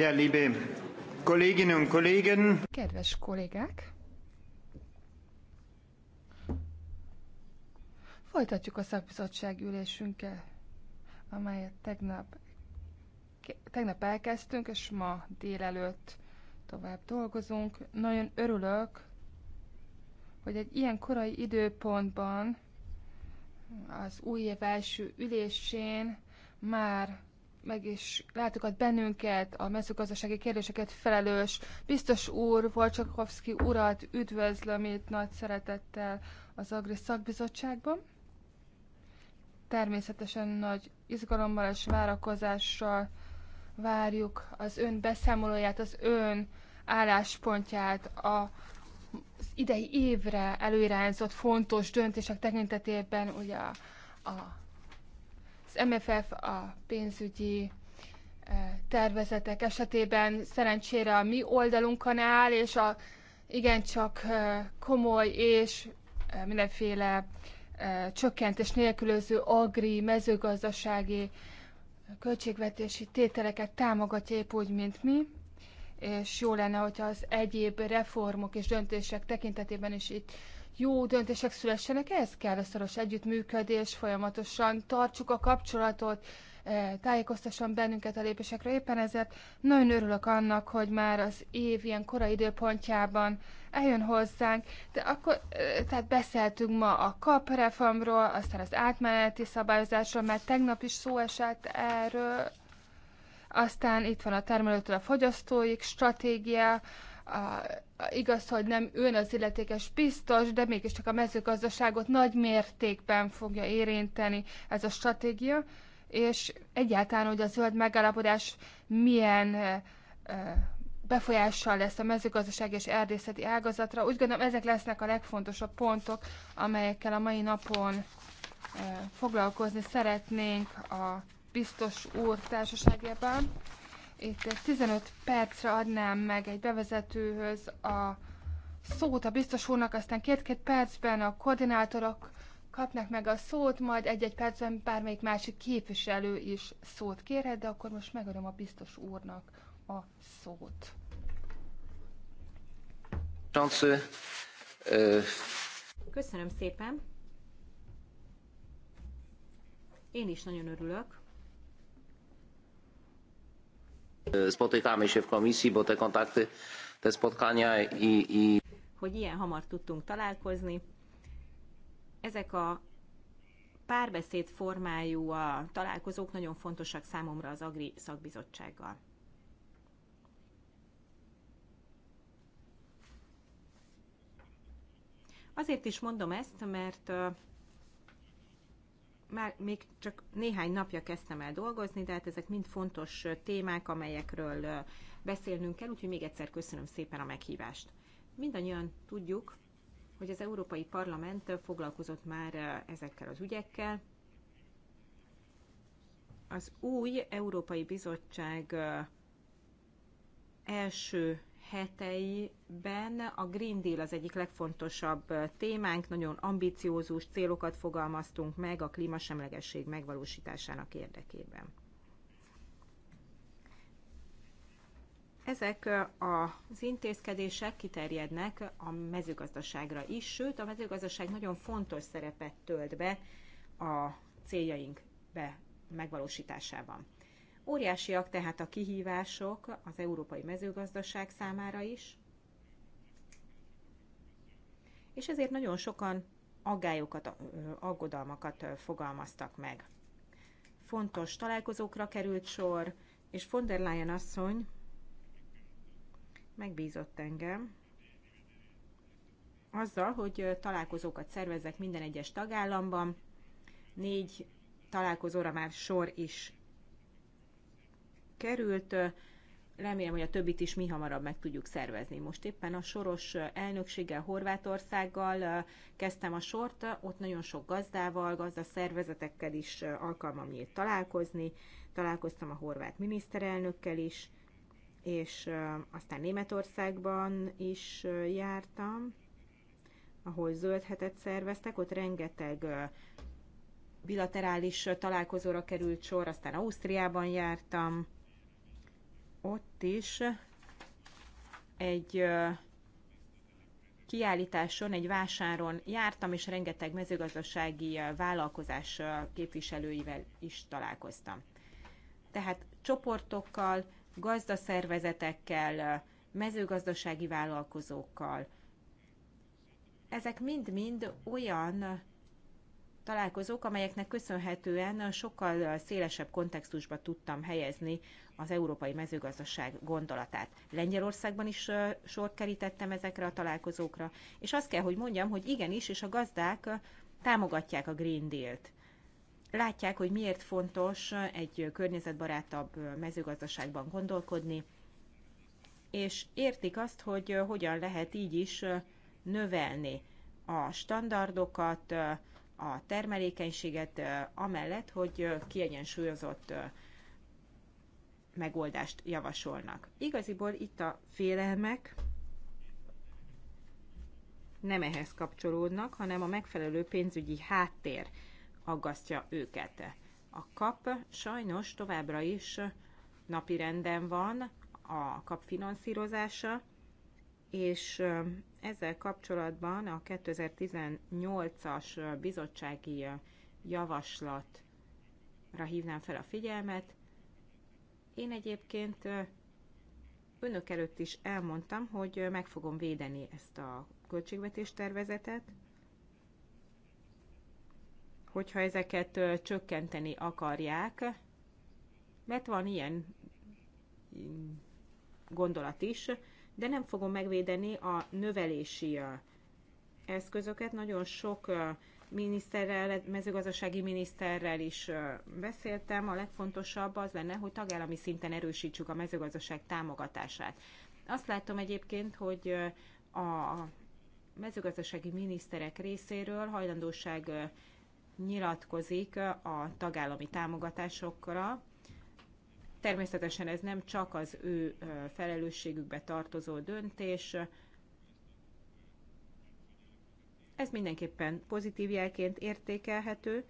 Ja, liebe Kolleginnen und Kollegen. Kedves kollégák! Folytatjuk a szakbizottság ülésünkkel, amelyet tegnap, tegnap elkezdtünk, és ma délelőtt tovább dolgozunk. Nagyon örülök, hogy egy ilyen korai időpontban az új év első ülésén már meg is látogat bennünket, a mezőgazdasági kérdéseket felelős biztos úr, Volcsakovszki urat üdvözlöm itt nagy szeretettel az Agri Szakbizottságban. Természetesen nagy izgalommal és várakozással várjuk az ön beszámolóját, az ön álláspontját a az idei évre előirányzott fontos döntések tekintetében ugye a, a az MFF a pénzügyi eh, tervezetek esetében szerencsére a mi oldalunkon áll, és a igencsak eh, komoly és eh, mindenféle csökkentés nélkülöző agri, mezőgazdasági költségvetési tételeket támogatja épp úgy, mint mi, és jó lenne, hogyha az egyéb reformok és döntések tekintetében is itt jó döntések szülessenek, ehhez kell a szoros együttműködés, folyamatosan tartsuk a kapcsolatot, eh, tájékoztasson bennünket a lépésekre. Éppen ezért nagyon örülök annak, hogy már az év ilyen korai időpontjában eljön hozzánk. De akkor, eh, tehát beszéltünk ma a KAP reformról, aztán az átmeneti szabályozásról, mert tegnap is szó esett erről. Aztán itt van a termelőtől a fogyasztóik stratégia, a, igaz, hogy nem ön az illetékes biztos, de mégiscsak a mezőgazdaságot nagy mértékben fogja érinteni ez a stratégia, és egyáltalán, hogy a zöld megállapodás milyen e, befolyással lesz a mezőgazdaság és erdészeti ágazatra. Úgy gondolom, ezek lesznek a legfontosabb pontok, amelyekkel a mai napon e, foglalkozni szeretnénk a biztos úr társaságában. Itt 15 percre adnám meg egy bevezetőhöz a szót a biztos úrnak, aztán két-két percben a koordinátorok kapnak meg a szót, majd egy-egy percben bármelyik másik képviselő is szót kérhet, de akkor most megadom a biztos úrnak a szót. Köszönöm szépen. Én is nagyon örülök, Spotykamy się w komisji, bo te kontakty, te spotkania i, i... Hogy ilyen hamar tudtunk találkozni. Ezek a párbeszéd formájú a találkozók nagyon fontosak számomra az Agri szakbizottsággal. Azért is mondom ezt, mert már még csak néhány napja kezdtem el dolgozni, de hát ezek mind fontos témák, amelyekről beszélnünk kell, úgyhogy még egyszer köszönöm szépen a meghívást. Mindannyian tudjuk, hogy az Európai Parlament foglalkozott már ezekkel az ügyekkel. Az új Európai Bizottság első heteiben a Green Deal az egyik legfontosabb témánk, nagyon ambiciózus célokat fogalmaztunk meg a klímasemlegesség megvalósításának érdekében. Ezek az intézkedések kiterjednek a mezőgazdaságra is, sőt a mezőgazdaság nagyon fontos szerepet tölt be a céljaink be megvalósításában. Óriásiak tehát a kihívások az európai mezőgazdaság számára is, és ezért nagyon sokan aggályokat, aggodalmakat fogalmaztak meg. Fontos találkozókra került sor, és von der Leyen asszony megbízott engem azzal, hogy találkozókat szervezzek minden egyes tagállamban. Négy találkozóra már sor is került. Remélem, hogy a többit is mi hamarabb meg tudjuk szervezni. Most éppen a soros elnökséggel, Horvátországgal kezdtem a sort, ott nagyon sok gazdával, szervezetekkel is alkalmam nyílt találkozni. Találkoztam a horvát miniszterelnökkel is, és aztán Németországban is jártam, ahol zöld hetet szerveztek, ott rengeteg bilaterális találkozóra került sor, aztán Ausztriában jártam, ott is egy kiállításon, egy vásáron jártam, és rengeteg mezőgazdasági vállalkozás képviselőivel is találkoztam. Tehát csoportokkal, gazdaszervezetekkel, mezőgazdasági vállalkozókkal. Ezek mind-mind olyan találkozók, amelyeknek köszönhetően sokkal szélesebb kontextusba tudtam helyezni az európai mezőgazdaság gondolatát. Lengyelországban is sort kerítettem ezekre a találkozókra, és azt kell, hogy mondjam, hogy igenis, és a gazdák támogatják a Green Deal-t. Látják, hogy miért fontos egy környezetbarátabb mezőgazdaságban gondolkodni, és értik azt, hogy hogyan lehet így is növelni a standardokat, a termelékenységet, amellett, hogy kiegyensúlyozott megoldást javasolnak. Igaziból itt a félelmek nem ehhez kapcsolódnak, hanem a megfelelő pénzügyi háttér aggasztja őket. A kap sajnos továbbra is napirenden van a kap finanszírozása, és ezzel kapcsolatban a 2018-as bizottsági javaslatra hívnám fel a figyelmet. Én egyébként önök előtt is elmondtam, hogy meg fogom védeni ezt a költségvetés tervezetet, hogyha ezeket csökkenteni akarják, mert van ilyen mm, gondolat is, de nem fogom megvédeni a növelési eszközöket. Nagyon sok miniszterrel, mezőgazdasági miniszterrel is beszéltem. A legfontosabb az lenne, hogy tagállami szinten erősítsük a mezőgazdaság támogatását. Azt látom egyébként, hogy a mezőgazdasági miniszterek részéről hajlandóság nyilatkozik a tagállami támogatásokra, Természetesen ez nem csak az ő felelősségükbe tartozó döntés, ez mindenképpen pozitív jelként értékelhető,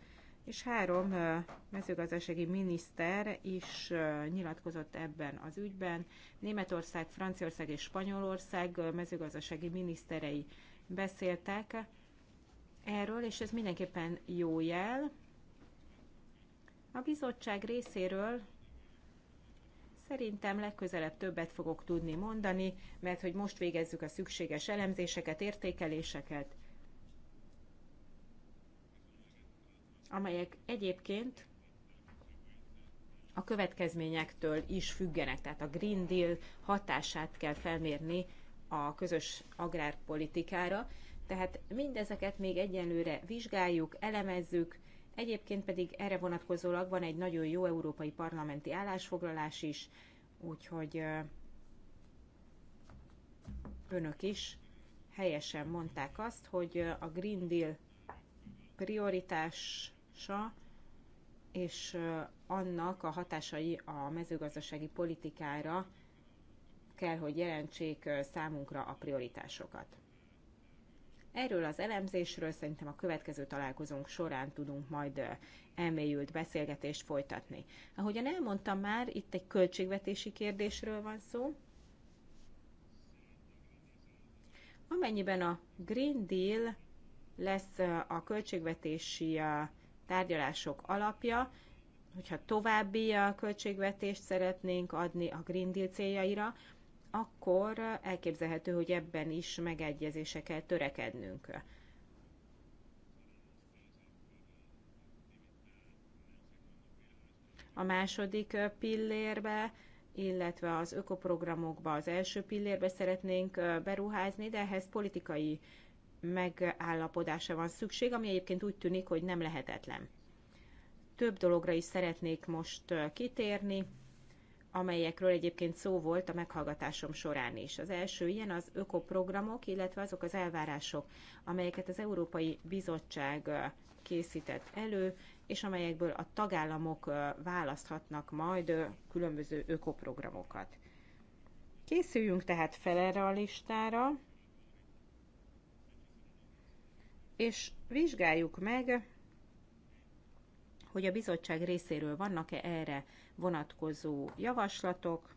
és három mezőgazdasági miniszter is nyilatkozott ebben az ügyben. Németország, Franciaország és Spanyolország mezőgazdasági miniszterei beszéltek erről, és ez mindenképpen jó jel. A bizottság részéről Szerintem legközelebb többet fogok tudni mondani, mert hogy most végezzük a szükséges elemzéseket, értékeléseket, amelyek egyébként a következményektől is függenek, tehát a Green Deal hatását kell felmérni a közös agrárpolitikára. Tehát mindezeket még egyenlőre vizsgáljuk, elemezzük, Egyébként pedig erre vonatkozólag van egy nagyon jó európai parlamenti állásfoglalás is, úgyhogy önök is helyesen mondták azt, hogy a Green Deal prioritása és annak a hatásai a mezőgazdasági politikára kell, hogy jelentsék számunkra a prioritásokat. Erről az elemzésről szerintem a következő találkozónk során tudunk majd elmélyült beszélgetést folytatni. Ahogyan elmondtam már, itt egy költségvetési kérdésről van szó. Amennyiben a Green Deal lesz a költségvetési tárgyalások alapja, hogyha további költségvetést szeretnénk adni a Green Deal céljaira, akkor elképzelhető, hogy ebben is megegyezése kell törekednünk. A második pillérbe, illetve az ökoprogramokba, az első pillérbe szeretnénk beruházni, de ehhez politikai megállapodása van szükség, ami egyébként úgy tűnik, hogy nem lehetetlen. Több dologra is szeretnék most kitérni amelyekről egyébként szó volt a meghallgatásom során is. Az első ilyen az ökoprogramok, illetve azok az elvárások, amelyeket az Európai Bizottság készített elő, és amelyekből a tagállamok választhatnak majd különböző ökoprogramokat. Készüljünk tehát fel erre a listára, és vizsgáljuk meg hogy a bizottság részéről vannak-e erre vonatkozó javaslatok.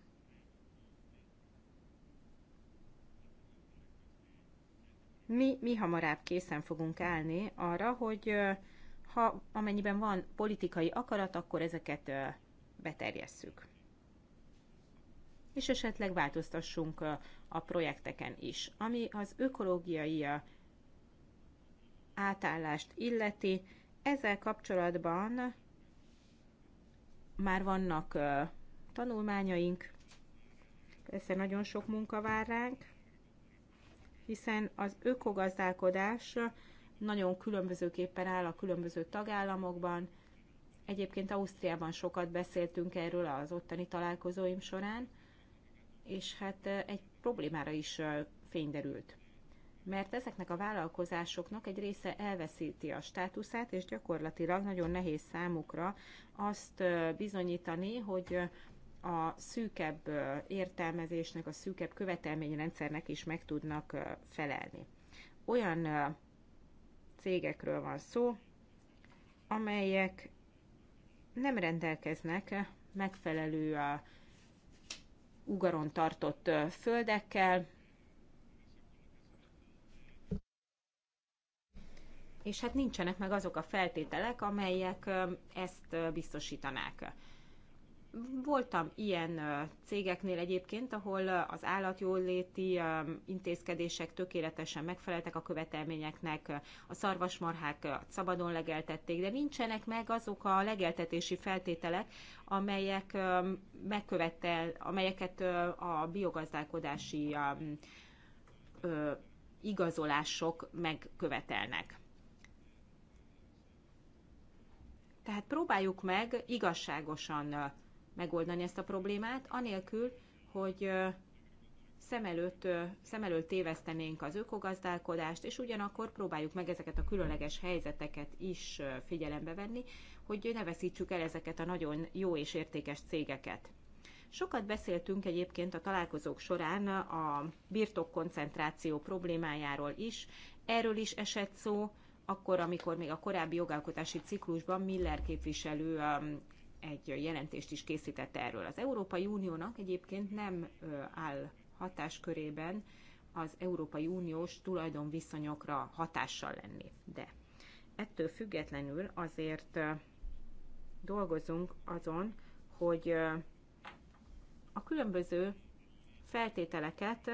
Mi, mi hamarabb készen fogunk állni arra, hogy ha amennyiben van politikai akarat, akkor ezeket beterjesszük. És esetleg változtassunk a projekteken is. Ami az ökológiai átállást illeti, ezzel kapcsolatban már vannak tanulmányaink, persze nagyon sok munka vár ránk, hiszen az ökogazdálkodás nagyon különbözőképpen áll a különböző tagállamokban. Egyébként Ausztriában sokat beszéltünk erről az ottani találkozóim során, és hát egy problémára is fényderült. derült mert ezeknek a vállalkozásoknak egy része elveszíti a státuszát, és gyakorlatilag nagyon nehéz számukra azt bizonyítani, hogy a szűkebb értelmezésnek, a szűkebb követelményrendszernek is meg tudnak felelni. Olyan cégekről van szó, amelyek nem rendelkeznek megfelelő ugaron tartott földekkel, és hát nincsenek meg azok a feltételek, amelyek ezt biztosítanák. Voltam ilyen cégeknél egyébként, ahol az állatjóléti intézkedések tökéletesen megfeleltek a követelményeknek, a szarvasmarhák szabadon legeltették, de nincsenek meg azok a legeltetési feltételek, amelyek megkövetel, amelyeket a biogazdálkodási igazolások megkövetelnek. Tehát próbáljuk meg igazságosan megoldani ezt a problémát, anélkül, hogy szem előtt, szem előtt tévesztenénk az ökogazdálkodást, és ugyanakkor próbáljuk meg ezeket a különleges helyzeteket is figyelembe venni, hogy ne veszítsük el ezeket a nagyon jó és értékes cégeket. Sokat beszéltünk egyébként a találkozók során a birtokkoncentráció problémájáról is. Erről is esett szó, akkor, amikor még a korábbi jogalkotási ciklusban Miller képviselő um, egy jelentést is készített erről. Az Európai Uniónak egyébként nem áll hatáskörében az Európai Uniós tulajdonviszonyokra hatással lenni. De ettől függetlenül azért dolgozunk azon, hogy a különböző feltételeket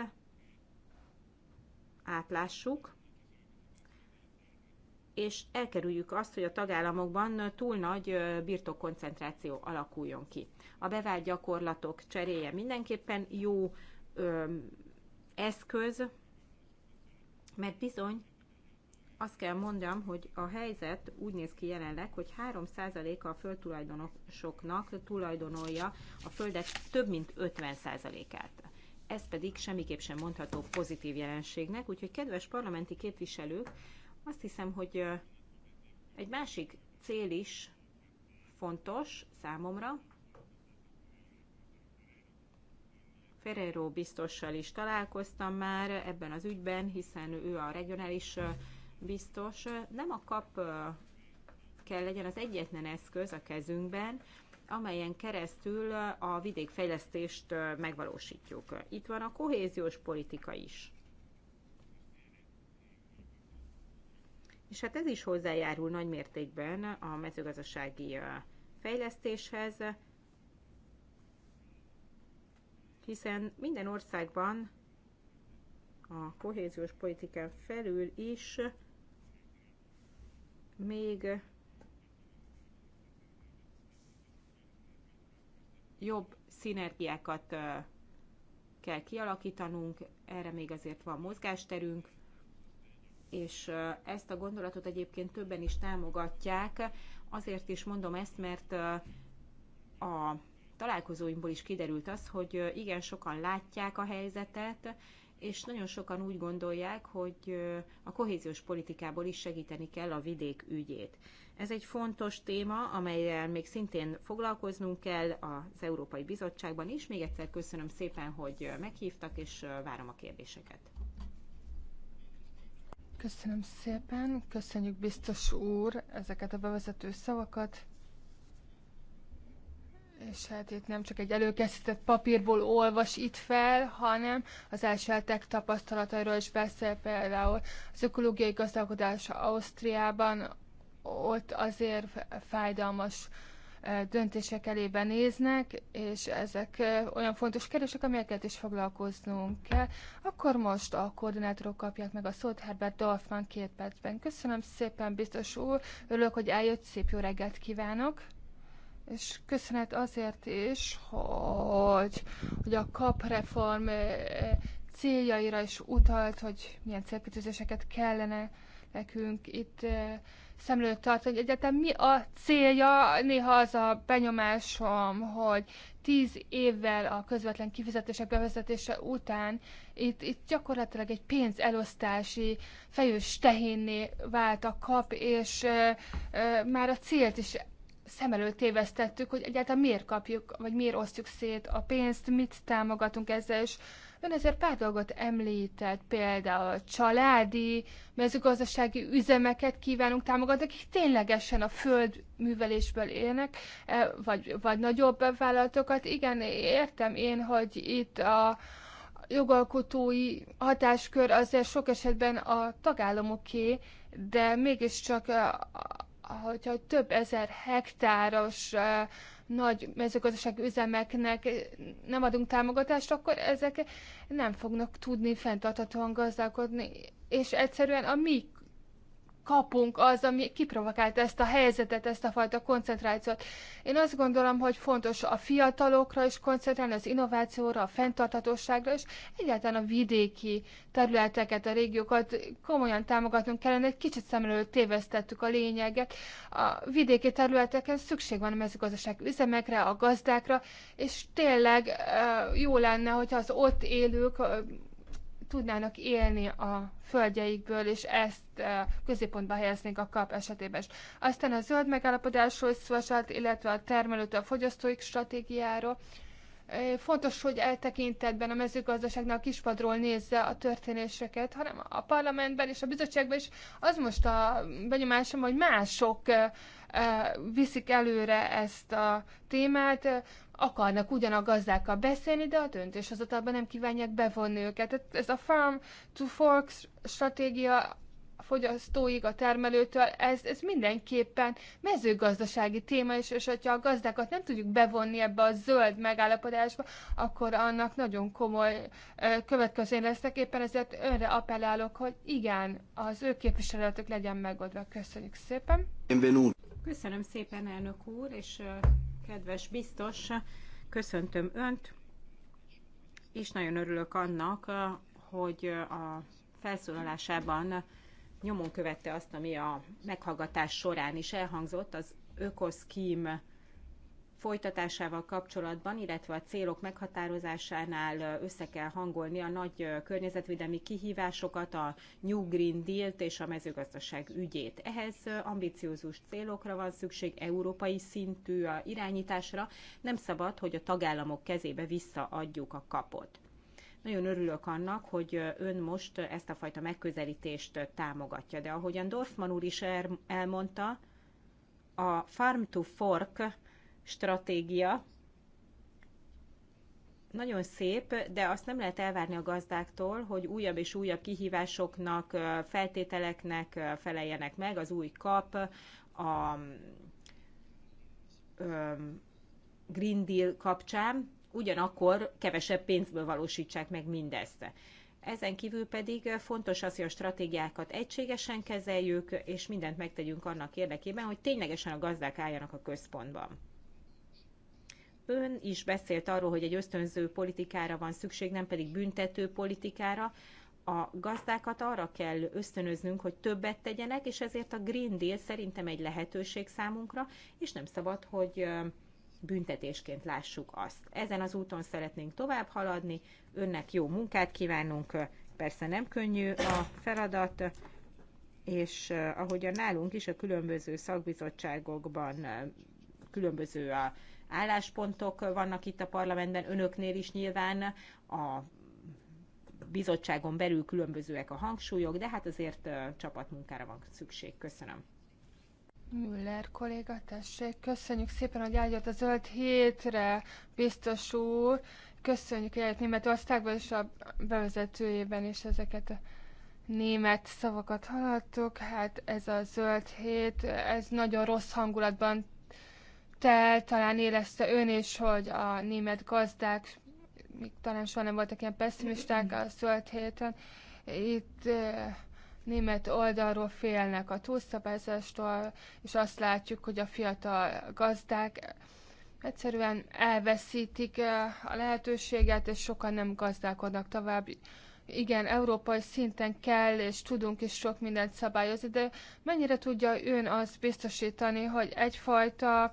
átlássuk, és elkerüljük azt, hogy a tagállamokban túl nagy birtokkoncentráció alakuljon ki. A bevált gyakorlatok cseréje mindenképpen jó ö, eszköz, mert bizony azt kell mondjam, hogy a helyzet úgy néz ki jelenleg, hogy 3%-a a földtulajdonosoknak tulajdonolja a földet több mint 50%-át. Ez pedig semmiképp sem mondható pozitív jelenségnek, úgyhogy kedves parlamenti képviselők, azt hiszem, hogy egy másik cél is fontos számomra. Ferrero biztossal is találkoztam már ebben az ügyben, hiszen ő a regionális biztos. Nem a kap kell legyen az egyetlen eszköz a kezünkben, amelyen keresztül a vidékfejlesztést megvalósítjuk. Itt van a kohéziós politika is. És hát ez is hozzájárul nagy mértékben a mezőgazdasági fejlesztéshez, hiszen minden országban a kohéziós politikán felül is még jobb szinergiákat kell kialakítanunk, erre még azért van mozgásterünk, és ezt a gondolatot egyébként többen is támogatják. Azért is mondom ezt, mert a találkozóimból is kiderült az, hogy igen, sokan látják a helyzetet, és nagyon sokan úgy gondolják, hogy a kohéziós politikából is segíteni kell a vidék ügyét. Ez egy fontos téma, amelyel még szintén foglalkoznunk kell az Európai Bizottságban is. Még egyszer köszönöm szépen, hogy meghívtak, és várom a kérdéseket. Köszönöm szépen, köszönjük biztos úr ezeket a bevezető szavakat. És hát itt nem csak egy előkészített papírból olvas itt fel, hanem az elseltek tapasztalatairól is beszél például az ökológiai gazdálkodás Ausztriában, ott azért fájdalmas döntések elébe néznek, és ezek olyan fontos kérdések, amelyeket is foglalkoznunk kell. Akkor most a koordinátorok kapják meg a szót, Herbert Dolfman két percben. Köszönöm szépen, biztos úr, örülök, hogy eljött, szép jó reggelt kívánok! És köszönet azért is, hogy, hogy a kapreform céljaira is utalt, hogy milyen célkötőzéseket kellene nekünk itt szem előtt hogy egyetem mi a célja, néha az a benyomásom, hogy tíz évvel a közvetlen kifizetések bevezetése után itt, itt gyakorlatilag egy pénzelosztási fejős tehénné vált a kap, és e, e, már a célt is szem előtt tévesztettük, hogy egyáltalán miért kapjuk, vagy miért osztjuk szét a pénzt, mit támogatunk ezzel, és Ön ezért pár dolgot említett, például a családi mezőgazdasági üzemeket kívánunk támogatni, akik ténylegesen a földművelésből élnek, e, vagy, vagy nagyobb vállalatokat. Igen, értem én, hogy itt a jogalkotói hatáskör azért sok esetben a tagállamoké, de mégiscsak e, hogyha több ezer hektáros e, nagy mezőgazdasági üzemeknek nem adunk támogatást, akkor ezek nem fognak tudni fenntarthatóan gazdálkodni, és egyszerűen a mi kapunk az, ami kiprovokált ezt a helyzetet, ezt a fajta koncentrációt. Én azt gondolom, hogy fontos a fiatalokra is koncentrálni, az innovációra, a fenntarthatóságra, is. egyáltalán a vidéki területeket, a régiókat komolyan támogatnunk kellene. Egy kicsit szem előtt tévesztettük a lényeget. A vidéki területeken szükség van a mezőgazdaság üzemekre, a gazdákra, és tényleg jó lenne, hogyha az ott élők tudnának élni a földjeikből, és ezt eh, középpontba helyeznék a kap esetében. Aztán a zöld megállapodásról szó illetve a termelőtől a fogyasztóik stratégiáról. Eh, fontos, hogy eltekintetben a mezőgazdaságnak a kispadról nézze a történéseket, hanem a parlamentben és a bizottságban is az most a benyomásom, hogy mások eh, viszik előre ezt a témát, akarnak ugyan a gazdákkal beszélni, de a döntéshozatalban nem kívánják bevonni őket. Ez a farm to fork stratégia a fogyasztóig, a termelőtől, ez, ez mindenképpen mezőgazdasági téma, és, és hogyha a gazdákat nem tudjuk bevonni ebbe a zöld megállapodásba, akkor annak nagyon komoly következőn lesznek, éppen ezért önre appellálok, hogy igen, az ő képviseletük legyen megoldva. Köszönjük szépen! Benvenuto. Köszönöm szépen, elnök úr, és kedves biztos, köszöntöm Önt, és nagyon örülök annak, hogy a felszólalásában nyomon követte azt, ami a meghallgatás során is elhangzott, az ökoszkím folytatásával kapcsolatban, illetve a célok meghatározásánál össze kell hangolni a nagy környezetvédelmi kihívásokat, a New Green Deal-t és a mezőgazdaság ügyét. Ehhez ambiciózus célokra van szükség, európai szintű irányításra, nem szabad, hogy a tagállamok kezébe visszaadjuk a kapot. Nagyon örülök annak, hogy ön most ezt a fajta megközelítést támogatja, de ahogyan Dorfman úr is elmondta, a Farm to Fork stratégia. Nagyon szép, de azt nem lehet elvárni a gazdáktól, hogy újabb és újabb kihívásoknak, feltételeknek feleljenek meg az új kap, a Green Deal kapcsán, ugyanakkor kevesebb pénzből valósítsák meg mindezt. Ezen kívül pedig fontos az, hogy a stratégiákat egységesen kezeljük, és mindent megtegyünk annak érdekében, hogy ténylegesen a gazdák álljanak a központban ön is beszélt arról, hogy egy ösztönző politikára van szükség, nem pedig büntető politikára. A gazdákat arra kell ösztönöznünk, hogy többet tegyenek, és ezért a Green Deal szerintem egy lehetőség számunkra, és nem szabad, hogy büntetésként lássuk azt. Ezen az úton szeretnénk tovább haladni, önnek jó munkát kívánunk, persze nem könnyű a feladat, és ahogy a nálunk is a különböző szakbizottságokban különböző a álláspontok vannak itt a parlamentben, önöknél is nyilván a bizottságon belül különbözőek a hangsúlyok, de hát azért csapatmunkára van szükség. Köszönöm. Müller kolléga, tessék, köszönjük szépen, hogy eljött a zöld hétre, biztos úr. Köszönjük, hogy eljött Németországban és a bevezetőjében is ezeket a német szavakat hallottuk. Hát ez a zöld hét, ez nagyon rossz hangulatban te talán érezte ön is, hogy a német gazdák, még talán soha nem voltak ilyen pessimisták a szölt héten, itt német oldalról félnek a túlszabályzástól, és azt látjuk, hogy a fiatal gazdák egyszerűen elveszítik a lehetőséget, és sokan nem gazdálkodnak tovább. Igen, európai szinten kell, és tudunk is sok mindent szabályozni, de mennyire tudja ön azt biztosítani, hogy egyfajta uh,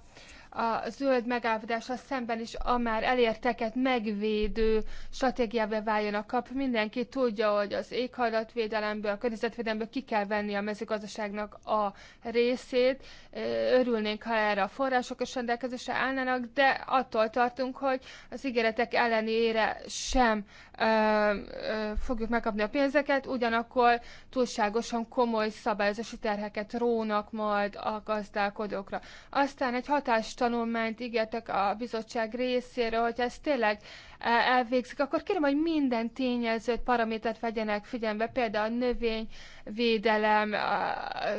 a zöld megállapodásra szemben is a már elérteket megvédő stratégiába váljon a kap. Mindenki tudja, hogy az éghajlatvédelemből, a környezetvédelemből ki kell venni a mezőgazdaságnak a részét. Örülnénk, ha erre a források is rendelkezésre állnának, de attól tartunk, hogy az ígéretek ellenére sem fogjuk megkapni a pénzeket, ugyanakkor túlságosan komoly szabályozási terheket rónak majd a gazdálkodókra. Aztán egy hatástanulmányt ígértek a bizottság részéről, hogy ez tényleg E, elvégzik, akkor kérem, hogy minden tényezőt, paramétert vegyenek figyelembe, például a növényvédelem a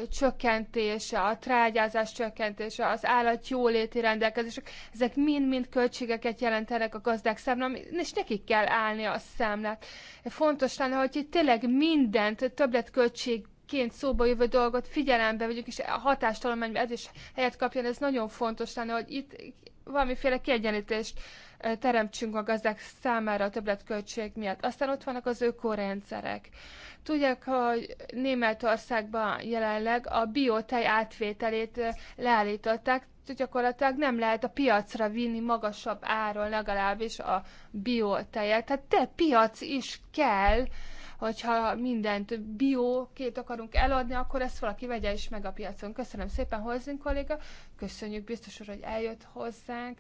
csökkentése, a trágyázás csökkentése, az állat jóléti rendelkezések, ezek mind-mind költségeket jelentenek a gazdák számára, és nekik kell állni a számlát. Fontos lenne, hogy itt tényleg mindent többletköltség ként szóba jövő dolgot figyelembe vegyük, és a hatástalan ez is helyet kapjon, ez nagyon fontos lenne, hogy itt valamiféle kiegyenlítést uh, teremtsünk a gazdák számára a többletköltség miatt. Aztán ott vannak az ökorendszerek. Tudják, hogy Németországban jelenleg a biotej átvételét leállították, gyakorlatilag nem lehet a piacra vinni magasabb áron legalábbis a biotejet. Tehát te piac is kell, hogyha mindent biókét akarunk eladni, akkor ezt valaki vegye is meg a piacon. Köszönöm szépen Holzin kolléga, köszönjük biztos hogy eljött hozzánk,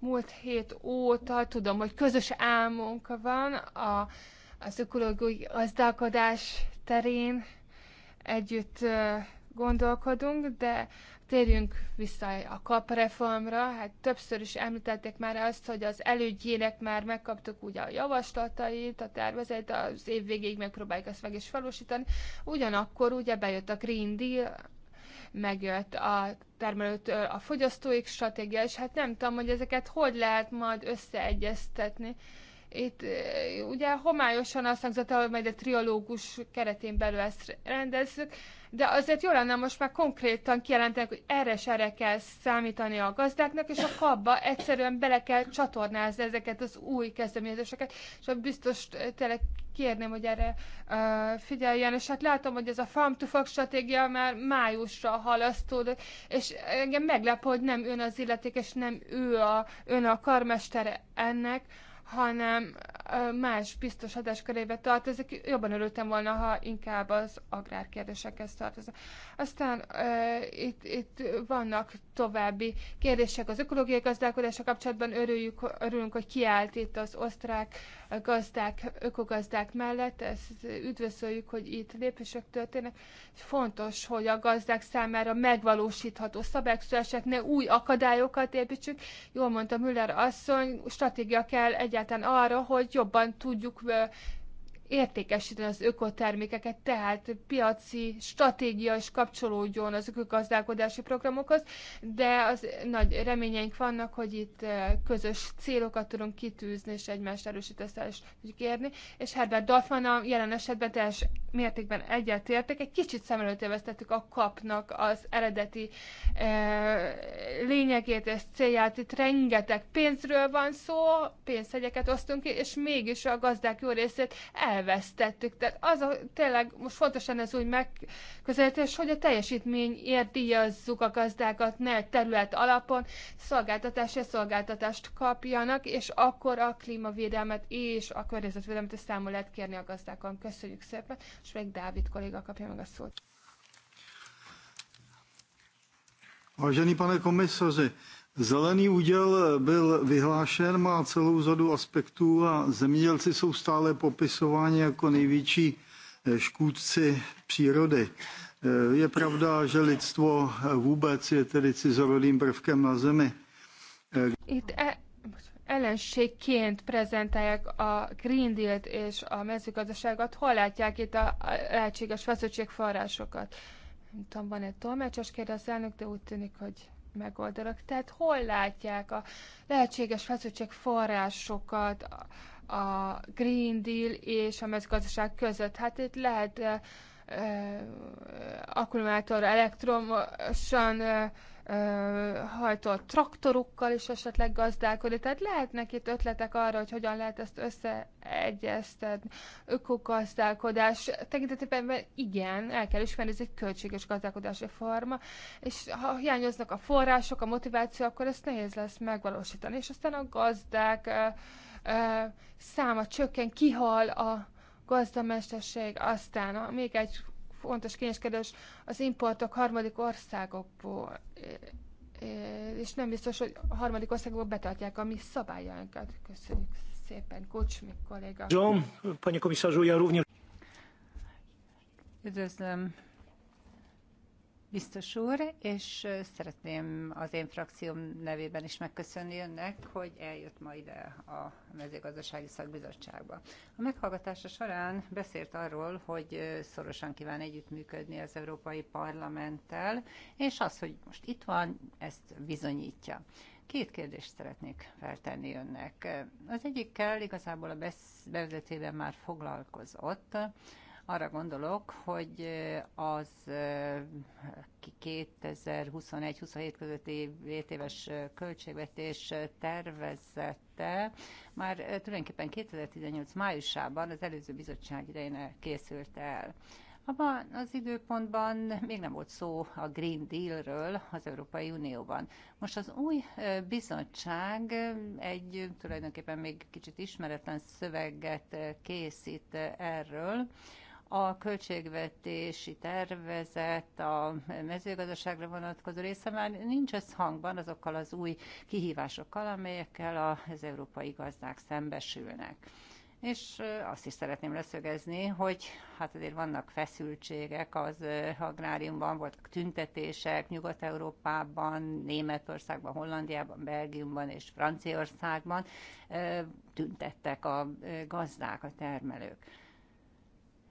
múlt hét óta tudom, hogy közös álmunk van a, az ökológiai gazdálkodás terén együtt gondolkodunk, de térjünk vissza a kapreformra. Hát többször is említették már azt, hogy az elődjének már megkaptuk ugye a javaslatait, a tervezet, az év végéig megpróbáljuk ezt meg is valósítani. Ugyanakkor ugye bejött a Green Deal, megjött a termelőtől a fogyasztóik stratégia, és hát nem tudom, hogy ezeket hogy lehet majd összeegyeztetni. Itt ugye homályosan azt hangzott, hogy majd a triológus keretén belül ezt rendezzük, de azért jó lenne most már konkrétan kijelentenek, hogy erre és erre kell számítani a gazdáknak, és a kabba egyszerűen bele kell csatornázni ezeket az új kezdeményezéseket, és a biztos eh, tényleg kérném, hogy erre uh, figyeljen, és hát látom, hogy ez a farm to fork stratégia már májusra halasztódott, és engem meglep, hogy nem ön az illeték, és nem ő a, ön a karmestere ennek, hanem más biztos hatáskörébe tartozik. Jobban örültem volna, ha inkább az agrárkérdésekhez tartozik. Aztán uh, itt, itt vannak további kérdések az ökológiai gazdálkodása kapcsolatban. Örüljük, örülünk, hogy kiállt itt az osztrák gazdák, ökogazdák mellett. Ezt üdvözöljük, hogy itt lépések történnek. Fontos, hogy a gazdák számára megvalósítható szabályok ne új akadályokat építsük. Jól mondta Müller asszony, stratégia kell egyáltalán arra, hogy jobban tudjuk értékesíteni az ökotermékeket, tehát piaci stratégia is kapcsolódjon az ökogazdálkodási programokhoz, de az nagy reményeink vannak, hogy itt eh, közös célokat tudunk kitűzni, és egymást erősítésre is tudjuk érni, és Herbert Dorfman a jelen esetben teljes mértékben egyetértek, egy kicsit szem előtt vesztettük a kapnak az eredeti e, lényegét és célját, itt rengeteg pénzről van szó, pénzhegyeket osztunk ki, és mégis a gazdák jó részét el elvesztettük. Tehát az a, tényleg most fontosan ez úgy megközelítés, hogy a teljesítményért díjazzuk a gazdákat, ne terület alapon és szolgáltatást kapjanak, és akkor a klímavédelmet és a környezetvédelmet is számol lehet kérni a gazdákon. Köszönjük szépen, és még Dávid kolléga kapja meg a szót. Vážený pane komisaři, Zelený úděl byl vyhlášen, má celou řadu aspektů a zemědělci jsou stále popisováni jako největší eh, škůdci přírody. Eh, je pravda, že lidstvo eh, vůbec je tedy cizorodým prvkem na Zemi. Itt e ellenségként prezentálják a Green Deal-t és a mezőgazdaságot. Hol látják itt a lehetséges feszültségforrásokat? Nem tudom, van-e tolmácsos kérdés elnök, de úgy tűnik, hogy megoldanak. Tehát hol látják a lehetséges feszültség forrásokat a Green Deal és a mezőgazdaság között? Hát itt lehet eh, eh, akkumulátor elektromosan eh, hajtott traktorukkal is esetleg gazdálkodni. Tehát lehetnek itt ötletek arra, hogy hogyan lehet ezt összeegyeztetni. Ökogazdálkodás tekintetében igen, el kell ismerni, ez egy költséges gazdálkodási forma, és ha hiányoznak a források, a motiváció, akkor ezt nehéz lesz megvalósítani. És aztán a gazdák ö, ö, száma csökken, kihal a gazdamesterség, aztán a, még egy fontos kényeskedés az importok harmadik országokból, és nem biztos, hogy a harmadik országokból betartják a mi szabályainkat. Köszönjük szépen, Kocsmi kolléga. Zsom, panie komisarzu, ja Üdvözlöm biztos úr, és szeretném az én frakcióm nevében is megköszönni önnek, hogy eljött ma ide a mezőgazdasági szakbizottságba. A meghallgatása során beszélt arról, hogy szorosan kíván együttműködni az Európai Parlamenttel, és az, hogy most itt van, ezt bizonyítja. Két kérdést szeretnék feltenni önnek. Az egyikkel igazából a bevezetében már foglalkozott, arra gondolok, hogy az 2021-27 közötti 7 éves költségvetés tervezette, már tulajdonképpen 2018 májusában az előző bizottság idején készült el. Abban az időpontban még nem volt szó a Green Dealről az Európai Unióban. Most az új bizottság egy tulajdonképpen még kicsit ismeretlen szöveget készít erről, a költségvetési tervezet, a mezőgazdaságra vonatkozó része már nincs összhangban azokkal az új kihívásokkal, amelyekkel az európai gazdák szembesülnek. És azt is szeretném leszögezni, hogy hát azért vannak feszültségek az agráriumban, voltak tüntetések Nyugat-Európában, Németországban, Hollandiában, Belgiumban és Franciaországban, tüntettek a gazdák, a termelők.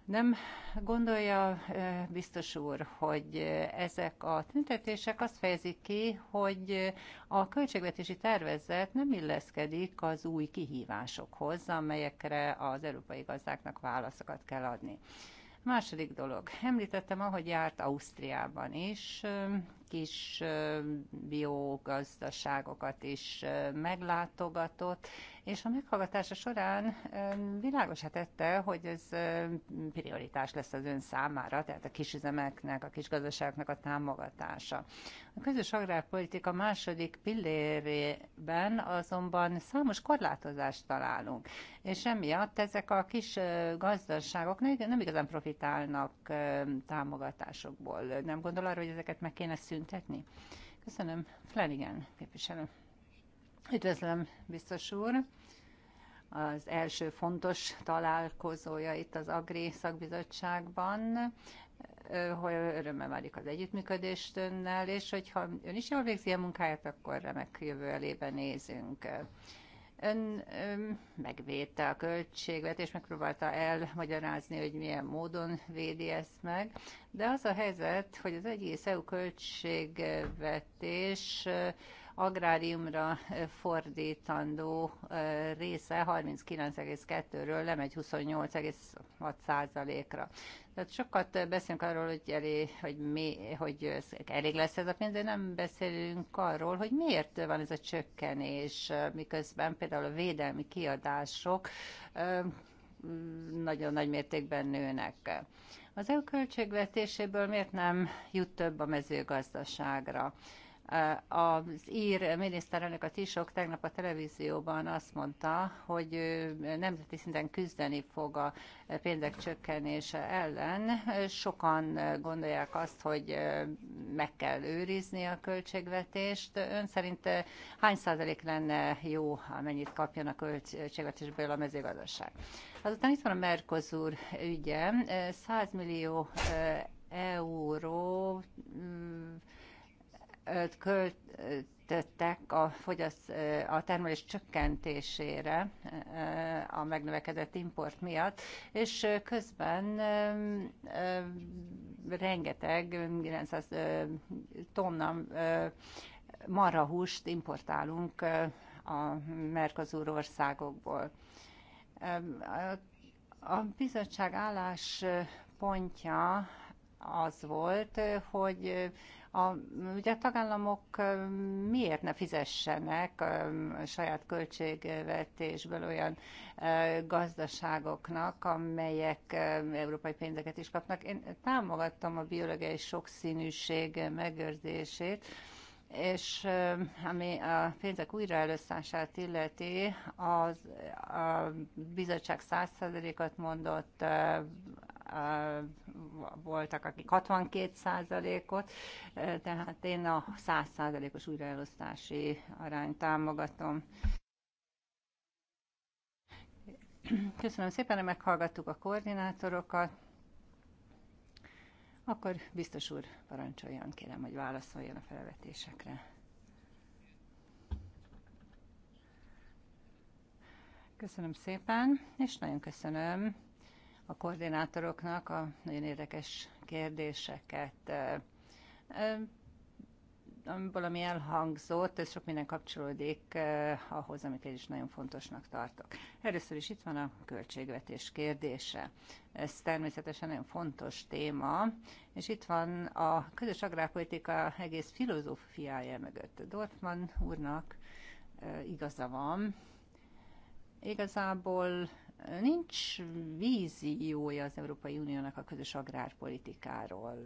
Nem gondolja biztos úr, hogy ezek a tüntetések azt fejezik ki, hogy a költségvetési tervezet nem illeszkedik az új kihívásokhoz, amelyekre az európai gazdáknak válaszokat kell adni. Második dolog. Említettem, ahogy járt Ausztriában is, kis biogazdaságokat is meglátogatott, és a meghallgatása során világos tette, hogy ez prioritás lesz az ön számára, tehát a kisüzemeknek, a kisgazdaságoknak a támogatása. A közös agrárpolitika második pillérében azonban számos korlátozást találunk, és emiatt ezek a kis gazdaságok nem igazán profitálnak támogatásokból. Nem gondol arra, hogy ezeket meg kéne szűnni? megszüntetni. Köszönöm, Flanagan képviselő. Üdvözlöm, biztos úr! az első fontos találkozója itt az Agri szakbizottságban, hogy örömmel várjuk az együttműködést önnel, és hogyha ön is jól végzi a munkáját, akkor remek jövő elébe nézünk. Ön ö, megvédte a költségvetést, megpróbálta elmagyarázni, hogy milyen módon védi ezt meg, de az a helyzet, hogy az egész EU költségvetés agráriumra fordítandó része 39,2-ről lemegy 28,6%-ra. Tehát sokat beszélünk arról, hogy, elég, hogy, mi, hogy elég lesz ez a pénz, de nem beszélünk arról, hogy miért van ez a csökkenés, miközben például a védelmi kiadások nagyon nagy mértékben nőnek. Az EU költségvetéséből miért nem jut több a mezőgazdaságra? Az ír miniszterelnököt is sok tegnap a televízióban azt mondta, hogy nemzeti szinten küzdeni fog a pénzek csökkenése ellen. Sokan gondolják azt, hogy meg kell őrizni a költségvetést. Ön szerint hány százalék lenne jó, amennyit kapjon a költségvetésből a mezőgazdaság? Azután itt van a Mercosur ügye. 100 millió euró mm, költöttek a, fogyaszt, a termelés csökkentésére a megnövekedett import miatt, és közben rengeteg, 900 tonna marhahúst importálunk a Mercosur országokból. A bizottság álláspontja az volt, hogy a, ugye a tagállamok miért ne fizessenek a saját költségvetésből olyan gazdaságoknak, amelyek európai pénzeket is kapnak? Én támogattam a biológiai sokszínűség megőrzését, és ami a pénzek újra előszását illeti, az, a bizottság 100 mondott, voltak, akik 62 százalékot, tehát én a 100 százalékos újraelosztási arányt támogatom. Köszönöm szépen, hogy meghallgattuk a koordinátorokat. Akkor biztos úr, parancsoljon, kérem, hogy válaszoljon a felvetésekre. Köszönöm szépen, és nagyon köszönöm a koordinátoroknak a nagyon érdekes kérdéseket. Amiből, ami elhangzott, ez sok minden kapcsolódik ahhoz, amit én is nagyon fontosnak tartok. Először is itt van a költségvetés kérdése. Ez természetesen nagyon fontos téma, és itt van a közös agrárpolitika egész filozófiája mögött. Dortmann úrnak igaza van. Igazából Nincs víziója az Európai Uniónak a közös agrárpolitikáról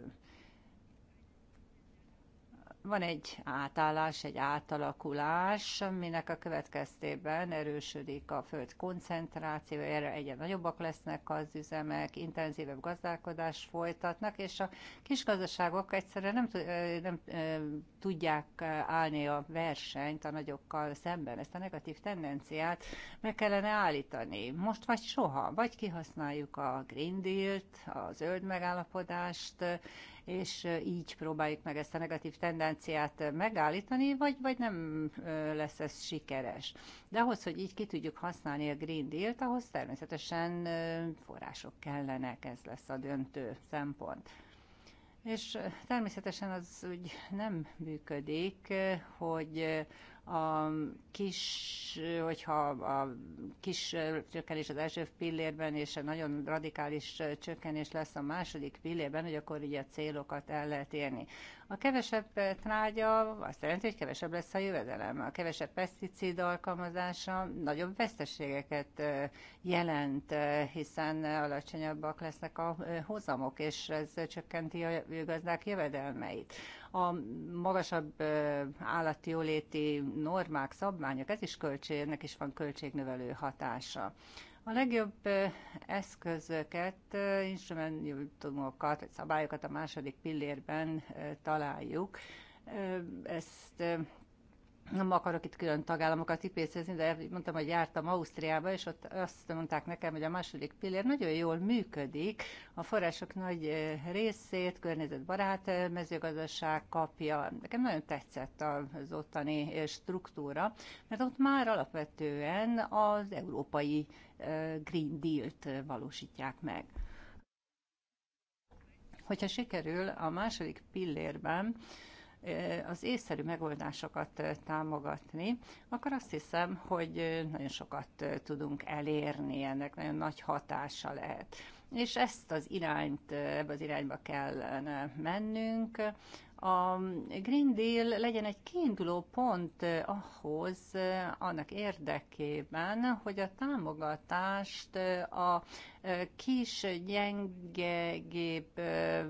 van egy átállás, egy átalakulás, aminek a következtében erősödik a föld koncentrációja, erre egyre nagyobbak lesznek az üzemek, intenzívebb gazdálkodás folytatnak, és a kisgazdaságok egyszerűen nem, nem tudják állni a versenyt a nagyokkal szemben. Ezt a negatív tendenciát meg kellene állítani. Most vagy soha, vagy kihasználjuk a Green Deal-t, a zöld megállapodást, és így próbáljuk meg ezt a negatív tendenciát megállítani, vagy, vagy nem lesz ez sikeres. De ahhoz, hogy így ki tudjuk használni a Green Deal-t, ahhoz természetesen források kellenek, ez lesz a döntő szempont. És természetesen az úgy nem működik, hogy a kis, hogyha a kis csökkenés az első pillérben, és nagyon radikális csökkenés lesz a második pillérben, hogy akkor így a célokat el lehet érni. A kevesebb trágya azt jelenti, hogy kevesebb lesz a jövedelem. A kevesebb peszticid alkalmazása nagyobb veszteségeket jelent, hiszen alacsonyabbak lesznek a hozamok, és ez csökkenti a gazdák jövedelmeit a magasabb jóléti normák, szabványok, ez is költségnek is van költségnövelő hatása. A legjobb eszközöket, instrumentumokat, szabályokat a második pillérben találjuk. Ezt nem akarok itt külön tagállamokat kipécézni, de mondtam, hogy jártam Ausztriába, és ott azt mondták nekem, hogy a második pillér nagyon jól működik, a források nagy részét környezetbarát mezőgazdaság kapja. Nekem nagyon tetszett az ottani struktúra, mert ott már alapvetően az európai Green Deal-t valósítják meg. Hogyha sikerül a második pillérben, az észszerű megoldásokat támogatni, akkor azt hiszem, hogy nagyon sokat tudunk elérni, ennek nagyon nagy hatása lehet. És ezt az irányt, ebbe az irányba kell mennünk, a Green Deal legyen egy kiinduló pont eh, ahhoz eh, annak érdekében, hogy a támogatást eh, a kis, gyengébb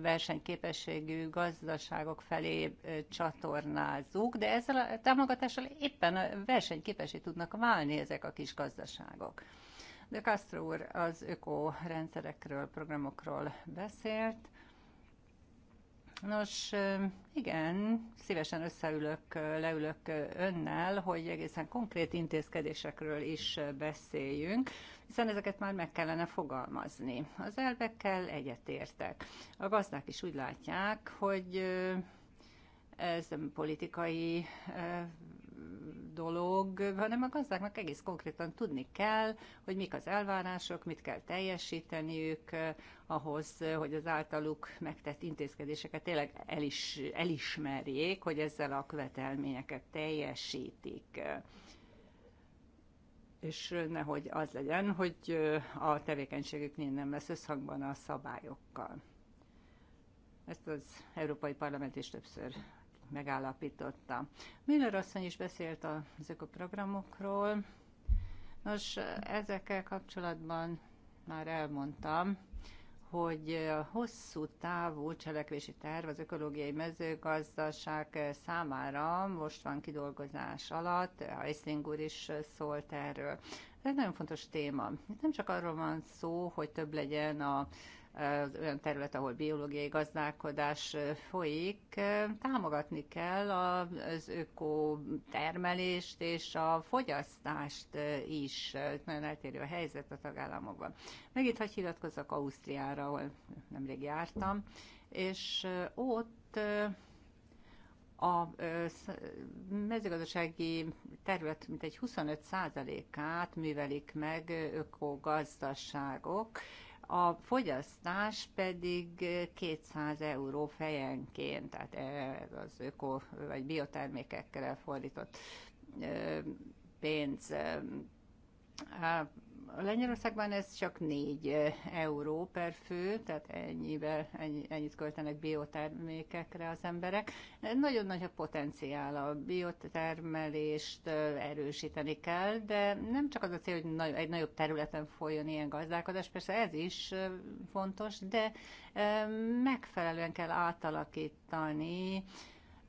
versenyképességű gazdaságok felé csatornázzuk, de ezzel a támogatással éppen versenyképesé tudnak válni ezek a kis gazdaságok. De Castro úr az ökorendszerekről, programokról beszélt Nos, igen, szívesen összeülök, leülök önnel, hogy egészen konkrét intézkedésekről is beszéljünk, hiszen ezeket már meg kellene fogalmazni. Az elvekkel egyetértek. A gazdák is úgy látják, hogy ez politikai dolog, hanem a gazdáknak egész konkrétan tudni kell, hogy mik az elvárások, mit kell teljesíteniük eh, ahhoz, eh, hogy az általuk megtett intézkedéseket tényleg elis, elismerjék, hogy ezzel a követelményeket teljesítik és nehogy az legyen, hogy eh, a tevékenységük nem lesz összhangban a szabályokkal. Ezt az Európai Parlament is többször megállapította. Miller asszony is beszélt a programokról? Nos, ezekkel kapcsolatban már elmondtam, hogy a hosszú távú cselekvési terv az ökológiai mezőgazdaság számára most van kidolgozás alatt, Eisling úr is szólt erről. Ez egy nagyon fontos téma. Itt nem csak arról van szó, hogy több legyen a olyan terület, ahol biológiai gazdálkodás folyik, támogatni kell az öko termelést és a fogyasztást is. Nagyon eltérő a helyzet a tagállamokban. Meg itt, ha hivatkozzak Ausztriára, ahol nemrég jártam, és ott a mezőgazdasági terület mintegy 25%-át művelik meg ökogazdaságok, a fogyasztás pedig 200 euró fejenként, tehát az öko vagy biotermékekkel fordított pénz hát Lengyelországban ez csak 4 eh, euró per fő, tehát ennyivel, ennyi, ennyit költenek biotermékekre az emberek. Nagyon nagy a potenciál, a biotermelést eh, erősíteni kell, de nem csak az a cél, hogy egy nagyobb területen folyjon ilyen gazdálkodás, persze ez is eh, fontos, de megfelelően kell átalakítani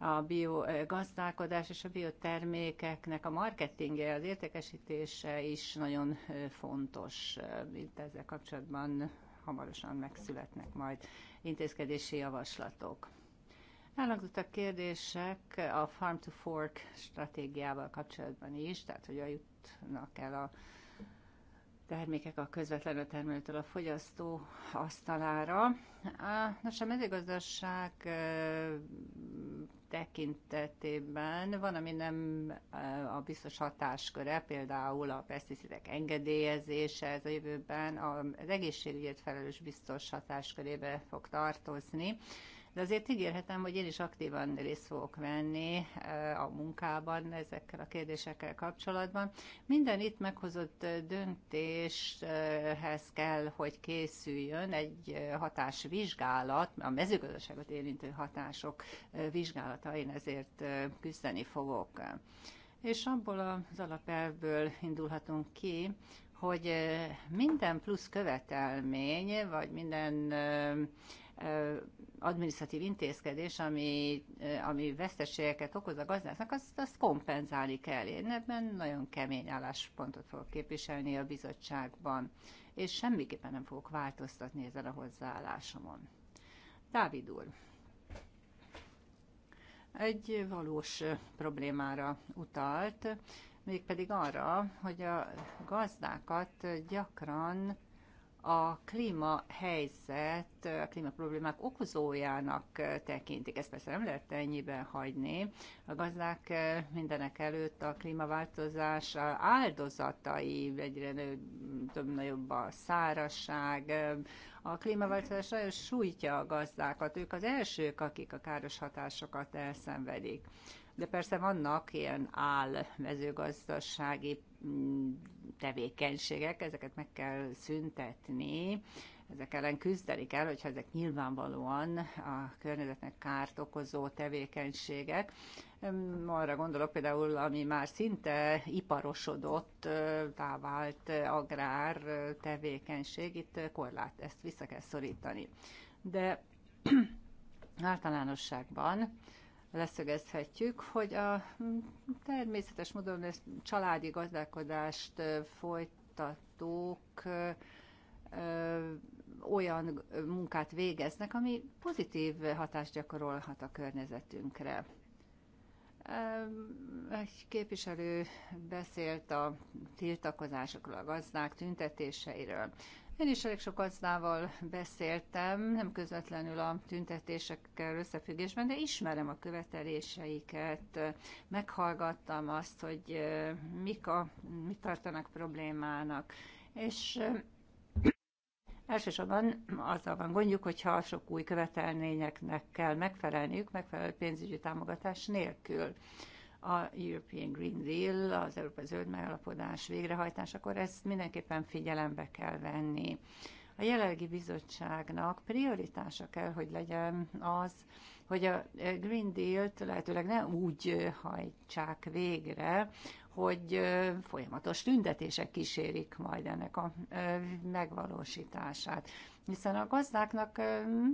a biogazdálkodás és a biotermékeknek a marketingje, az értékesítése is nagyon fontos. Itt ezzel kapcsolatban hamarosan megszületnek majd intézkedési javaslatok. Elhangzottak kérdések a Farm to Fork stratégiával kapcsolatban is, tehát hogy jutnak el a termékek a közvetlenül termelőtől a fogyasztó asztalára. Nos, a mezőgazdaság tekintetében van, ami nem a biztos hatásköre, például a peszticidek engedélyezése, ez a jövőben az egészségügyet felelős biztos hatáskörébe fog tartozni de azért ígérhetem, hogy én is aktívan részt fogok venni eh, a munkában ezekkel a kérdésekkel kapcsolatban. Minden itt meghozott eh, döntéshez kell, hogy készüljön egy eh, hatásvizsgálat, a mezőgazdaságot érintő hatások vizsgálata, én ezért küzdeni fogok. És abból az alapelvből indulhatunk ki, hogy minden plusz követelmény, vagy minden administratív intézkedés, ami, ami veszteségeket okoz a gazdáknak, azt, azt kompenzálni kell. Én ebben nagyon kemény álláspontot fogok képviselni a bizottságban, és semmiképpen nem fogok változtatni ezen a hozzáállásomon. Dávid úr, egy valós problémára utalt, mégpedig arra, hogy a gazdákat gyakran a klímahelyzet, helyzet, a klímaproblémák problémák okozójának tekintik. Ezt persze nem lehet ennyiben hagyni. A gazdák eh, mindenek előtt a klímaváltozás áldozatai, egyre több nagyobb a szárasság. A klímaváltozás nagyon sújtja a gazdákat. Ők az elsők, akik a káros hatásokat elszenvedik. De persze vannak ilyen áll mezőgazdasági Mm, tevékenységek, ezeket meg kell szüntetni, ezek ellen küzdeni kell, hogyha ezek nyilvánvalóan a környezetnek kárt okozó tevékenységek. Arra gondolok például, ami már szinte iparosodott, távált agrár tevékenység, itt korlát, ezt vissza kell szorítani. De általánosságban leszögezhetjük, hogy a mm, természetes módon ezt családi gazdálkodást folytatók olyan munkát végeznek, ami pozitív hatást gyakorolhat a környezetünkre. Egy képviselő beszélt a tiltakozásokról, a gazdák tüntetéseiről. Én is elég sok gazdával beszéltem, nem közvetlenül a tüntetésekkel összefüggésben, de ismerem a követeléseiket, meghallgattam azt, hogy mik a, mit tartanak problémának, és Elsősorban azzal van gondjuk, hogyha sok új követelményeknek kell megfelelniük, megfelelő pénzügyi támogatás nélkül a European Green Deal, az Európai Zöld Megállapodás végrehajtásakor ezt mindenképpen figyelembe kell venni. A jelenlegi bizottságnak prioritása kell, hogy legyen az, hogy a Green Deal-t lehetőleg ne úgy hajtsák végre, hogy folyamatos tüntetések kísérik majd ennek a megvalósítását. Hiszen a gazdáknak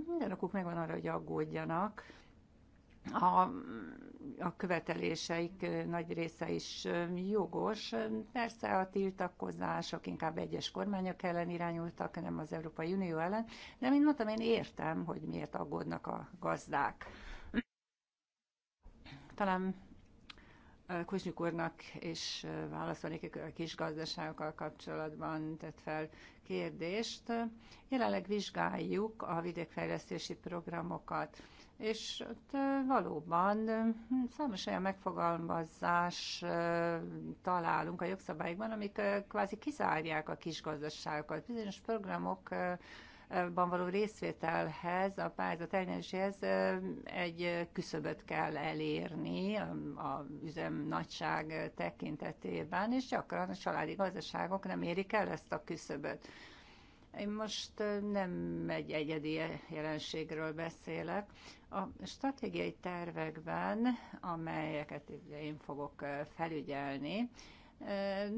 minden okuk megvan arra, hogy aggódjanak, a, a követeléseik nagy része is jogos. Persze a tiltakozások inkább egyes kormányok ellen irányultak, nem az Európai Unió ellen, de mint mondtam, én értem, hogy miért aggódnak a gazdák. Talán Kuzsnyuk úrnak és válaszolnék a kis gazdaságokkal kapcsolatban tett fel kérdést. Jelenleg vizsgáljuk a vidékfejlesztési programokat és ott valóban számos olyan megfogalmazás találunk a jogszabályokban, amik kvázi kizárják a kisgazdaságokat. Bizonyos programok ban való részvételhez, a pályázat elnyeréséhez egy küszöböt kell elérni a üzem nagyság tekintetében, és gyakran a családi gazdaságok nem érik el ezt a küszöböt. Én most nem egy egyedi jelenségről beszélek. A stratégiai tervekben, amelyeket én fogok felügyelni,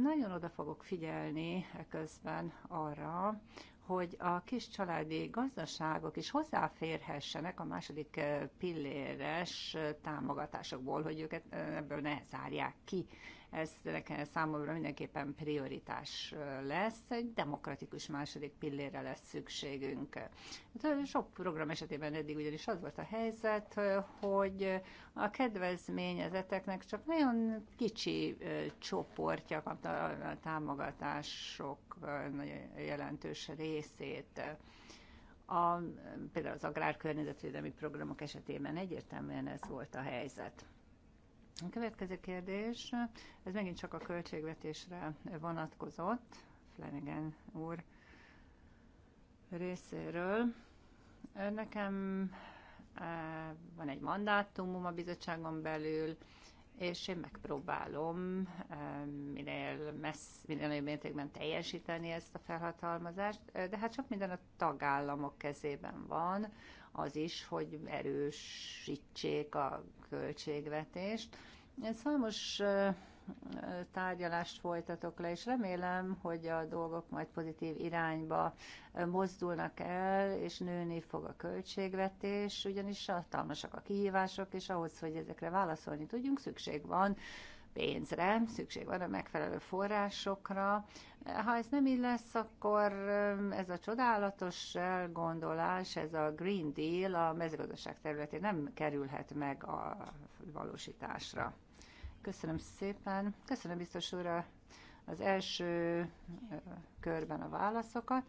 nagyon oda fogok figyelni közben arra, hogy a kis családi gazdaságok is hozzáférhessenek a második pilléres támogatásokból, hogy őket ebből ne zárják ki ez nekem számomra mindenképpen prioritás lesz, egy demokratikus második pillére lesz szükségünk. Hát, sok program esetében eddig ugyanis az volt a helyzet, hogy a kedvezményezeteknek csak nagyon kicsi csoportja kapta a támogatások nagyon jelentős részét. A, például az agrárkörnyezetvédelmi programok esetében egyértelműen ez volt a helyzet. A következő kérdés, ez megint csak a költségvetésre vonatkozott, Flanagan úr részéről. Nekem eh, van egy mandátumom a bizottságon belül, és én megpróbálom eh, minél, messz, minél nagyobb mértékben teljesíteni ezt a felhatalmazást, eh, de hát sok minden a tagállamok kezében van, az is, hogy erősítsék a költségvetést. Én számos tárgyalást folytatok le, és remélem, hogy a dolgok majd pozitív irányba mozdulnak el, és nőni fog a költségvetés, ugyanis hatalmasak a kihívások, és ahhoz, hogy ezekre válaszolni tudjunk, szükség van pénzre, szükség van a megfelelő forrásokra. Ha ez nem így lesz, akkor um, ez a csodálatos gondolás, ez a Green Deal a mezőgazdaság területén nem kerülhet meg a valósításra. Köszönöm szépen. Köszönöm biztos úr az első uh, körben a válaszokat.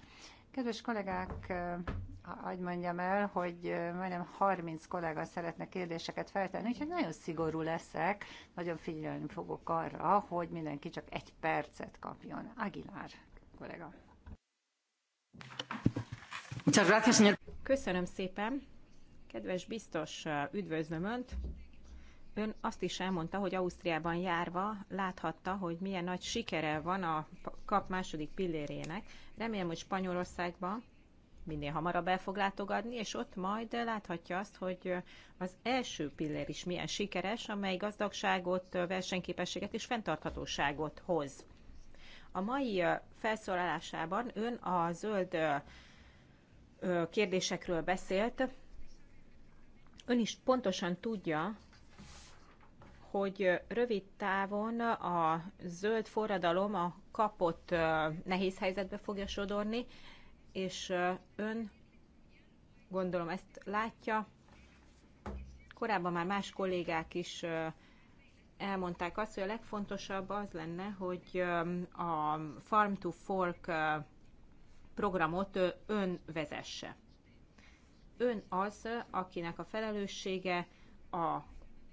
Kedves kollégák, uh, hogy mondjam el, hogy majdnem 30 kollega szeretne kérdéseket feltenni, úgyhogy nagyon szigorú leszek, nagyon figyelni fogok arra, hogy mindenki csak egy percet kapjon. Aguilar kollega. Köszönöm szépen. Kedves biztos, üdvözlöm Önt. Ön azt is elmondta, hogy Ausztriában járva láthatta, hogy milyen nagy sikere van a kap második pillérének. Remélem, hogy Spanyolországban minél hamarabb el fog látogatni, és ott majd láthatja azt, hogy az első pillér is milyen sikeres, amely gazdagságot, versenyképességet és fenntarthatóságot hoz. A mai felszólalásában ön a zöld kérdésekről beszélt. Ön is pontosan tudja, hogy rövid távon a zöld forradalom a kapott nehéz helyzetbe fogja sodorni, és ön gondolom ezt látja. Korábban már más kollégák is elmondták azt, hogy a legfontosabb az lenne, hogy a Farm to Fork programot ön vezesse. Ön az, akinek a felelőssége a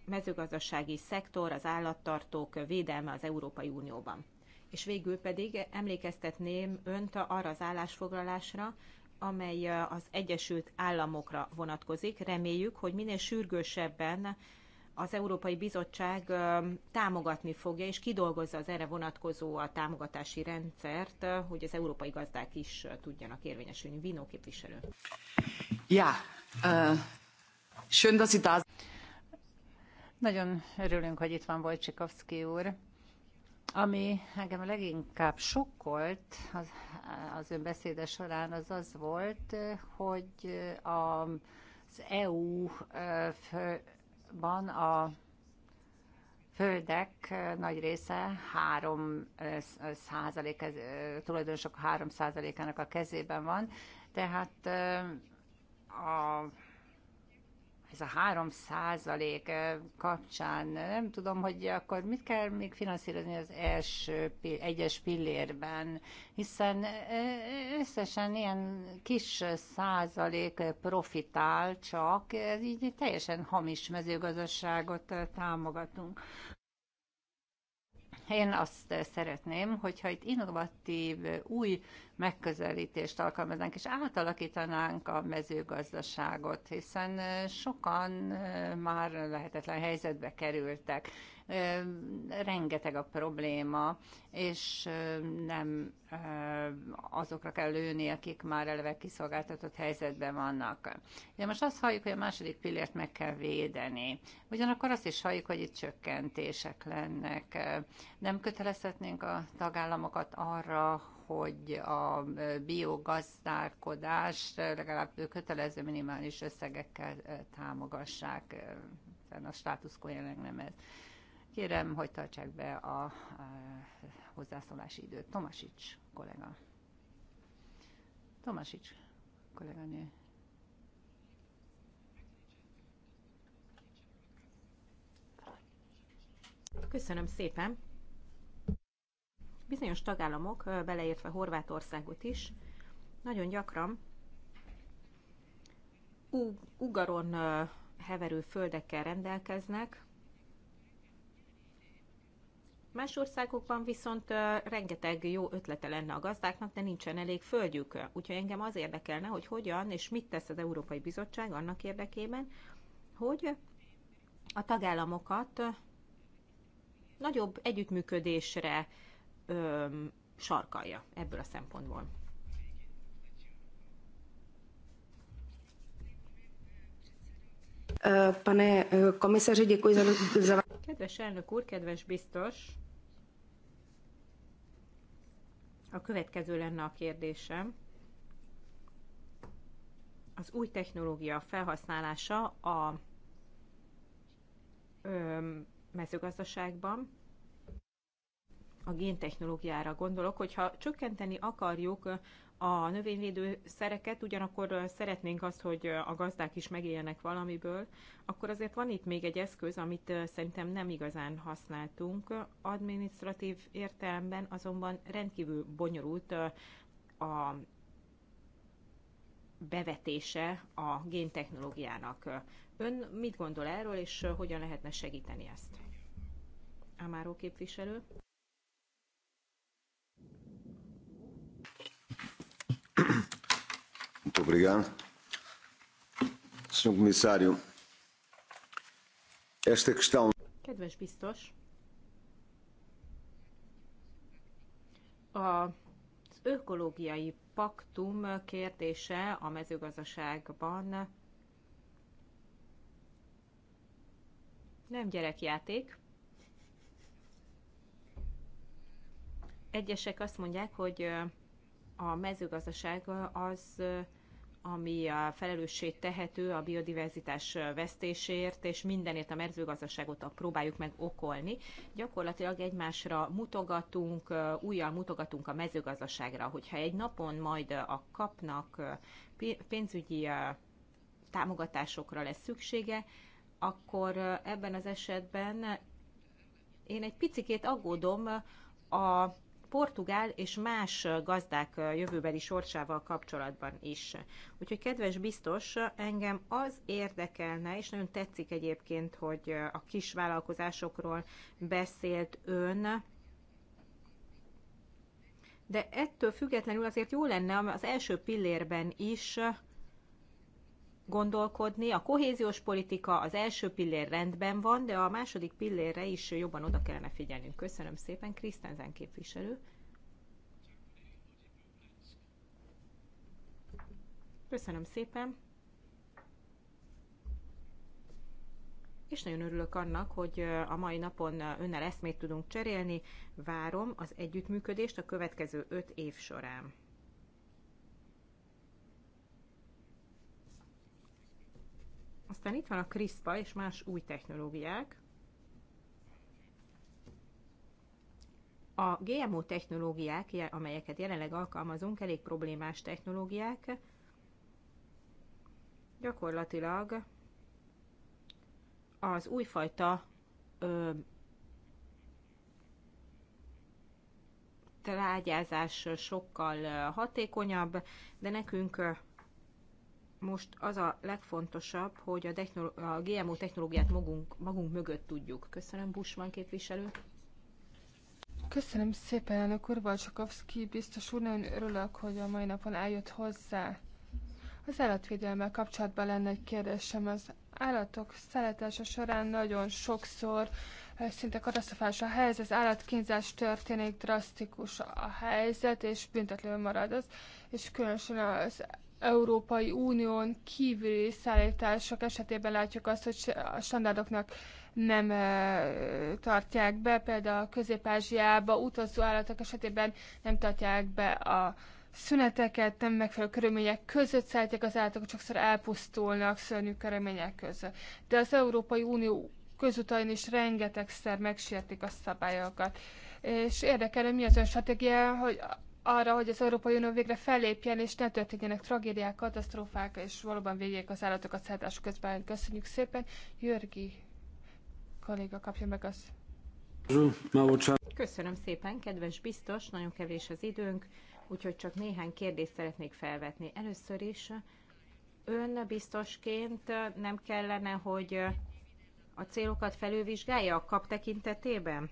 mezőgazdasági szektor, az állattartók védelme az Európai Unióban. És végül pedig emlékeztetném önt arra az állásfoglalásra, amely az Egyesült Államokra vonatkozik. Reméljük, hogy minél sürgősebben az Európai Bizottság támogatni fogja, és kidolgozza az erre vonatkozó a támogatási rendszert, hogy az európai gazdák is tudjanak érvényesülni. Vinó képviselő. Ja, uh, schön, dass Sie da Nagyon örülünk, hogy itt van Wojciechowski úr. Ami engem leginkább sokkolt az, az ön beszéde során, az az volt, hogy a, az EU-ban e, a földek nagy része 3 e, százalék, e, tulajdonosok 3 százalékának a kezében van, tehát a ez a három százalék eh, kapcsán eh, nem tudom, hogy akkor mit kell még finanszírozni az első egyes pillérben, hiszen eh, összesen ilyen kis százalék profitál csak, ez így teljesen hamis mezőgazdaságot támogatunk. Én azt eh, szeretném, hogyha itt innovatív, eh, új megközelítést alkalmaznánk, és átalakítanánk a mezőgazdaságot, hiszen eh, sokan már lehetetlen helyzetbe kerültek rengeteg a probléma, és nem azokra kell lőni, akik már eleve kiszolgáltatott helyzetben vannak. De most azt halljuk, hogy a második pillért meg kell védeni. Ugyanakkor azt is halljuk, hogy itt csökkentések lennek. Nem kötelezhetnénk a tagállamokat arra, hogy a biogazdálkodás legalább kötelező minimális összegekkel támogassák, a státuszkó jelenleg nem ez. Kérem, hogy tartsák be a, a hozzászólási időt. Tomasics kollega. Tomasics kolléganő. Köszönöm szépen. Bizonyos tagállamok, beleértve Horvátországot is, nagyon gyakran ugaron heverő földekkel rendelkeznek, Más országokban viszont rengeteg jó ötlete lenne a gazdáknak, de nincsen elég földjük. Úgyhogy engem az érdekelne, hogy hogyan és mit tesz az Európai Bizottság annak érdekében, hogy a tagállamokat nagyobb együttműködésre öm, sarkalja ebből a szempontból. Pane komisaři, děkuji za... Kedves elnök úr, kedves biztos, A következő lenne a kérdésem. Az új technológia felhasználása a mezőgazdaságban, a géntechnológiára gondolok, hogyha csökkenteni akarjuk a növényvédőszereket, ugyanakkor szeretnénk azt, hogy a gazdák is megéljenek valamiből, akkor azért van itt még egy eszköz, amit szerintem nem igazán használtunk. Administratív értelemben azonban rendkívül bonyolult a bevetése a géntechnológiának. Ön mit gondol erről, és hogyan lehetne segíteni ezt? Amáró képviselő. Kedves biztos, a ökológiai paktum kérdése a mezőgazdaságban nem gyerekjáték. Egyesek azt mondják, hogy a mezőgazdaság az ami a felelősség tehető a biodiverzitás vesztésért, és mindenért a mezőgazdaságot próbáljuk meg okolni. Gyakorlatilag egymásra mutogatunk, újjal mutogatunk a mezőgazdaságra, hogyha egy napon majd a kapnak pénzügyi támogatásokra lesz szüksége, akkor ebben az esetben én egy picikét aggódom a portugál és más gazdák jövőbeli sorsával kapcsolatban is. Úgyhogy kedves biztos, engem az érdekelne, és nagyon tetszik egyébként, hogy a kis vállalkozásokról beszélt ön, de ettől függetlenül azért jó lenne az első pillérben is gondolkodni. A kohéziós politika az első pillér rendben van, de a második pillérre is jobban oda kellene figyelnünk. Köszönöm szépen, Krisztenzen képviselő. Köszönöm szépen. És nagyon örülök annak, hogy a mai napon önnel eszmét tudunk cserélni. Várom az együttműködést a következő öt év során. Aztán itt van a CRISPA és más új technológiák. A GMO technológiák, amelyeket jelenleg alkalmazunk, elég problémás technológiák. Gyakorlatilag az újfajta ö, trágyázás sokkal hatékonyabb, de nekünk most az a legfontosabb, hogy a, technolo- a GMO technológiát magunk, magunk mögött tudjuk. Köszönöm, Busman képviselő. Köszönöm szépen, elnök úr, Balcsakovszki biztos úr, nagyon örülök, hogy a mai napon eljött hozzá. Az állatvédelemmel kapcsolatban lenne egy kérdésem. Az állatok szeletása során nagyon sokszor eh, szinte katasztrofális a helyzet, az állatkínzás történik, drasztikus a helyzet, és büntetlenül marad az, és különösen az Európai Unión kívüli szállítások esetében látjuk azt, hogy a standardoknak nem tartják be, például Közép-Ázsiába utazó állatok esetében nem tartják be a szüneteket, nem megfelelő körülmények között szállítják az állatok, sokszor elpusztulnak szörnyű körülmények között. De az Európai Unió közutain is rengetegszer megsértik a szabályokat. És érdekel, hogy mi az ön stratégia, hogy arra, hogy az Európai Unió végre fellépjen, és ne történjenek tragédiák, katasztrófák, és valóban végjék az állatokat szállás közben. Köszönjük szépen. Jörgi kolléga kapja meg az. Köszönöm szépen, kedves biztos, nagyon kevés az időnk, úgyhogy csak néhány kérdést szeretnék felvetni. Először is ön biztosként nem kellene, hogy a célokat felülvizsgálja a kap tekintetében?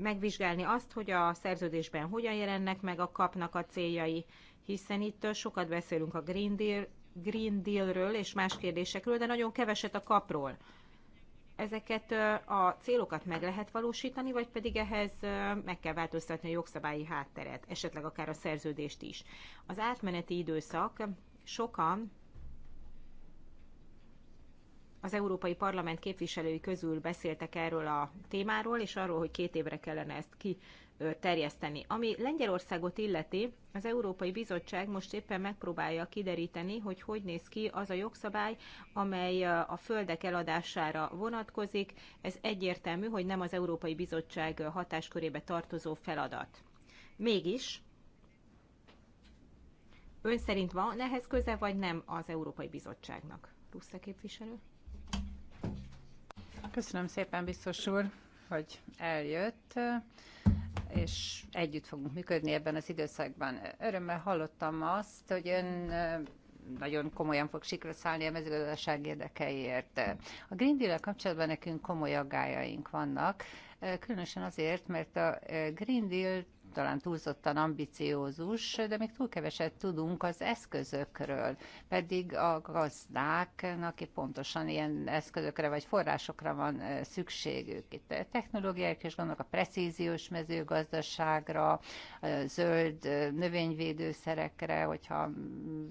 megvizsgálni azt, hogy a szerződésben hogyan jelennek meg a kapnak a céljai, hiszen itt sokat beszélünk a Green, Deal, Green Dealről és más kérdésekről, de nagyon keveset a kapról. Ezeket a célokat meg lehet valósítani, vagy pedig ehhez meg kell változtatni a jogszabályi hátteret, esetleg akár a szerződést is. Az átmeneti időszak sokan az Európai Parlament képviselői közül beszéltek erről a témáról, és arról, hogy két évre kellene ezt ki terjeszteni. Ami Lengyelországot illeti, az Európai Bizottság most éppen megpróbálja kideríteni, hogy hogy néz ki az a jogszabály, amely a földek eladására vonatkozik. Ez egyértelmű, hogy nem az Európai Bizottság hatáskörébe tartozó feladat. Mégis, ön szerint van ehhez köze, vagy nem az Európai Bizottságnak? Russza képviselő? Köszönöm szépen, biztos úr, hogy eljött, és együtt fogunk működni ebben az időszakban. Örömmel hallottam azt, hogy ön nagyon komolyan fog sikra szállni a mezőgazdaság érdekeiért. A Green deal kapcsolatban nekünk komoly aggájaink vannak, különösen azért, mert a Green Deal talán túlzottan ambiciózus, de még túl keveset tudunk az eszközökről, pedig a gazdáknak pontosan ilyen eszközökre vagy forrásokra van eh, szükségük. Itt a eh, technológiák is gondolok a precíziós mezőgazdaságra, zöld eh, növényvédőszerekre, hogyha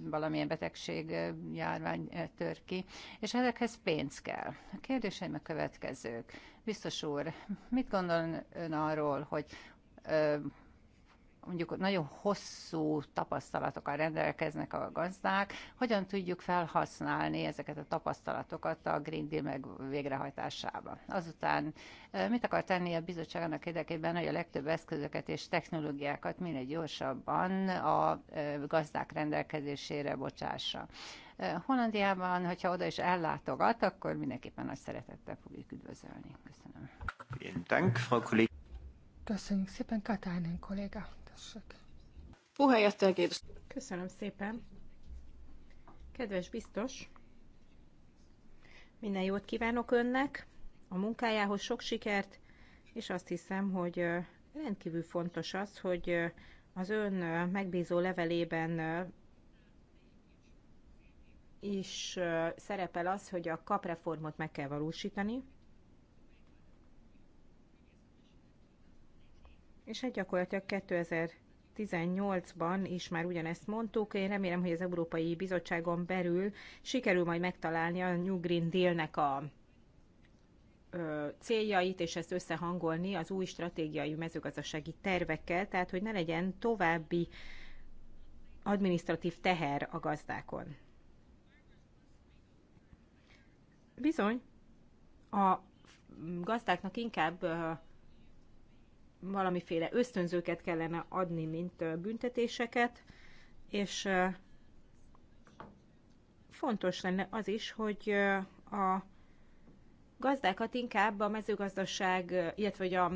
valamilyen betegség járvány tör ki, és ezekhez pénz kell. A kérdéseim a következők. Biztos úr, mit gondol ön arról, hogy mondjuk nagyon hosszú tapasztalatokkal rendelkeznek a gazdák, hogyan tudjuk felhasználni ezeket a tapasztalatokat a Green Deal meg végrehajtásába. Azután mit akar tenni a bizottság annak érdekében, hogy a legtöbb eszközöket és technológiákat minél gyorsabban a gazdák rendelkezésére bocsássa. Hollandiában, hogyha oda is ellátogat, akkor mindenképpen nagy szeretettel fogjuk üdvözölni. Köszönöm. Köszönjük szépen, Katánén kolléga tessék. Puheenjohtaja, kérdés. Köszönöm szépen. Kedves biztos, minden jót kívánok önnek, a munkájához sok sikert, és azt hiszem, hogy rendkívül fontos az, hogy az ön megbízó levelében is szerepel az, hogy a kapreformot meg kell valósítani, És hát gyakorlatilag 2018-ban is már ugyanezt mondtuk. Én remélem, hogy az Európai Bizottságon belül sikerül majd megtalálni a New Green Deal-nek a céljait, és ezt összehangolni az új stratégiai mezőgazdasági tervekkel, tehát hogy ne legyen további administratív teher a gazdákon. Bizony, a gazdáknak inkább valamiféle ösztönzőket kellene adni, mint büntetéseket, és fontos lenne az is, hogy a gazdákat inkább a mezőgazdaság, illetve hogy a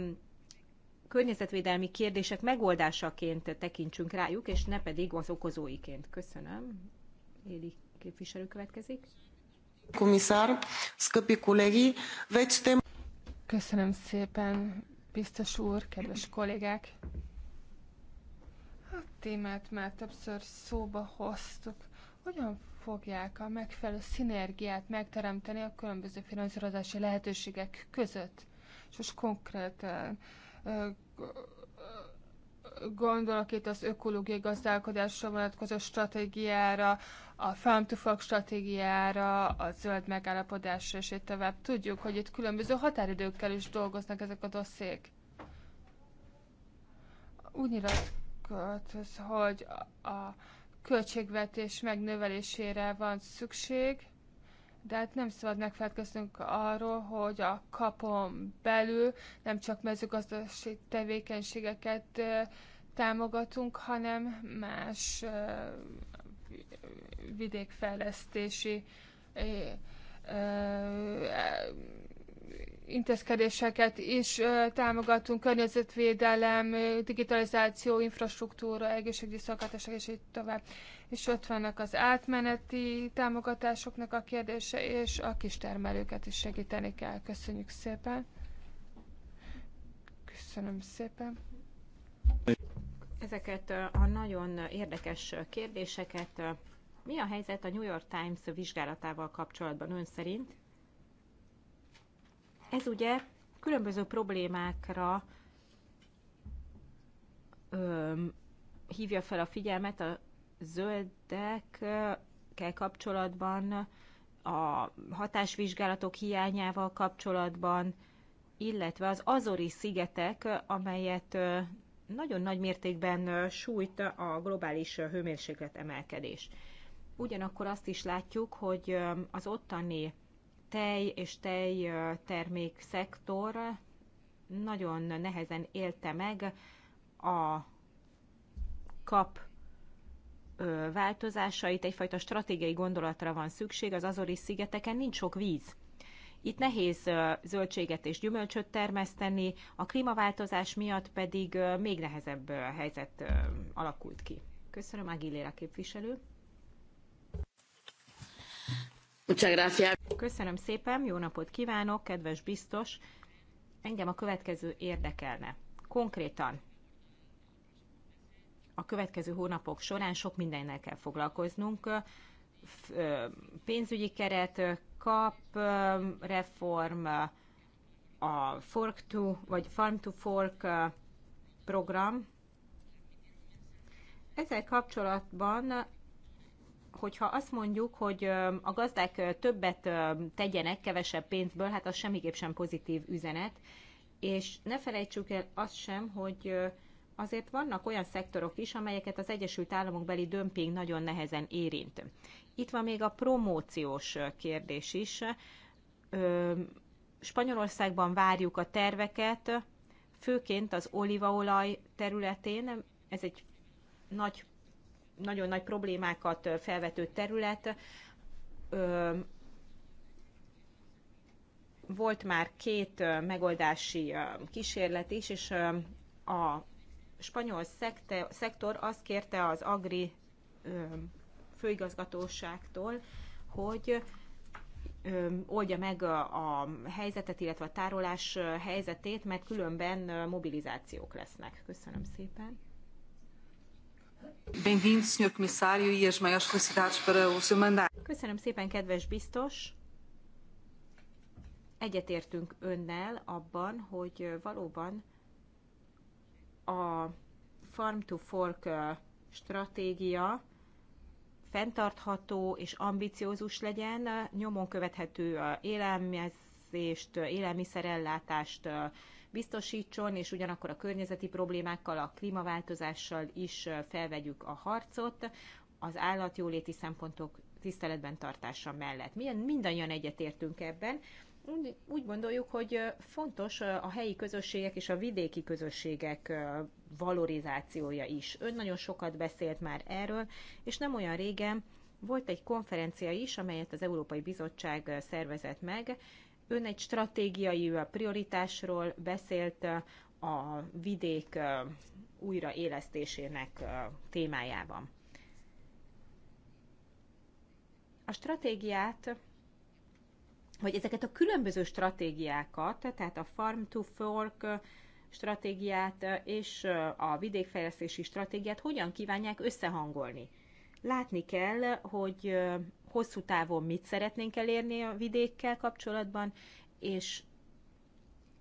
környezetvédelmi kérdések megoldásaként tekintsünk rájuk, és ne pedig az okozóiként. Köszönöm. Éli képviselő következik. Komisár, szköpi kollégi, Köszönöm szépen, biztos úr, kedves kollégák! A témát már többször szóba hoztuk. Hogyan fogják a megfelelő szinergiát megteremteni a különböző finanszírozási lehetőségek között? És most konkrét Gondolok itt az ökológiai gazdálkodásra vonatkozó stratégiára, a Farm to Fork stratégiára, a zöld megállapodásra, és itt tovább. Tudjuk, hogy itt különböző határidőkkel is dolgoznak ezek a dosszék. Úgy nyilatkozott, hogy a költségvetés megnövelésére van szükség, de hát nem szabad megfelelkeznünk arról, hogy a kapon belül nem csak mezőgazdasági tevékenységeket támogatunk, hanem más vidékfejlesztési intézkedéseket is támogatunk, környezetvédelem, digitalizáció, infrastruktúra, egészségügyi szolgáltatások, és így tovább. És ott vannak az átmeneti támogatásoknak a kérdése, és a kis termelőket is segíteni kell. Köszönjük szépen! Köszönöm szépen! ezeket a nagyon érdekes kérdéseket. Mi a helyzet a New York Times vizsgálatával kapcsolatban ön szerint? Ez ugye különböző problémákra öm, hívja fel a figyelmet a zöldekkel kapcsolatban, a hatásvizsgálatok hiányával kapcsolatban, illetve az Azori szigetek, amelyet nagyon nagy mértékben sújt a globális hőmérséklet emelkedés. Ugyanakkor azt is látjuk, hogy az ottani tej és tejtermék szektor nagyon nehezen élte meg a kap változásait, egyfajta stratégiai gondolatra van szükség, az Azori szigeteken nincs sok víz. Itt nehéz zöldséget és gyümölcsöt termeszteni, a klímaváltozás miatt pedig még nehezebb helyzet alakult ki. Köszönöm, Agilera képviselő. Köszönöm szépen, jó napot kívánok, kedves biztos. Engem a következő érdekelne. Konkrétan a következő hónapok során sok mindennel kell foglalkoznunk. Pénzügyi keret, kap reform, a Fork to, vagy Farm to Fork program. Ezzel kapcsolatban hogyha azt mondjuk, hogy a gazdák többet tegyenek kevesebb pénzből, hát az semmiképp sem pozitív üzenet, és ne felejtsük el azt sem, hogy azért vannak olyan szektorok is, amelyeket az Egyesült Államok beli dömping nagyon nehezen érint. Itt van még a promóciós kérdés is. Spanyolországban várjuk a terveket, főként az olívaolaj területén. Ez egy nagy, nagyon nagy problémákat felvető terület. Volt már két megoldási kísérlet is, és a spanyol szektor azt kérte az Agri főigazgatóságtól, hogy oldja meg a, a helyzetet, illetve a tárolás helyzetét, mert különben mobilizációk lesznek. Köszönöm szépen. Bem-vindo, Sr. Comissário, e as maiores felicidades para o seu mandato. Köszönöm szépen, kedves biztos! Egyetértünk önnel abban, hogy valóban a Farm to Fork stratégia fenntartható és ambiciózus legyen, nyomon követhető élelmezést, élelmiszerellátást biztosítson, és ugyanakkor a környezeti problémákkal, a klímaváltozással is felvegyük a harcot az állatjóléti szempontok tiszteletben tartása mellett. Milyen mindannyian egyetértünk ebben, úgy gondoljuk, hogy fontos a helyi közösségek és a vidéki közösségek valorizációja is. Ön nagyon sokat beszélt már erről, és nem olyan régen volt egy konferencia is, amelyet az Európai Bizottság szervezett meg. Ön egy stratégiai prioritásról beszélt a vidék újraélesztésének témájában. A stratégiát hogy ezeket a különböző stratégiákat, tehát a Farm to Fork stratégiát és a vidékfejlesztési stratégiát hogyan kívánják összehangolni. Látni kell, hogy hosszú távon mit szeretnénk elérni a vidékkel kapcsolatban, és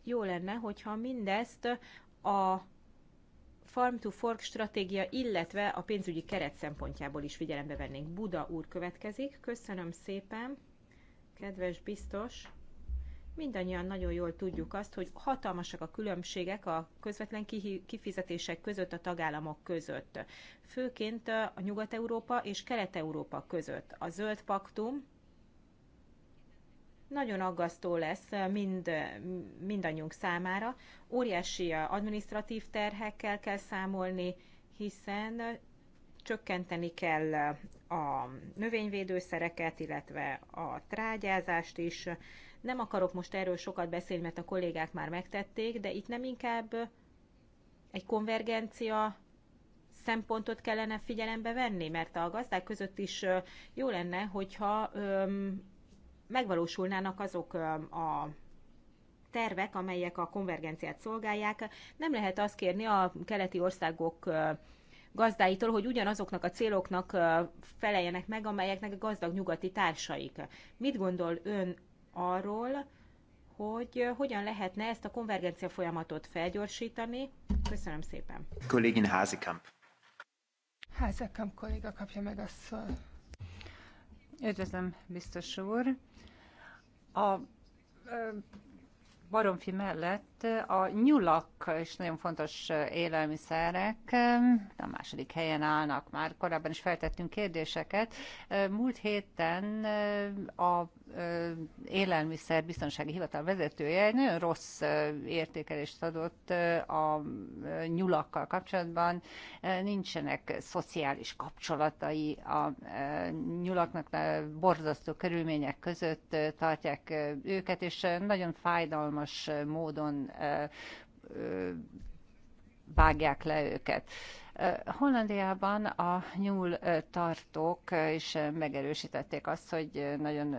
jó lenne, hogyha mindezt a Farm to Fork stratégia, illetve a pénzügyi keret szempontjából is figyelembe vennénk. Buda úr következik. Köszönöm szépen! Kedves biztos, mindannyian nagyon jól tudjuk azt, hogy hatalmasak a különbségek a közvetlen kifizetések között a tagállamok között. Főként a Nyugat-Európa és Kelet-Európa között. A zöld paktum nagyon aggasztó lesz mind, mindannyiunk számára. Óriási administratív terhekkel kell számolni, hiszen csökkenteni kell a növényvédőszereket, illetve a trágyázást is. Nem akarok most erről sokat beszélni, mert a kollégák már megtették, de itt nem inkább egy konvergencia szempontot kellene figyelembe venni, mert a gazdák között is jó lenne, hogyha megvalósulnának azok a tervek, amelyek a konvergenciát szolgálják. Nem lehet azt kérni a keleti országok gazdáitól, hogy ugyanazoknak a céloknak feleljenek meg, amelyeknek a gazdag nyugati társaik. Mit gondol ön arról, hogy hogyan lehetne ezt a konvergencia folyamatot felgyorsítani? Köszönöm szépen. Kollégin Házikamp. Házikamp kolléga kapja meg a szót. Üdvözlöm, biztos úr. A baromfi mellett a nyulak is nagyon fontos élelmiszerek. A második helyen állnak már. Korábban is feltettünk kérdéseket. Múlt héten a élelmiszer biztonsági hivatal vezetője egy nagyon rossz értékelést adott a nyulakkal kapcsolatban. Nincsenek szociális kapcsolatai a nyulaknak, borzasztó körülmények között tartják őket, és nagyon fájdalmas módon vágják le őket. Hollandiában a nyúl tartók is megerősítették azt, hogy nagyon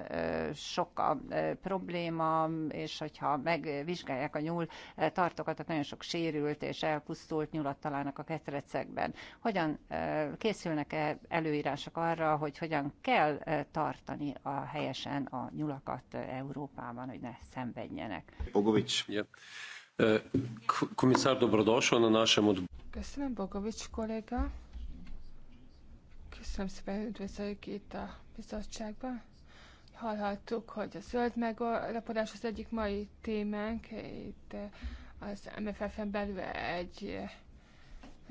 sok a probléma, és hogyha megvizsgálják a nyúl tartókat, akkor nagyon sok sérült és elpusztult nyulat találnak a ketrecekben. Hogyan készülnek-e előírások arra, hogy hogyan kell tartani a helyesen a nyulakat Európában, hogy ne szenvedjenek? Bogovics. Yeah. Komisár, dobrodošel na našem odboru. Köszönöm, Bogovics kolléga. Köszönöm szépen, üdvözöljük itt a bizottságban. Hallhattuk, hogy a zöld megalapodás az egyik mai témánk, itt az MFF-en belül egy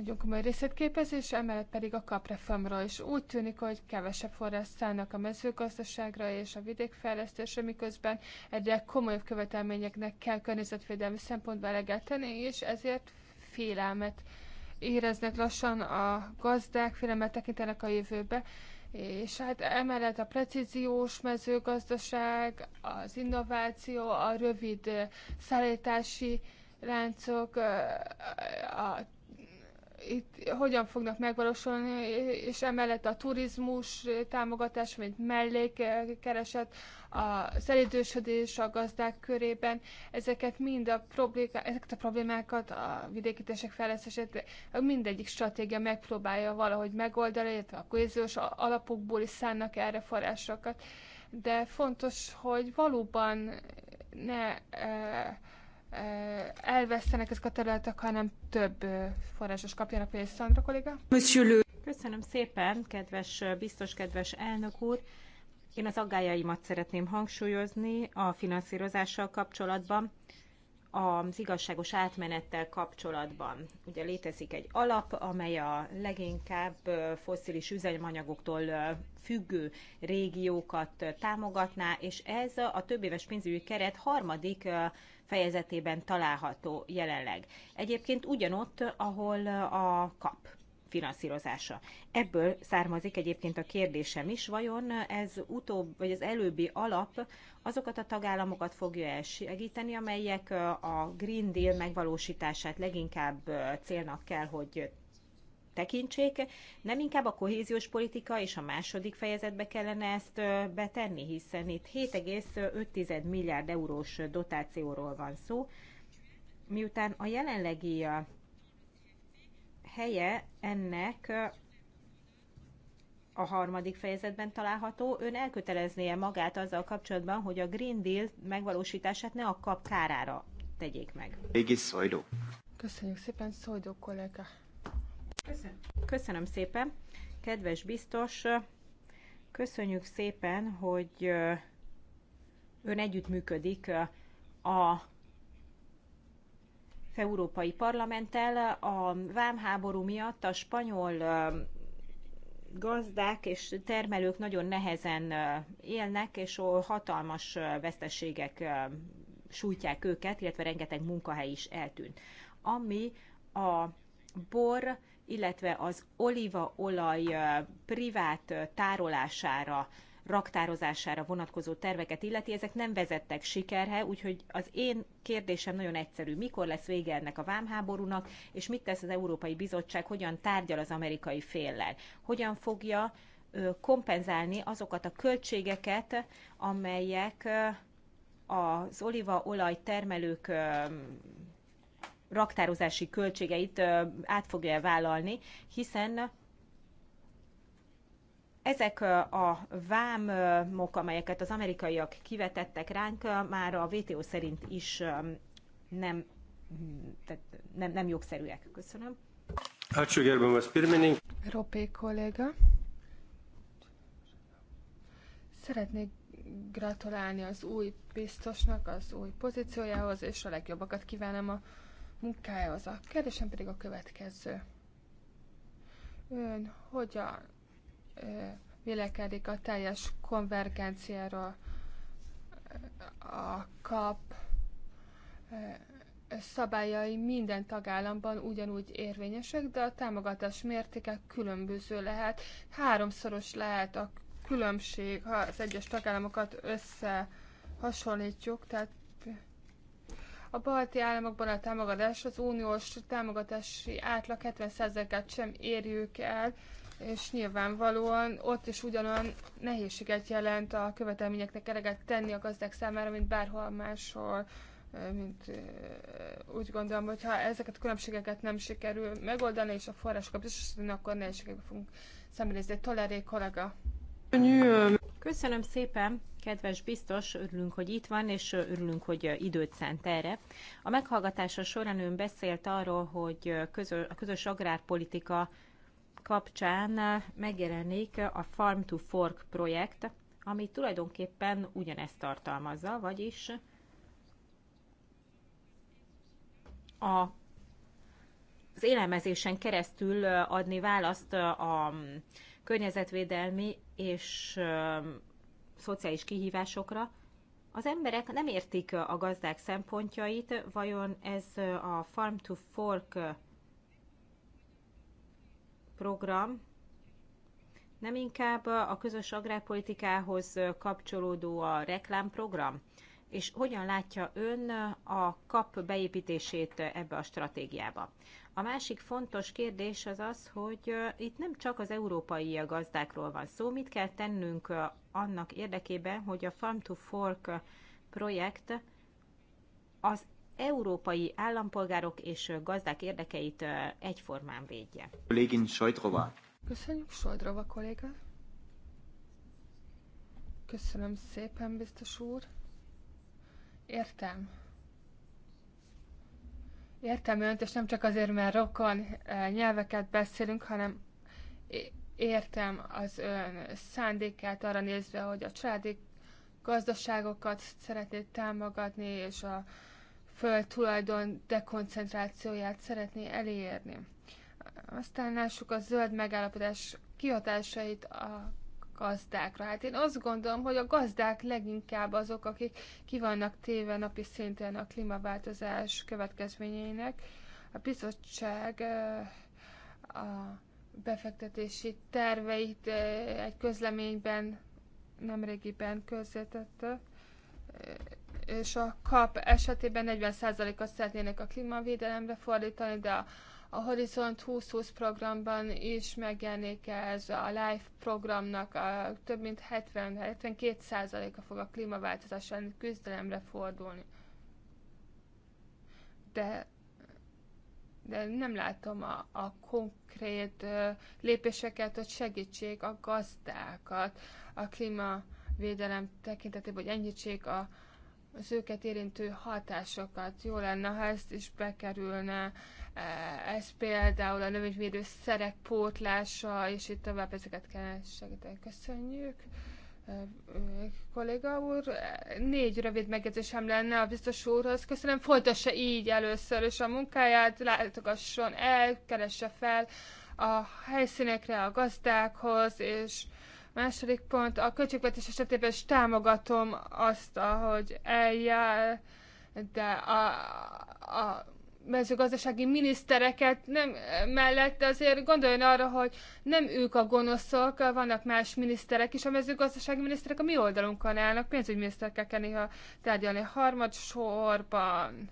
nagyon komoly részletképezés, és emellett pedig a kapreformról is. Úgy tűnik, hogy kevesebb forrás szállnak a mezőgazdaságra és a vidékfejlesztésre, miközben egyre komolyabb követelményeknek kell környezetvédelmi szempontból eleget tenni, és ezért félelmet éreznek lassan a gazdák, félelmet tekintenek a jövőbe, és hát emellett a precíziós mezőgazdaság, az innováció, a rövid eh, szállítási láncok, eh, a itt hogyan fognak megvalósulni, és emellett a turizmus támogatás, mint mellékkereset, a szelidősödés a gazdák körében, ezeket mind a, problémá, ezeket a problémákat a vidékítések fejlesztését mindegyik stratégia megpróbálja valahogy megoldani, illetve a kohéziós alapokból is szánnak erre forrásokat. De fontos, hogy valóban ne e, elvesztenek ezek a területek, hanem több forrásos kapjanak, például Szandra kolléga. Köszönöm szépen, kedves, biztos kedves elnök úr. Én az aggájaimat szeretném hangsúlyozni a finanszírozással kapcsolatban, az igazságos átmenettel kapcsolatban. Ugye létezik egy alap, amely a leginkább fosszilis üzemanyagoktól függő régiókat támogatná, és ez a többéves pénzügyi keret harmadik fejezetében található jelenleg. Egyébként ugyanott, ahol a kap finanszírozása. Ebből származik egyébként a kérdésem is, vajon ez utóbb, vagy az előbbi alap azokat a tagállamokat fogja elsegíteni, amelyek a Green Deal megvalósítását leginkább célnak kell, hogy tekintsék, nem inkább a kohéziós politika és a második fejezetbe kellene ezt betenni, hiszen itt 7,5 milliárd eurós dotációról van szó, miután a jelenlegi helye ennek a harmadik fejezetben található, ön elköteleznie magát azzal kapcsolatban, hogy a Green Deal megvalósítását ne a kap kárára tegyék meg. Köszönjük szépen, Szojdó kollega. Köszönöm. Köszönöm szépen. Kedves biztos, köszönjük szépen, hogy ön együttműködik a Európai Parlamenttel a vámháború miatt a spanyol gazdák és termelők nagyon nehezen élnek, és hatalmas veszteségek sújtják őket, illetve rengeteg munkahely is eltűnt. Ami a bor illetve az olívaolaj privát tárolására raktározására vonatkozó terveket illeti, ezek nem vezettek sikerhe, úgyhogy az én kérdésem nagyon egyszerű. Mikor lesz vége ennek a vámháborúnak, és mit tesz az Európai Bizottság, hogyan tárgyal az amerikai féllel? Hogyan fogja kompenzálni azokat a költségeket, amelyek az olívaolaj termelők raktározási költségeit át fogja vállalni, hiszen ezek a vámok, amelyeket az amerikaiak kivetettek ránk, már a WTO szerint is nem, tehát nem, nem jogszerűek. Köszönöm. Ačiū gerbiamas pirmininkas. Ropé kolléga. Szeretnék gratulálni az új biztosnak, az új pozíciójához, és a legjobbakat kívánom a az A kérdésem pedig a következő. Ön hogyan vélekedik a teljes konvergenciáról a kap szabályai minden tagállamban ugyanúgy érvényesek, de a támogatás mértéke különböző lehet. Háromszoros lehet a különbség, ha az egyes tagállamokat összehasonlítjuk, tehát a balti államokban a támogatás az uniós támogatási átlag 70%-át sem érjük el, és nyilvánvalóan ott is ugyanolyan nehézséget jelent a követelményeknek eleget tenni a gazdák számára, mint bárhol máshol mint úgy gondolom, hogy ha ezeket a különbségeket nem sikerül megoldani, és a forrásokat biztosítani, akkor nehézségekbe fogunk szembenézni. Tolerék kollega. Köszönöm szépen, kedves biztos, örülünk, hogy itt van, és örülünk, hogy időt szánt erre. A meghallgatása során ön beszélt arról, hogy a közös agrárpolitika kapcsán megjelenik a Farm to Fork projekt, ami tulajdonképpen ugyanezt tartalmazza, vagyis a az élelmezésen keresztül adni választ a környezetvédelmi és szociális kihívásokra, az emberek nem értik a gazdák szempontjait, vajon ez a Farm to Fork program nem inkább a közös agrárpolitikához kapcsolódó a reklámprogram? És hogyan látja ön a kap beépítését ebbe a stratégiába? A másik fontos kérdés az az, hogy itt nem csak az európai gazdákról van szó, mit kell tennünk annak érdekében, hogy a Farm to Fork projekt az európai állampolgárok és gazdák érdekeit egyformán védje. Kollégin Sajtrova. Köszönjük, Sajtrova kolléga. Köszönöm szépen, biztos úr. Értem Értem önt, és nem csak azért, mert rokon nyelveket beszélünk, hanem értem az ön szándékát arra nézve, hogy a családi gazdaságokat szeretné támogatni, és a földtulajdon dekoncentrációját szeretné elérni. Aztán lássuk a zöld megállapodás kihatásait a gazdákra. Hát én azt gondolom, hogy a gazdák leginkább azok, akik ki vannak téve napi szinten a klímaváltozás következményeinek. A bizottság a befektetési terveit egy közleményben nemrégiben közzétette, és a kap esetében 40%-at szeretnének a klímavédelemre fordítani, de a a Horizont 2020 programban is megjelenik ez a LIFE programnak a több mint 70-72%-a fog a klímaváltozás elleni küzdelemre fordulni. De, de nem látom a, a konkrét lépéseket, hogy segítsék a gazdákat a klímavédelem tekintetében, hogy enyhítsék a, az őket érintő hatásokat. Jó lenne, ha ezt is bekerülne Eh, ez például a növényvédő szerek pótlása, és itt tovább ezeket kell segíteni. Köszönjük. Eh, kolléga úr, négy rövid megjegyzésem lenne a biztos úrhoz. Köszönöm, folytassa így először is a munkáját, látogasson el, keresse fel a helyszínekre, a gazdákhoz, és második pont, a költségvetés esetében is támogatom azt, ahogy eljár, de a, a mezőgazdasági minisztereket nem mellett azért gondoljon arra, hogy nem ők a gonoszok, vannak más miniszterek is, a mezőgazdasági miniszterek a mi oldalunkon állnak, pénzügyminiszterekkel kell néha tárgyalni harmad sorban.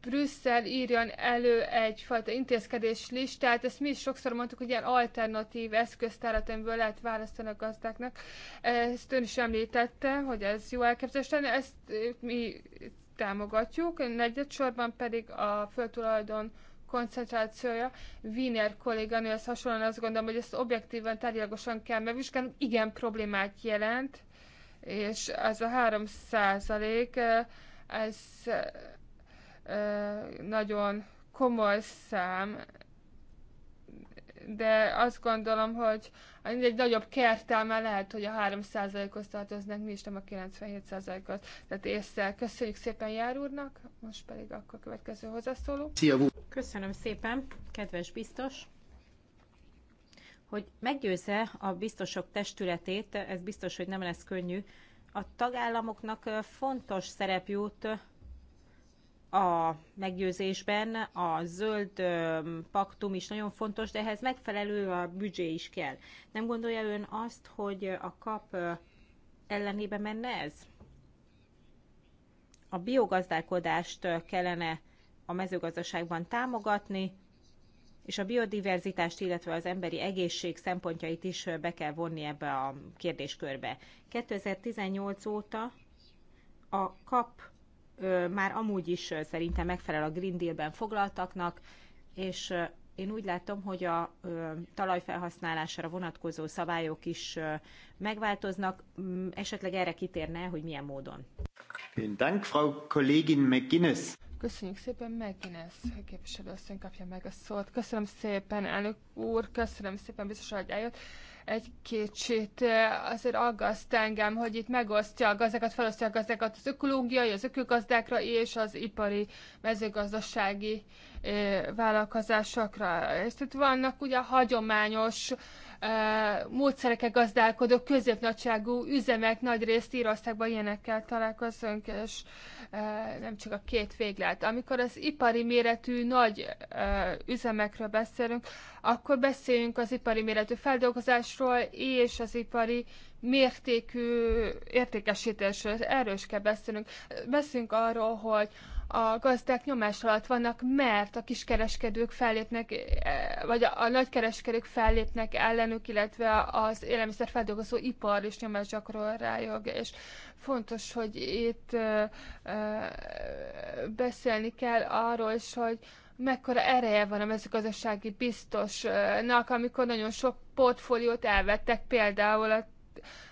Brüsszel írjon elő egyfajta intézkedés listát, ezt mi is sokszor mondtuk, hogy ilyen alternatív eszköztárat, amiből lehet választani a gazdáknak. Ezt ön is említette, hogy ez jó elképzelés lenne, ezt mi támogatjuk, negyedsorban pedig a föltulajdon koncentrációja. Wiener kolléganő ezt hasonlóan azt gondolom, hogy ezt objektíven, tárgyalagosan kell megvizsgálni. Igen, problémát jelent, és ez a 3 százalék, ez nagyon komoly szám, de azt gondolom, hogy egy nagyobb kertelme lehet, hogy a 3%-hoz tartoznak, mi is nem a 97%-hoz. Tehát észre. Köszönjük szépen Jár úrnak, most pedig akkor következő hozzászóló. Szia, Köszönöm szépen, kedves biztos hogy meggyőzze a biztosok testületét, ez biztos, hogy nem lesz könnyű, a tagállamoknak fontos szerep jut a meggyőzésben a zöld paktum is nagyon fontos, de ehhez megfelelő a büdzsé is kell. Nem gondolja ön azt, hogy a kap ellenébe menne ez? A biogazdálkodást kellene a mezőgazdaságban támogatni, és a biodiverzitást, illetve az emberi egészség szempontjait is be kell vonni ebbe a kérdéskörbe. 2018 óta a kap már amúgy is szerintem megfelel a Green Deal-ben foglaltaknak, és én úgy látom, hogy a talajfelhasználásra vonatkozó szabályok is megváltoznak. Mm, esetleg erre kitérne, hogy milyen módon. Dank, Frau Kollégin McGuinness. Köszönjük szépen, McGuinness képviselőasszony kapja meg a szót. Köszönöm szépen, elnök úr, köszönöm szépen, biztos, hogy eljött egy kicsit azért aggaszt engem, hogy itt megosztja a gazdákat, felosztja a gazdákat az ökológiai, az ökögazdákra és az ipari mezőgazdasági vállalkozásokra. És itt vannak ugye hagyományos módszerekkel gazdálkodó középnagyságú üzemek nagy részt Írországban ilyenekkel találkozunk, és nem csak a két véglet. Amikor az ipari méretű nagy üzemekről beszélünk, akkor beszéljünk az ipari méretű feldolgozásról és az ipari mértékű értékesítésről. Erről is kell beszélnünk. Beszélünk arról, hogy a gazdák nyomás alatt vannak, mert a kiskereskedők fellépnek, e, vagy a nagykereskedők fellépnek ellenük, illetve az élelmiszerfeldolgozó ipar is nyomás gyakorol rájog, és fontos, hogy itt e, e, beszélni kell arról is, hogy mekkora ereje van a mezőgazdasági biztosnak, amikor nagyon sok portfóliót elvettek, például a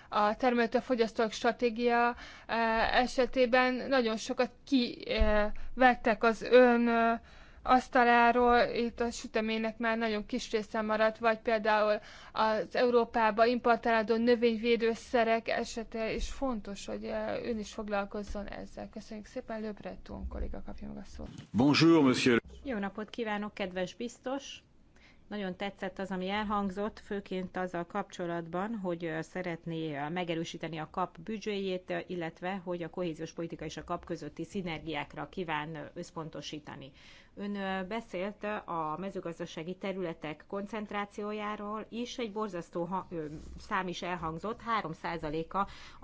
a termelőtől fogyasztók stratégia e, esetében nagyon sokat kivettek e, az ön e, asztaláról, itt a sütemének már nagyon kis része maradt, vagy például az Európába importálandó növényvédőszerek esete, és fontos, hogy ön is foglalkozzon ezzel. Köszönjük szépen, Löbretón kolléga kapja meg a szót. Bonjour, monsieur. Jó napot kívánok, kedves biztos! Nagyon tetszett az, ami elhangzott, főként azzal kapcsolatban, hogy szeretné megerősíteni a kap büdzséjét, illetve hogy a kohéziós politika és a kap közötti szinergiákra kíván összpontosítani. Ön beszélt a mezőgazdasági területek koncentrációjáról is, egy borzasztó szám is elhangzott, 3%-a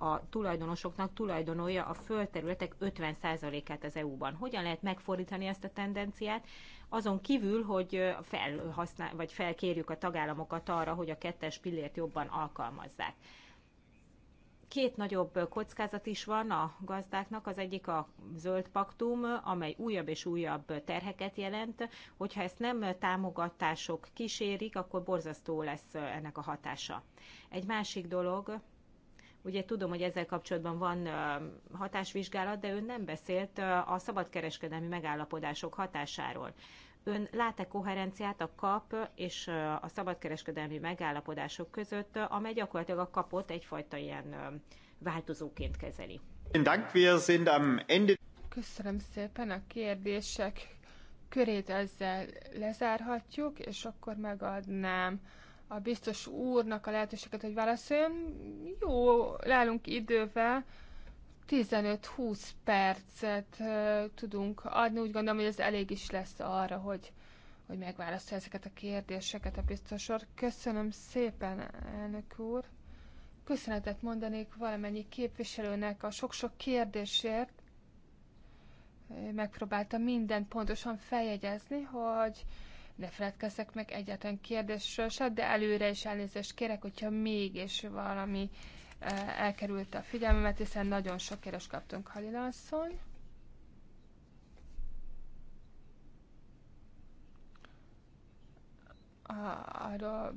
a tulajdonosoknak tulajdonolja a földterületek 50%-át az EU-ban. Hogyan lehet megfordítani ezt a tendenciát? azon kívül, hogy felhasznál, vagy felkérjük a tagállamokat arra, hogy a kettes pillért jobban alkalmazzák. Két nagyobb kockázat is van a gazdáknak, az egyik a zöld paktum, amely újabb és újabb terheket jelent. Hogyha ezt nem támogatások kísérik, akkor borzasztó lesz ennek a hatása. Egy másik dolog, Ugye tudom, hogy ezzel kapcsolatban van hatásvizsgálat, de ön nem beszélt a szabadkereskedelmi megállapodások hatásáról. Ön lát-e koherenciát a kap és a szabadkereskedelmi megállapodások között, amely gyakorlatilag a kapot egyfajta ilyen változóként kezeli? Köszönöm szépen a kérdések körét ezzel lezárhatjuk, és akkor megadnám a biztos úrnak a lehetőséget, hogy válaszoljon. Jó, leállunk idővel. 15-20 percet tudunk adni. Úgy gondolom, hogy ez elég is lesz arra, hogy, hogy megválaszolja ezeket a kérdéseket a biztos úr. Köszönöm szépen, elnök úr. Köszönetet mondanék valamennyi képviselőnek a sok-sok kérdésért. Megpróbáltam mindent pontosan feljegyezni, hogy ne feledkezzek meg egyetlen kérdésről se, de előre is elnézést kérek, hogyha mégis valami eh, elkerült a figyelmemet, hiszen nagyon sok kérdést kaptunk Halina asszony. arról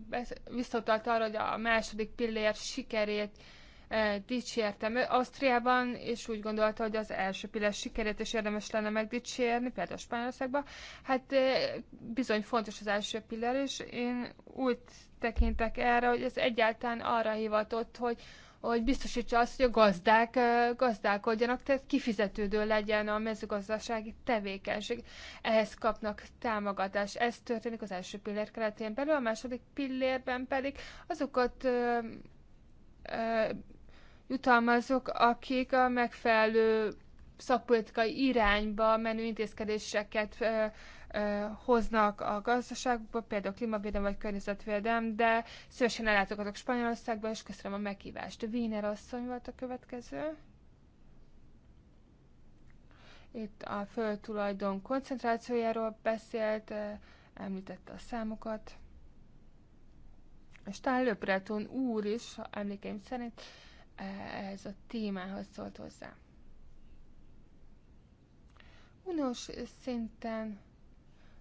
visszautalta arra, hogy a második pillér sikerét dicsértem. Ő Ausztriában és úgy gondolta, hogy az első pillanat sikerét is érdemes lenne megdicsérni, például Spanyolországban. Hát bizony fontos az első pillér, és én úgy tekintek erre, hogy ez egyáltalán arra hivatott, hogy, hogy biztosítsa azt, hogy a gazdák gazdálkodjanak, tehát kifizetődő legyen a mezőgazdasági tevékenység. Ehhez kapnak támogatást. Ez történik az első pillér keretén belül, a második pillérben pedig azokat jutalmazok, akik a megfelelő szakpolitikai irányba menő intézkedéseket ö, ö, hoznak a gazdaságba, például klímavédelem vagy környezetvédelem, de szívesen ellátogatok Spanyolországba, és köszönöm a meghívást. Wiener asszony volt a következő. Itt a földtulajdon koncentrációjáról beszélt, említette a számokat. És talán Löpreton úr is, emlékeim szerint, ez a témához szólt hozzá. Uniós szinten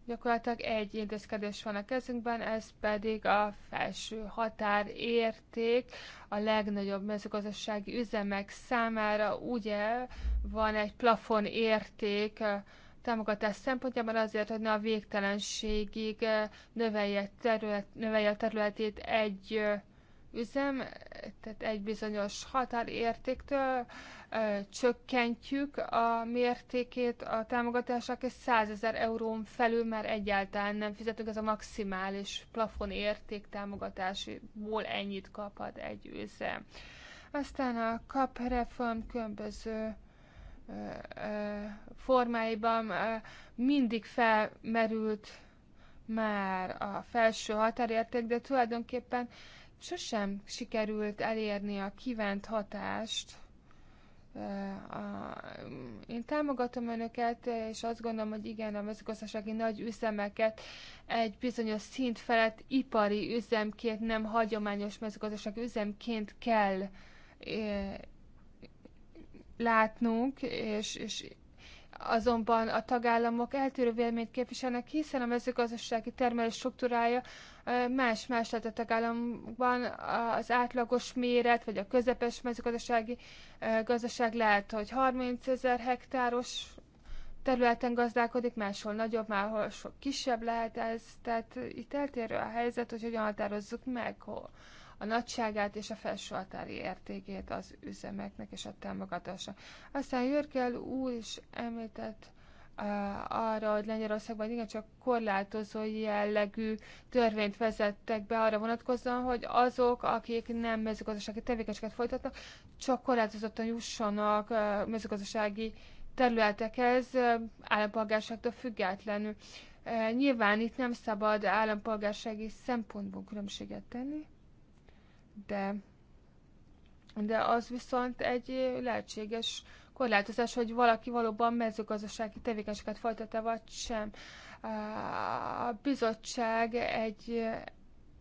gyakorlatilag egy intézkedés van a kezünkben, ez pedig a felső határérték a legnagyobb mezőgazdasági üzemek számára. Ugye van egy plafon érték eh, támogatás szempontjában azért, hogy ne a végtelenségig eh, növelje, terület, növelje a területét egy eh, üzem, tehát egy bizonyos határértéktől ö, csökkentjük a mértékét a támogatásnak, és 100 ezer eurón felül már egyáltalán nem fizetünk, ez a maximális plafon érték támogatásból ennyit kaphat egy üzem. Aztán a reform különböző ö, ö, formáiban ö, mindig felmerült már a felső határérték, de tulajdonképpen sosem sikerült elérni a kívánt hatást. Én támogatom önöket, és azt gondolom, hogy igen, a mezőgazdasági nagy üzemeket egy bizonyos szint felett ipari üzemként, nem hagyományos mezőgazdasági üzemként kell látnunk, és, és azonban a tagállamok eltérő véleményt képviselnek, hiszen a mezőgazdasági termelés struktúrája más-más lehet a tagállamban. Az átlagos méret, vagy a közepes mezőgazdasági gazdaság lehet, hogy 30 ezer hektáros területen gazdálkodik, máshol nagyobb, máshol sok kisebb lehet ez, tehát itt eltérő a helyzet, hogy hogyan határozzuk meg, hogy a nagyságát és a felsőhatári értékét az üzemeknek és a támogatása. Aztán Jörgel úr is említett arra, hogy Lengyelországban igencsak korlátozó jellegű törvényt vezettek be arra vonatkozóan, hogy azok, akik nem mezőgazdasági tevékenységet folytatnak, csak korlátozottan jussanak mezőgazdasági területekhez állampolgárságtól függetlenül. Nyilván itt nem szabad állampolgársági szempontból különbséget tenni de, de az viszont egy lehetséges korlátozás, hogy valaki valóban mezőgazdasági tevékenységet folytatta, vagy sem. A bizottság egy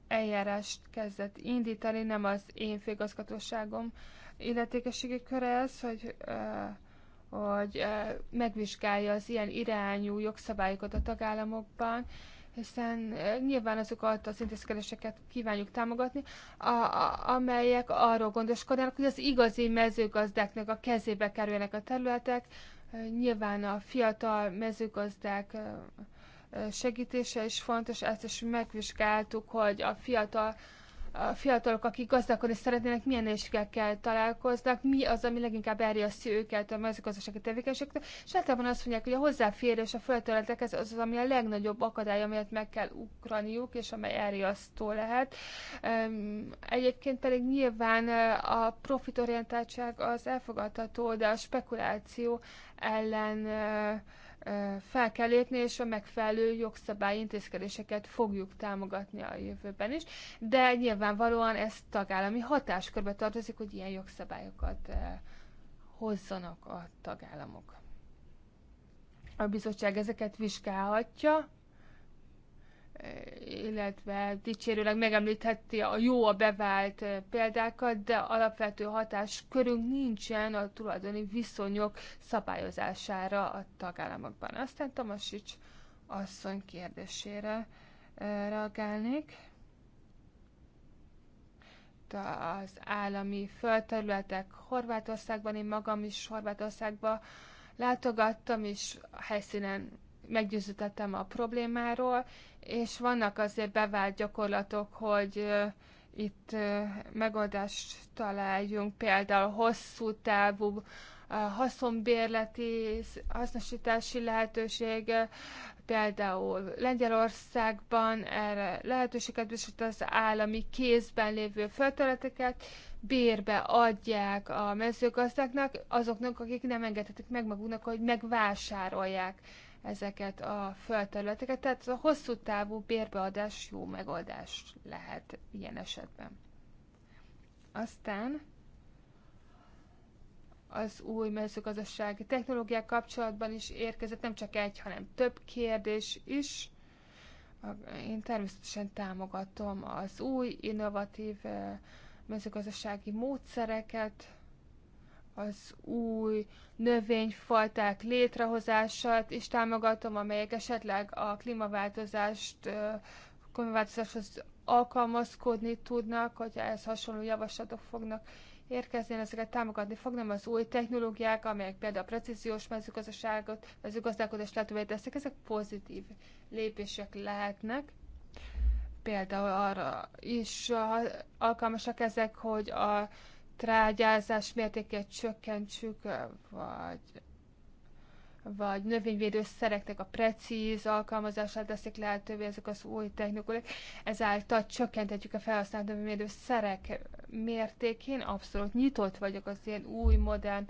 eljárást kezdett indítani, nem az én főgazgatóságom illetékességi köre ez, hogy, hogy megvizsgálja az ilyen irányú jogszabályokat a tagállamokban, hiszen nyilván azokat az intézkedéseket kívánjuk támogatni, a, a, amelyek arról gondoskodnak, hogy az igazi mezőgazdáknak a kezébe kerülnek a területek, nyilván a fiatal mezőgazdák segítése is fontos, ezt is megvizsgáltuk, hogy a fiatal a fiatalok, akik gazdálkodni szeretnének, milyen nehézségekkel találkoznak, mi az, ami leginkább elriasztja őket a mezőgazdasági tevékenységtől, és általában azt mondják, hogy a hozzáférés a földterületekhez az az, ami a legnagyobb akadály, amelyet meg kell ukraniuk, és amely elriasztó lehet. Egyébként pedig nyilván a profitorientáltság az elfogadható, de a spekuláció ellen fel kell lépni, és a megfelelő jogszabály intézkedéseket fogjuk támogatni a jövőben is, de nyilvánvalóan ez tagállami hatáskörbe tartozik, hogy ilyen jogszabályokat hozzanak a tagállamok. A bizottság ezeket vizsgálhatja, illetve dicsérőleg megemlítheti a jó a bevált eh, példákat, de alapvető hatás körünk nincsen a tulajdoni viszonyok szabályozására a tagállamokban. Aztán Tomasics asszony kérdésére eh, reagálnék. Az állami földterületek Horvátországban, én magam is Horvátországba látogattam, és a helyszínen meggyőződtem a problémáról, és vannak azért bevált gyakorlatok, hogy itt megoldást találjunk, például hosszú távú haszonbérleti, hasznosítási lehetőség, például Lengyelországban erre lehetőséget biztosít az állami kézben lévő földterületeket, bérbe adják a mezőgazdáknak, azoknak, akik nem engedhetik meg maguknak, hogy megvásárolják ezeket a földterületeket, tehát a hosszú távú bérbeadás jó megoldás lehet ilyen esetben. Aztán az új mezőgazdasági technológiák kapcsolatban is érkezett nem csak egy, hanem több kérdés is. Én természetesen támogatom az új, innovatív eh, mezőgazdasági módszereket, az új növényfajták létrehozását is támogatom, amelyek esetleg a klímaváltozást, klímaváltozáshoz alkalmazkodni tudnak, hogy ehhez hasonló javaslatok fognak érkezni, ezeket támogatni fognak, az új technológiák, amelyek például a precíziós mezőgazdaságot, mezőgazdálkodást lehetővé teszik, ezek pozitív lépések lehetnek. Például arra is alkalmasak ezek, hogy a trágyázás mértékét csökkentsük, vagy, vagy növényvédőszereknek a precíz alkalmazását teszik lehetővé ezek az új technikulek. Ezáltal csökkentetjük a felhasznált növényvédőszerek mértékén. Abszolút nyitott vagyok az ilyen új, modern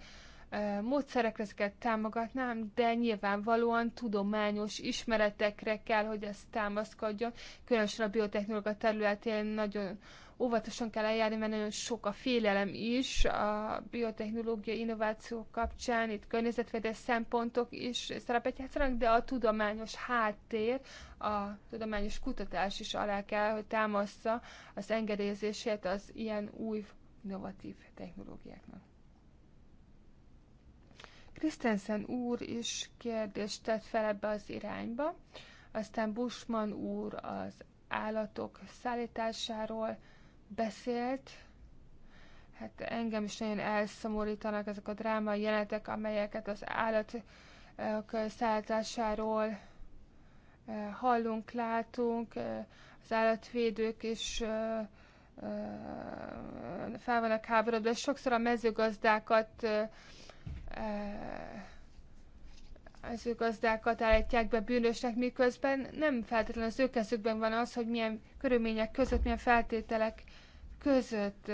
módszerekre ezeket támogatnám, de nyilvánvalóan tudományos ismeretekre kell, hogy ez támaszkodjon. Különösen a biotechnológia területén nagyon óvatosan kell eljárni, mert nagyon sok a félelem is a biotechnológia innováció kapcsán, itt környezetvédelmi szempontok is szerepet játszanak, de a tudományos háttér, a tudományos kutatás is alá kell, hogy támaszza az engedélyezését az ilyen új innovatív technológiáknak. Krisztensen úr is kérdést tett fel ebbe az irányba, aztán Bushman úr az állatok szállításáról, beszélt. Hát engem is nagyon elszomorítanak ezek a drámai jelenetek, amelyeket az állatok eh, szállításáról eh, hallunk, látunk, eh, az állatvédők is fel vannak háborodva, és sokszor a mezőgazdákat gazdákat állítják be bűnösnek, miközben nem feltétlenül az ő kezükben van az, hogy milyen körülmények között, milyen feltételek között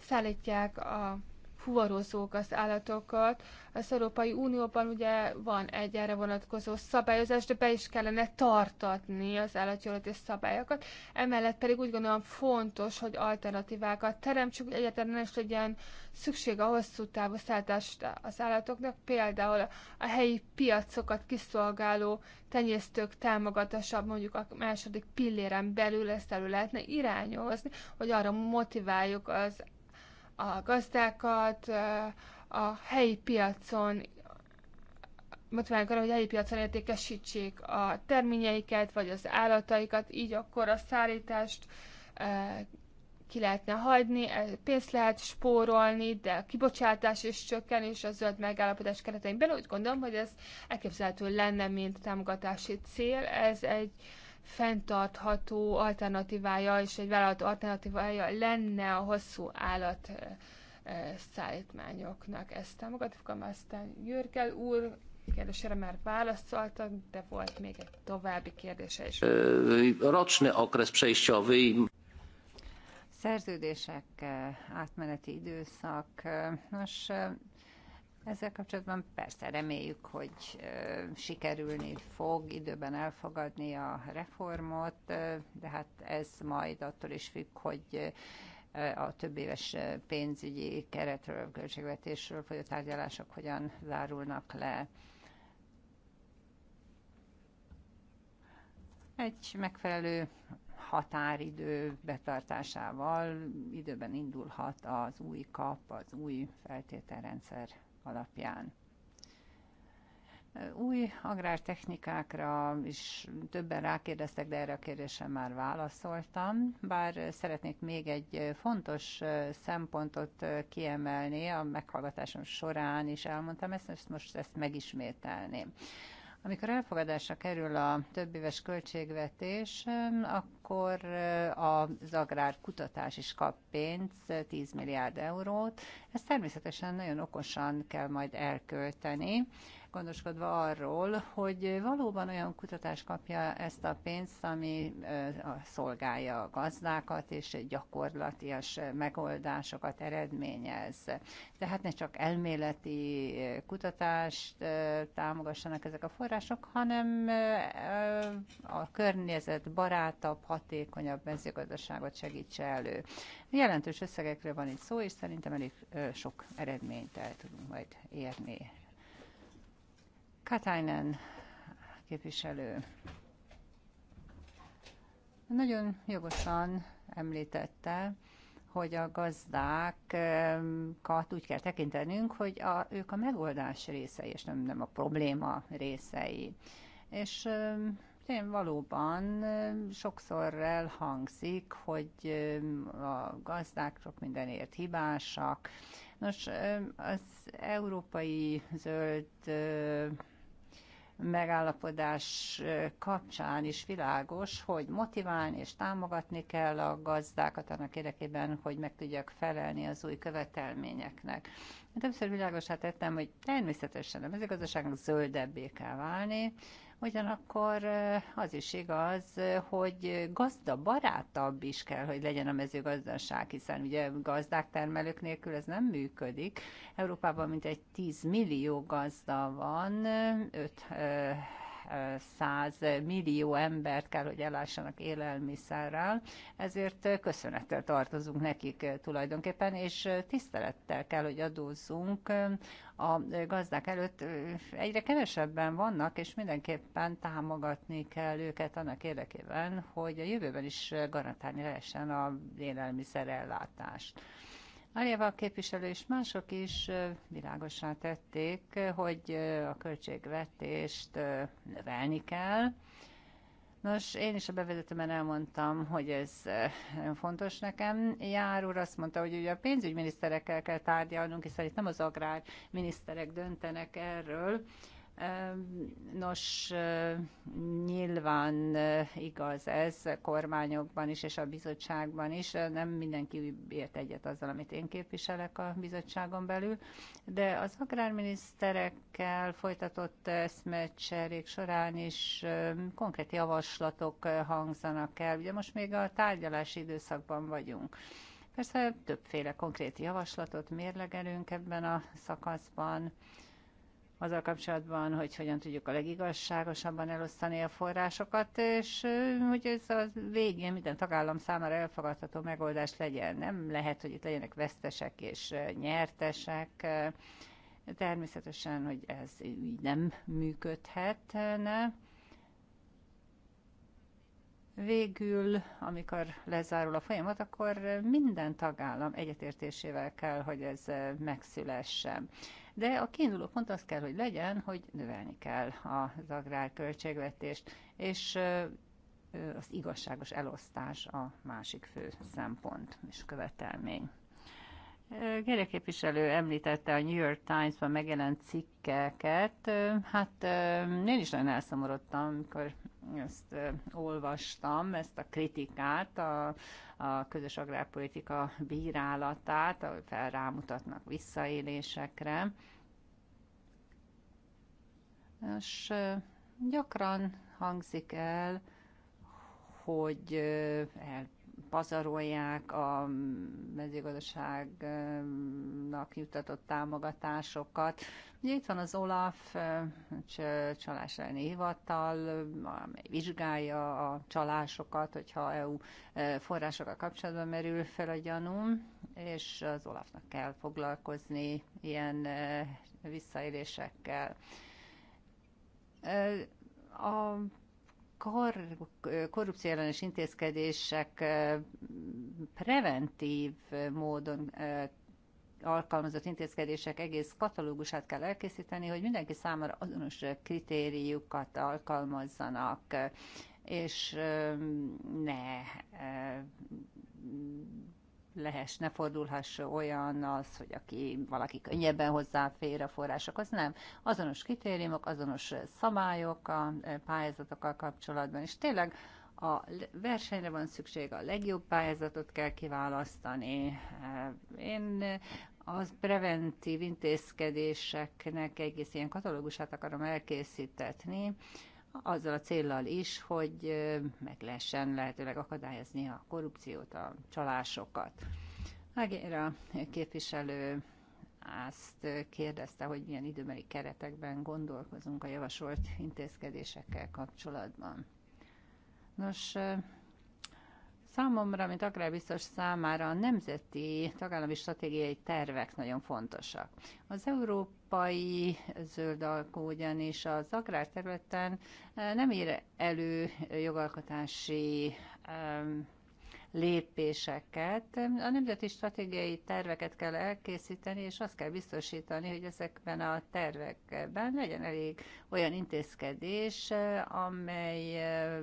szállítják a fuvarozók az állatokat. Az Európai Unióban ugye van egy erre vonatkozó szabályozás, de be is kellene tartatni az és szabályokat. Emellett pedig úgy gondolom fontos, hogy alternatívákat teremtsük, hogy egyáltalán nem is legyen szükség a hosszú távú szálltást az állatoknak, például a helyi piacokat kiszolgáló tenyésztők támogatása mondjuk a második pilléren belül ezt elő lehetne irányozni, hogy arra motiváljuk az a gazdákat, a helyi piacon motiválják arra, hogy helyi piacon értékesítsék a terményeiket, vagy az állataikat, így akkor a szállítást ki lehetne hagyni, e, pénzt lehet spórolni, de a kibocsátás is csökken, és a zöld megállapodás keretein belül úgy gondolom, hogy ez elképzelhető lenne, mint támogatási cél. Ez egy uh, fenntartható alternatívája és egy vállalat alternatívája lenne a hosszú állat szállítmányoknak. Ezt támogatjuk, aztán Jürgel úr kérdésére már válaszoltak, de volt még egy további kérdése is. Roczny okres przejściowy. Szerződések, átmeneti időszak. Nos, ezzel kapcsolatban persze reméljük, hogy sikerülni fog időben elfogadni a reformot, de hát ez majd attól is függ, hogy a több éves pénzügyi keretről, költségvetésről folyó tárgyalások hogyan zárulnak le. Egy megfelelő határidő betartásával időben indulhat az új kap, az új feltételrendszer alapján. Új agrártechnikákra is többen rákérdeztek, de erre a kérdésre már válaszoltam. Bár szeretnék még egy fontos szempontot kiemelni, a meghallgatásom során is elmondtam ezt, most, most ezt megismételném. Amikor elfogadásra kerül a több éves költségvetés, akkor az agrár kutatás is kap pénzt, 10 milliárd eurót. Ezt természetesen nagyon okosan kell majd elkölteni, gondoskodva arról, hogy valóban olyan kutatás kapja ezt a pénzt, ami szolgálja a gazdákat, és gyakorlatias megoldásokat eredményez. Tehát ne csak elméleti kutatást támogassanak ezek a források, hanem a környezet barátabb, hatékonyabb mezőgazdaságot segítse elő. Jelentős összegekről van itt szó, és szerintem elég sok eredményt el tudunk majd érni Katainen képviselő nagyon jogosan említette, hogy a gazdákat úgy kell tekintenünk, hogy a, ők a megoldás részei, és nem, nem a probléma részei. És én valóban sokszor elhangzik, hogy a gazdák sok mindenért hibásak. Nos, az európai zöld megállapodás kapcsán is világos, hogy motiválni és támogatni kell a gazdákat annak érdekében, hogy meg tudjak felelni az új követelményeknek. Többször világosát tettem, hogy természetesen a mezőgazdaságnak zöldebbé kell válni, Ugyanakkor az is igaz, hogy gazda barátabb is kell, hogy legyen a mezőgazdaság, hiszen ugye gazdák termelők nélkül ez nem működik. Európában mintegy 10 millió gazda van, 5 száz millió embert kell, hogy ellássanak élelmiszerrel, ezért köszönettel tartozunk nekik tulajdonképpen, és tisztelettel kell, hogy adózzunk a gazdák előtt egyre kevesebben vannak, és mindenképpen támogatni kell őket annak érdekében, hogy a jövőben is garantálni lehessen az élelmiszerellátást. Aljava képviselő és mások is világosá tették, hogy a költségvetést növelni kell. Nos, én is a bevezetőben elmondtam, hogy ez nagyon fontos nekem. Jár úr azt mondta, hogy ugye a pénzügyminiszterekkel kell tárgyalnunk, hiszen itt nem az agrárminiszterek döntenek erről, Nos, nyilván igaz ez kormányokban is és a bizottságban is. Nem mindenki ért egyet azzal, amit én képviselek a bizottságon belül, de az agrárminiszterekkel folytatott eszmecserék során is konkrét javaslatok hangzanak el. Ugye most még a tárgyalási időszakban vagyunk. Persze többféle konkrét javaslatot mérlegelünk ebben a szakaszban azzal kapcsolatban, hogy hogyan tudjuk a legigazságosabban elosztani a forrásokat, és hogy ez a végén minden tagállam számára elfogadható megoldás legyen. Nem lehet, hogy itt legyenek vesztesek és nyertesek. Természetesen, hogy ez így nem működhetne. Végül, amikor lezárul a folyamat, akkor minden tagállam egyetértésével kell, hogy ez megszülessen de a kiinduló pont az kell, hogy legyen, hogy növelni kell az agrárköltségvetést, és az igazságos elosztás a másik fő szempont és követelmény. Gere képviselő említette a New York Times-ban megjelent cikkeket. Hát én is nagyon elszomorodtam, amikor ezt olvastam, ezt a kritikát, a, a közös agrárpolitika bírálatát, ahol fel rámutatnak visszaélésekre. És gyakran hangzik el, hogy el pazarolják a mezőgazdaságnak jutatott támogatásokat. Ugye itt van az OLAF hát, csalás elleni hivatal, amely vizsgálja a csalásokat, hogyha EU forrásokkal kapcsolatban merül fel a gyanú, és az olafnak kell foglalkozni ilyen visszaélésekkel. A kor, korrupció ellenes intézkedések preventív módon alkalmazott intézkedések egész katalógusát kell elkészíteni, hogy mindenki számára azonos kritériumokat alkalmazzanak, és ne lehess, ne fordulhass olyan az, hogy aki valaki könnyebben hozzáfér a források, az nem. Azonos kritériumok, azonos szabályok a pályázatokkal kapcsolatban, és tényleg a versenyre van szükség, a legjobb pályázatot kell kiválasztani. Én az preventív intézkedéseknek egész ilyen katalógusát akarom elkészítetni, azzal a céllal is, hogy meg lehessen lehetőleg akadályozni a korrupciót, a csalásokat. a képviselő azt kérdezte, hogy milyen időbeli keretekben gondolkozunk a javasolt intézkedésekkel kapcsolatban. Nos, Számomra, mint agrárbiztos számára a nemzeti tagállami stratégiai tervek nagyon fontosak. Az európai zöld alkó ugyanis az agrárterületen eh, nem ér elő jogalkotási lépéseket. A nemzeti stratégiai terveket kell elkészíteni, és azt kell biztosítani, hogy ezekben a tervekben legyen elég olyan intézkedés, amely eh,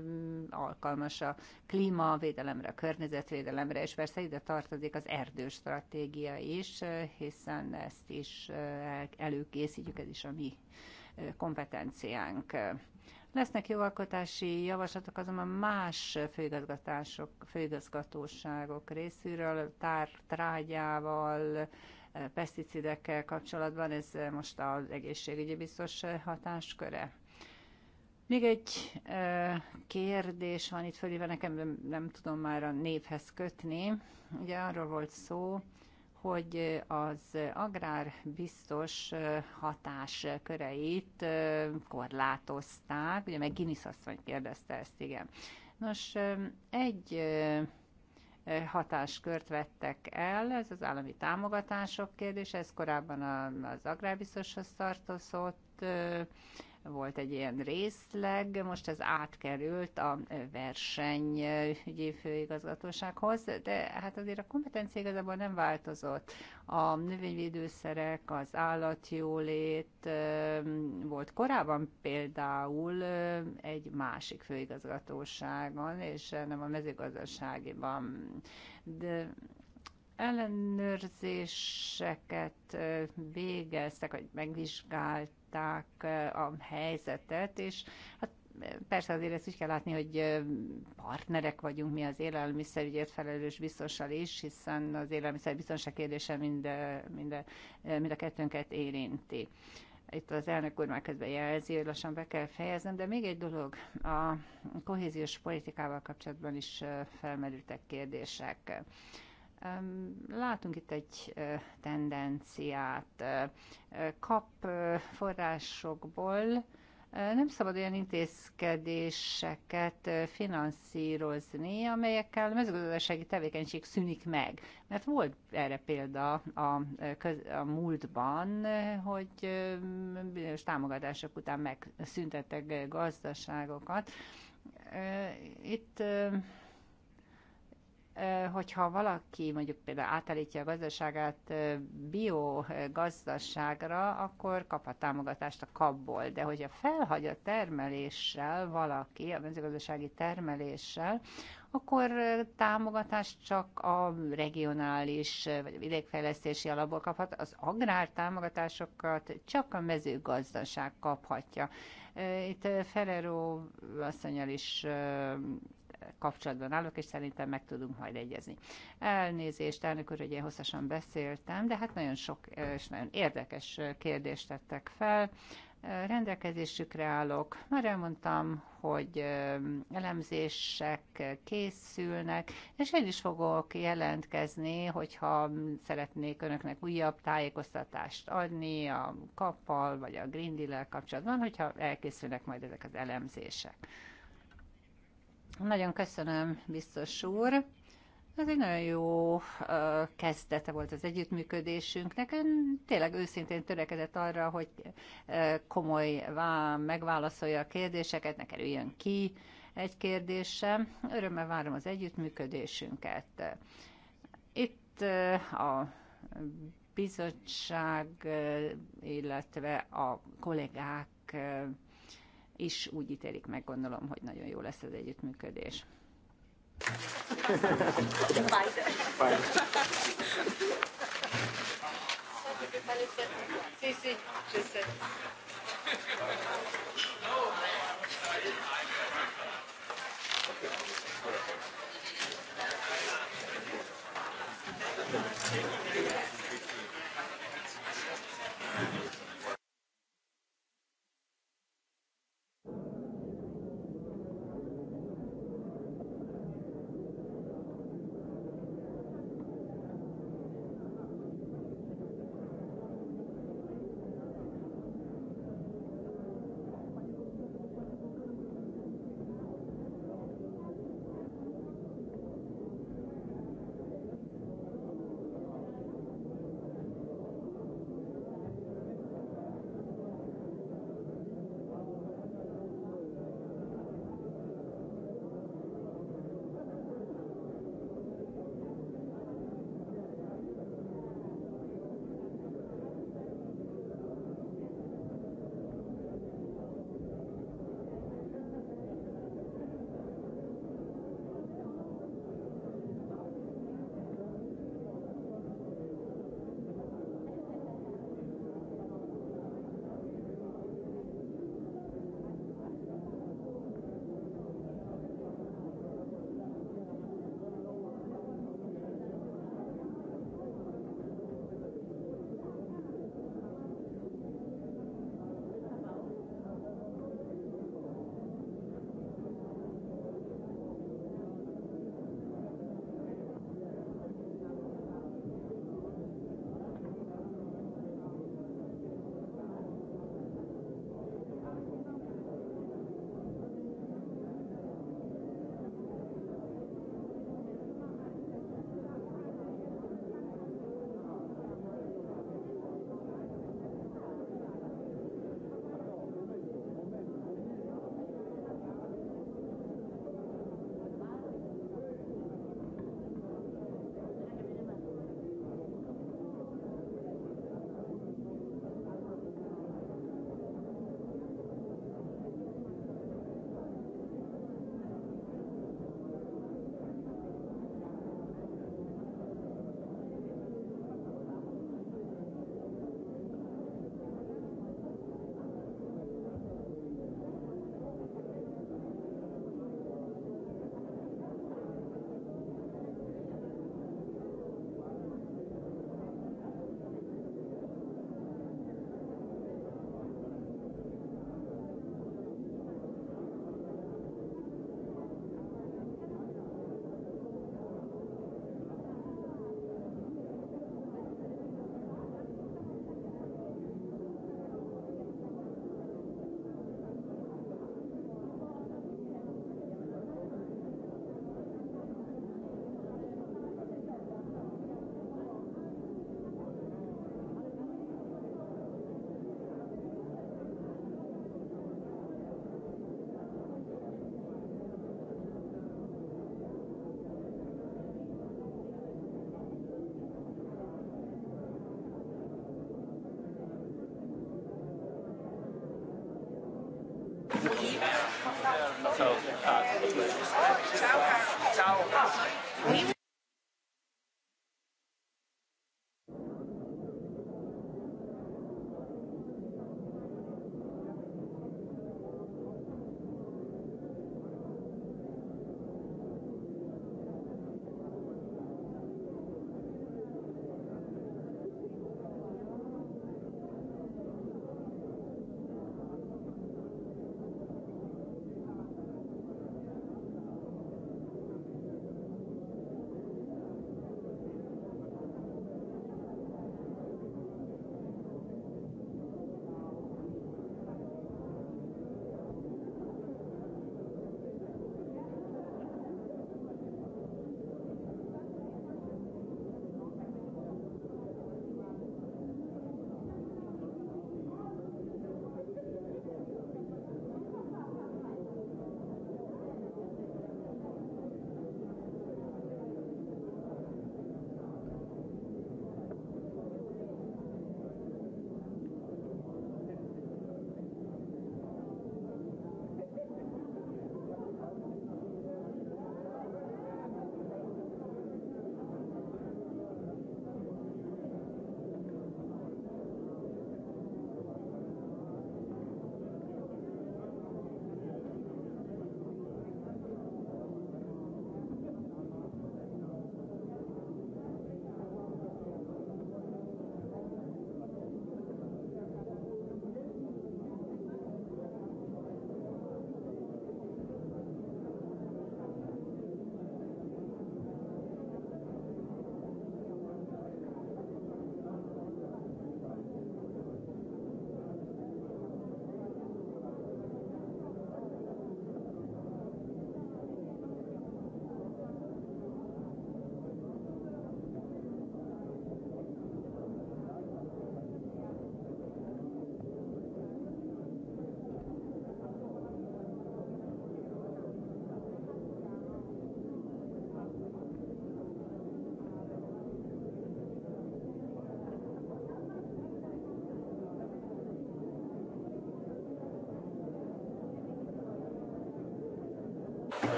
alkalmas a klímavédelemre, a környezetvédelemre, és persze ide tartozik az erdőstratégia is, eh, hiszen ezt is eh, előkészítjük, ez is a mi kompetenciánk. Lesznek jogalkotási javaslatok azonban más főigazgatások, főigazgatóságok részéről, tár, trágyával, eh, peszticidekkel kapcsolatban, ez eh, most az egészségügyi biztos eh, hatásköre. Még egy kérdés van itt fölíve, nekem nem, nem tudom már a névhez kötni. Ugye arról volt szó, hogy az agrár biztos köreit korlátozták, ugye meg Guinness asszony kérdezte ezt, igen. Nos, egy hatáskört vettek el, ez az állami támogatások kérdése, ez korábban az agrárbiztoshoz tartozott, volt egy ilyen részleg, most ez átkerült a verseny főigazgatósághoz, de hát azért a kompetencia igazából nem változott. A növényvédőszerek, az állatjólét volt korábban például egy másik főigazgatóságon, és nem a mezőgazdaságiban. De ellenőrzéseket végeztek, vagy megvizsgált látták a helyzetet, és hát persze azért ezt úgy kell látni, hogy partnerek vagyunk mi az élelmiszerügyért felelős biztossal is, hiszen az élelmiszer biztonság kérdése mind, mind, mind a kettőnket érinti. Itt az elnök úr már közben jelzi, hogy lassan be kell fejeznem, de még egy dolog, a kohéziós politikával kapcsolatban is felmerültek kérdések. Látunk itt egy tendenciát. Kap forrásokból nem szabad olyan intézkedéseket finanszírozni, amelyekkel mezőgazdasági tevékenység szűnik meg. Mert volt erre példa a, köz, a múltban, hogy bizonyos támogatások után megszüntettek gazdaságokat. Itt hogyha valaki mondjuk például átállítja a gazdaságát biogazdaságra, akkor kap a támogatást a kapból, de hogyha felhagy a termeléssel valaki, a mezőgazdasági termeléssel, akkor támogatást csak a regionális vagy a vidékfejlesztési alapból kaphat, az agrártámogatásokat csak a mezőgazdaság kaphatja. Itt Ferrero asszonyal is kapcsolatban állok, és szerintem meg tudunk majd egyezni. Elnézést, elnök úr, hogy én hosszasan beszéltem, de hát nagyon sok és nagyon érdekes kérdést tettek fel rendelkezésükre állok. Már elmondtam, hogy elemzések készülnek, és én is fogok jelentkezni, hogyha szeretnék önöknek újabb tájékoztatást adni a kappal vagy a Grindillel kapcsolatban, hogyha elkészülnek majd ezek az elemzések. Nagyon köszönöm, biztos úr. Ez egy nagyon jó kezdete volt az együttműködésünknek. Ön tényleg őszintén törekedett arra, hogy komoly megválaszolja a kérdéseket, ne kerüljön ki egy kérdése. Örömmel várom az együttműködésünket. Itt a bizottság, illetve a kollégák is úgy ítélik meg, gondolom, hogy nagyon jó lesz az együttműködés. Thank you.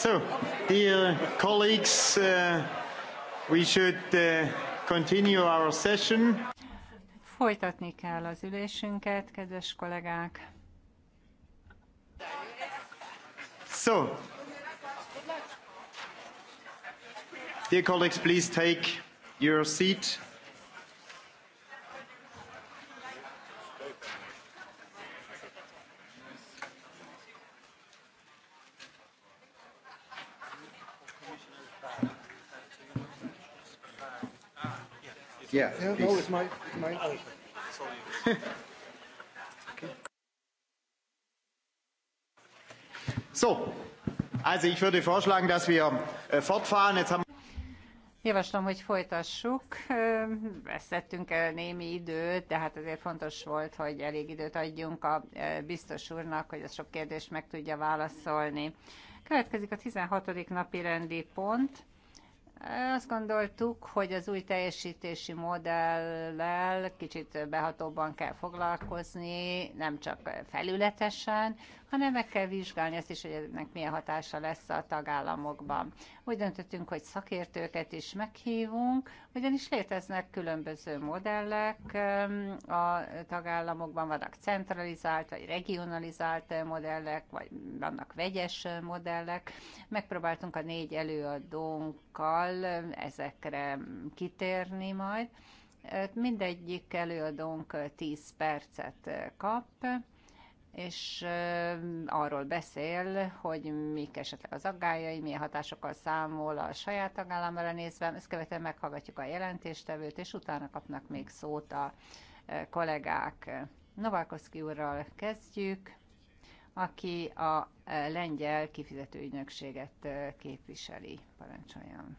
So, dear colleagues, uh, we should uh, continue our session. Folytatni kell az ülésünket, kedves kollégák. So, dear colleagues, please take your seat. Yeah, no, it's my, my. Oh, sorry. So, also ich würde vorschlagen, dass wir äh, fortfahren. Jetzt haben Javaslom, hogy folytassuk. Veszettünk el némi időt, de hát azért fontos volt, hogy elég időt adjunk a biztos úrnak, hogy a sok kérdést meg tudja válaszolni. Következik a 16. napi rendi pont. Azt gondoltuk, hogy az új teljesítési modellel kicsit behatóbban kell foglalkozni, nem csak felületesen, hanem meg kell vizsgálni azt is, hogy ennek milyen hatása lesz a tagállamokban. Úgy döntöttünk, hogy szakértőket is meghívunk, ugyanis léteznek különböző modellek a tagállamokban, vannak centralizált vagy regionalizált modellek, vagy vannak vegyes modellek. Megpróbáltunk a négy előadónkkal kell ezekre kitérni majd. Mindegyik előadónk 10 percet kap, és arról beszél, hogy mik esetleg az aggályai, milyen hatásokkal számol a saját tagállamra nézve. Ezt követően meghallgatjuk a jelentéstevőt, és utána kapnak még szót a kollégák. Novákoszki úrral kezdjük aki a eh, lengyel kifizetőügynökséget eh, képviseli. Parancsoljon.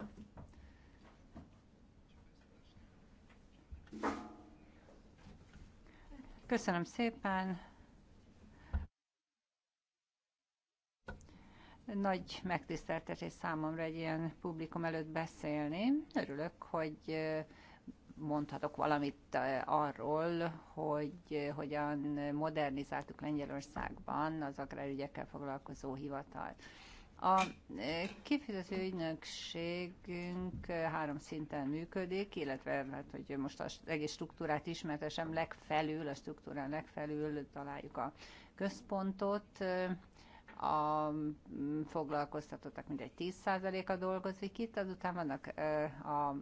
Köszönöm szépen. Nagy megtiszteltetés számomra egy ilyen publikum előtt beszélni. Örülök, hogy eh, mondhatok valamit eh, arról, hogy eh, hogyan modernizáltuk Lengyelországban az agrárügyekkel foglalkozó hivatalt. A eh, kifizető ügynökségünk három szinten működik, illetve hát, hogy most az egész struktúrát ismertesem, legfelül, a struktúrán legfelül találjuk a központot, a mm, foglalkoztatottak mindegy 10%-a dolgozik itt, azután vannak a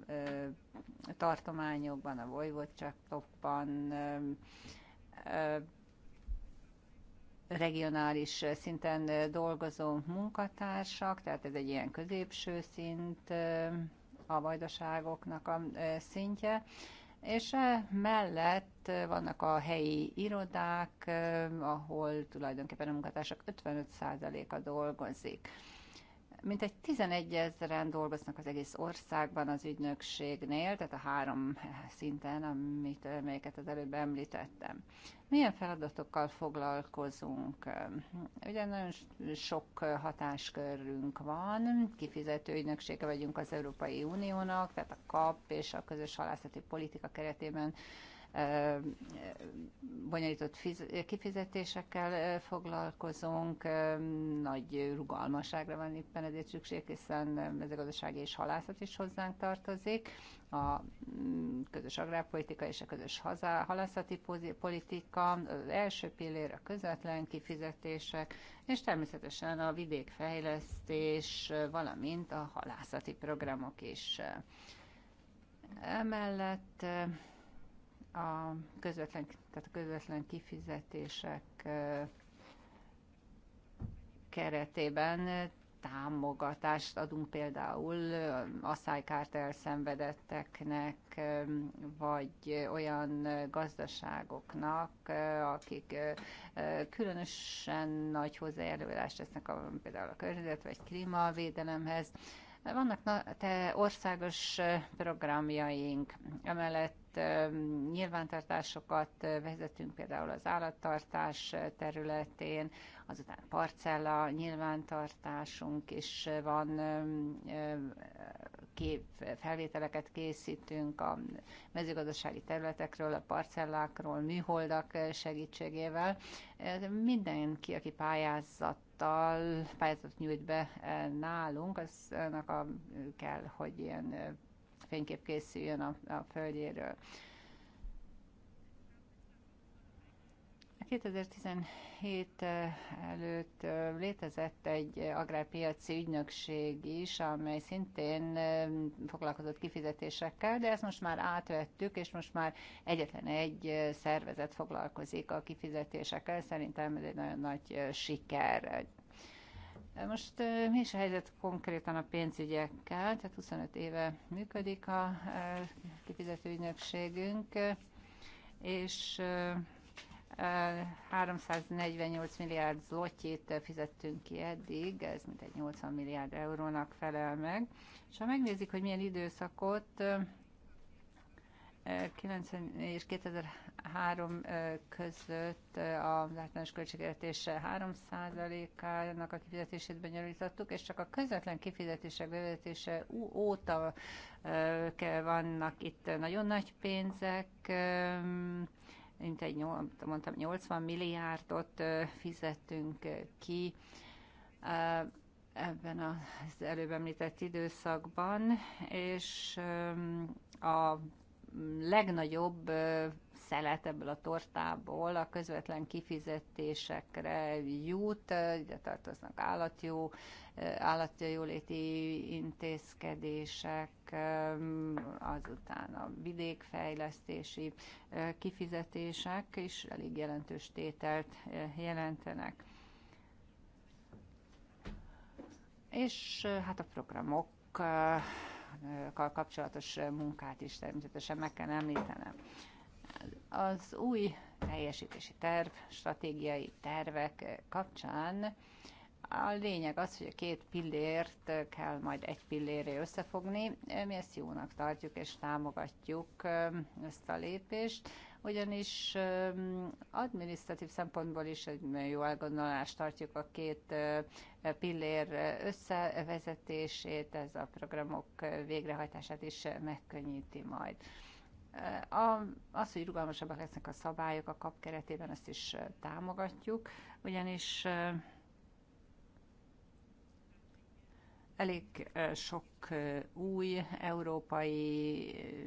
tartományokban, a vojvodcsatokban, regionális szinten dolgozó munkatársak, tehát ez egy ilyen középső szint a vajdaságoknak a szintje és eh, mellett eh, vannak a helyi irodák, eh, ahol tulajdonképpen a munkatársak 55%-a dolgozik. Mintegy 11 ezeren dolgoznak az egész országban az ügynökségnél, tehát a három szinten, amit, amelyeket az előbb említettem. Milyen feladatokkal foglalkozunk? Ugye nagyon sok hatáskörünk van, kifizető ügynöksége vagyunk az Európai Uniónak, tehát a KAP és a közös halászati politika keretében bonyolított kifizetésekkel foglalkozunk, nagy rugalmasságra van éppen ezért szükség, hiszen mezőgazdaság és halászat is hozzánk tartozik, a mm, közös agrárpolitika és a közös halászati politika, az első pillér, a közvetlen kifizetések, és természetesen a vidékfejlesztés, valamint a halászati programok is. Emellett a közvetlen, tehát a közvetlen kifizetések keretében támogatást adunk például asszálykárt elszenvedetteknek, vagy olyan gazdaságoknak, akik különösen nagy hozzájárulást tesznek a, például a környezet vagy klímavédelemhez. Vannak te országos programjaink, emellett nyilvántartásokat vezetünk, például az állattartás területén, azután parcella nyilvántartásunk is van, kép, felvételeket készítünk a mezőgazdasági területekről, a parcellákról, műholdak segítségével. Mindenki, aki pályázat pályázattal, pályázatot nyújt be nálunk, aznak a, kell, hogy ilyen fénykép készüljön a, a földjéről. 2017 eh, előtt eh, létezett egy agrárpiaci ügynökség is, amely szintén eh, foglalkozott kifizetésekkel, de ezt most már átvettük, és most már egyetlen egy szervezet foglalkozik a kifizetésekkel. Szerintem ez egy nagyon nagy siker, egy most mi is a helyzet konkrétan a pénzügyekkel? Tehát 25 éve működik a kifizető ügynökségünk, és 348 milliárd zlotyét fizettünk ki eddig, ez mintegy 80 milliárd eurónak felel meg. És ha megnézik, hogy milyen időszakot 90 és 2003 között a általános költségvetés 3%-ának a kifizetését benyújtottuk, és csak a közvetlen kifizetések bevezetése óta vannak itt nagyon nagy pénzek, mint egy, mondtam, 80 milliárdot fizettünk ki ebben az előbb említett időszakban, és a legnagyobb szelet ebből a tortából a közvetlen kifizetésekre jut, ide tartoznak állatjó, állatjóléti intézkedések, azután a vidékfejlesztési kifizetések is elég jelentős tételt jelentenek. És hát a programok kapcsolatos munkát is természetesen meg kell említenem. Az új teljesítési terv, stratégiai tervek kapcsán a lényeg az, hogy a két pillért kell majd egy pillérre összefogni. Mi ezt jónak tartjuk és támogatjuk ezt a lépést ugyanis administratív szempontból is egy jó elgondolást tartjuk a két pillér összevezetését, ez a programok végrehajtását is megkönnyíti majd. A, az, hogy rugalmasabbak lesznek a szabályok a kap keretében, ezt is támogatjuk, ugyanis Elég sok új európai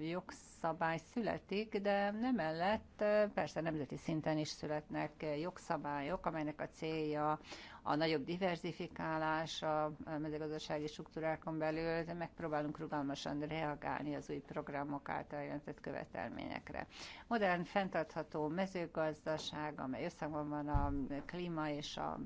jogszabály születik, de nem mellett persze nemzeti szinten is születnek jogszabályok, amelynek a célja a nagyobb diverzifikálás a mezőgazdasági struktúrákon belül, de megpróbálunk rugalmasan reagálni az új programok által jelentett követelményekre. Modern, fenntartható mezőgazdaság, amely összhangban van a klíma és a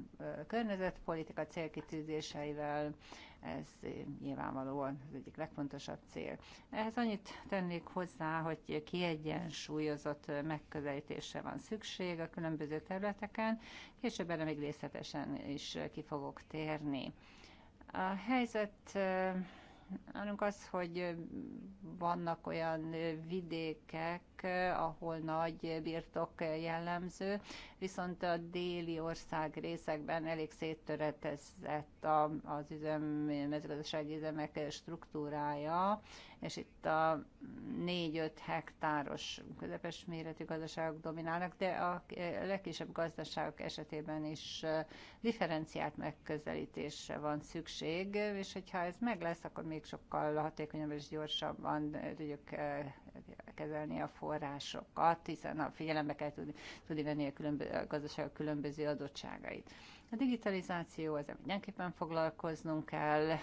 környezetpolitika célkitűzéseivel, ez eh, nyilvánvalóan az egyik legfontosabb cél. Ehhez annyit tennék hozzá, hogy kiegyensúlyozott eh, megközelítésre van szükség a különböző területeken, később erre még részletesen is eh, ki fogok térni. A helyzet nálunk az, hogy vannak olyan vidékek, ahol nagy birtok jellemző, viszont a déli ország részekben elég széttöretezett az üzem, mezőgazdasági üzemek struktúrája, és itt a 4-5 hektáros közepes méretű gazdaságok dominálnak, de a legkisebb gazdaságok esetében is differenciált megközelítésre van szükség, és hogyha ez meg lesz, akkor még sokkal hatékonyabb és gyorsabban tudjuk kezelni a forrásokat, hiszen a figyelembe kell tudni, tudni venni a, különböző, a gazdaságok különböző adottságait. A digitalizáció az mindenképpen foglalkoznunk kell, eh,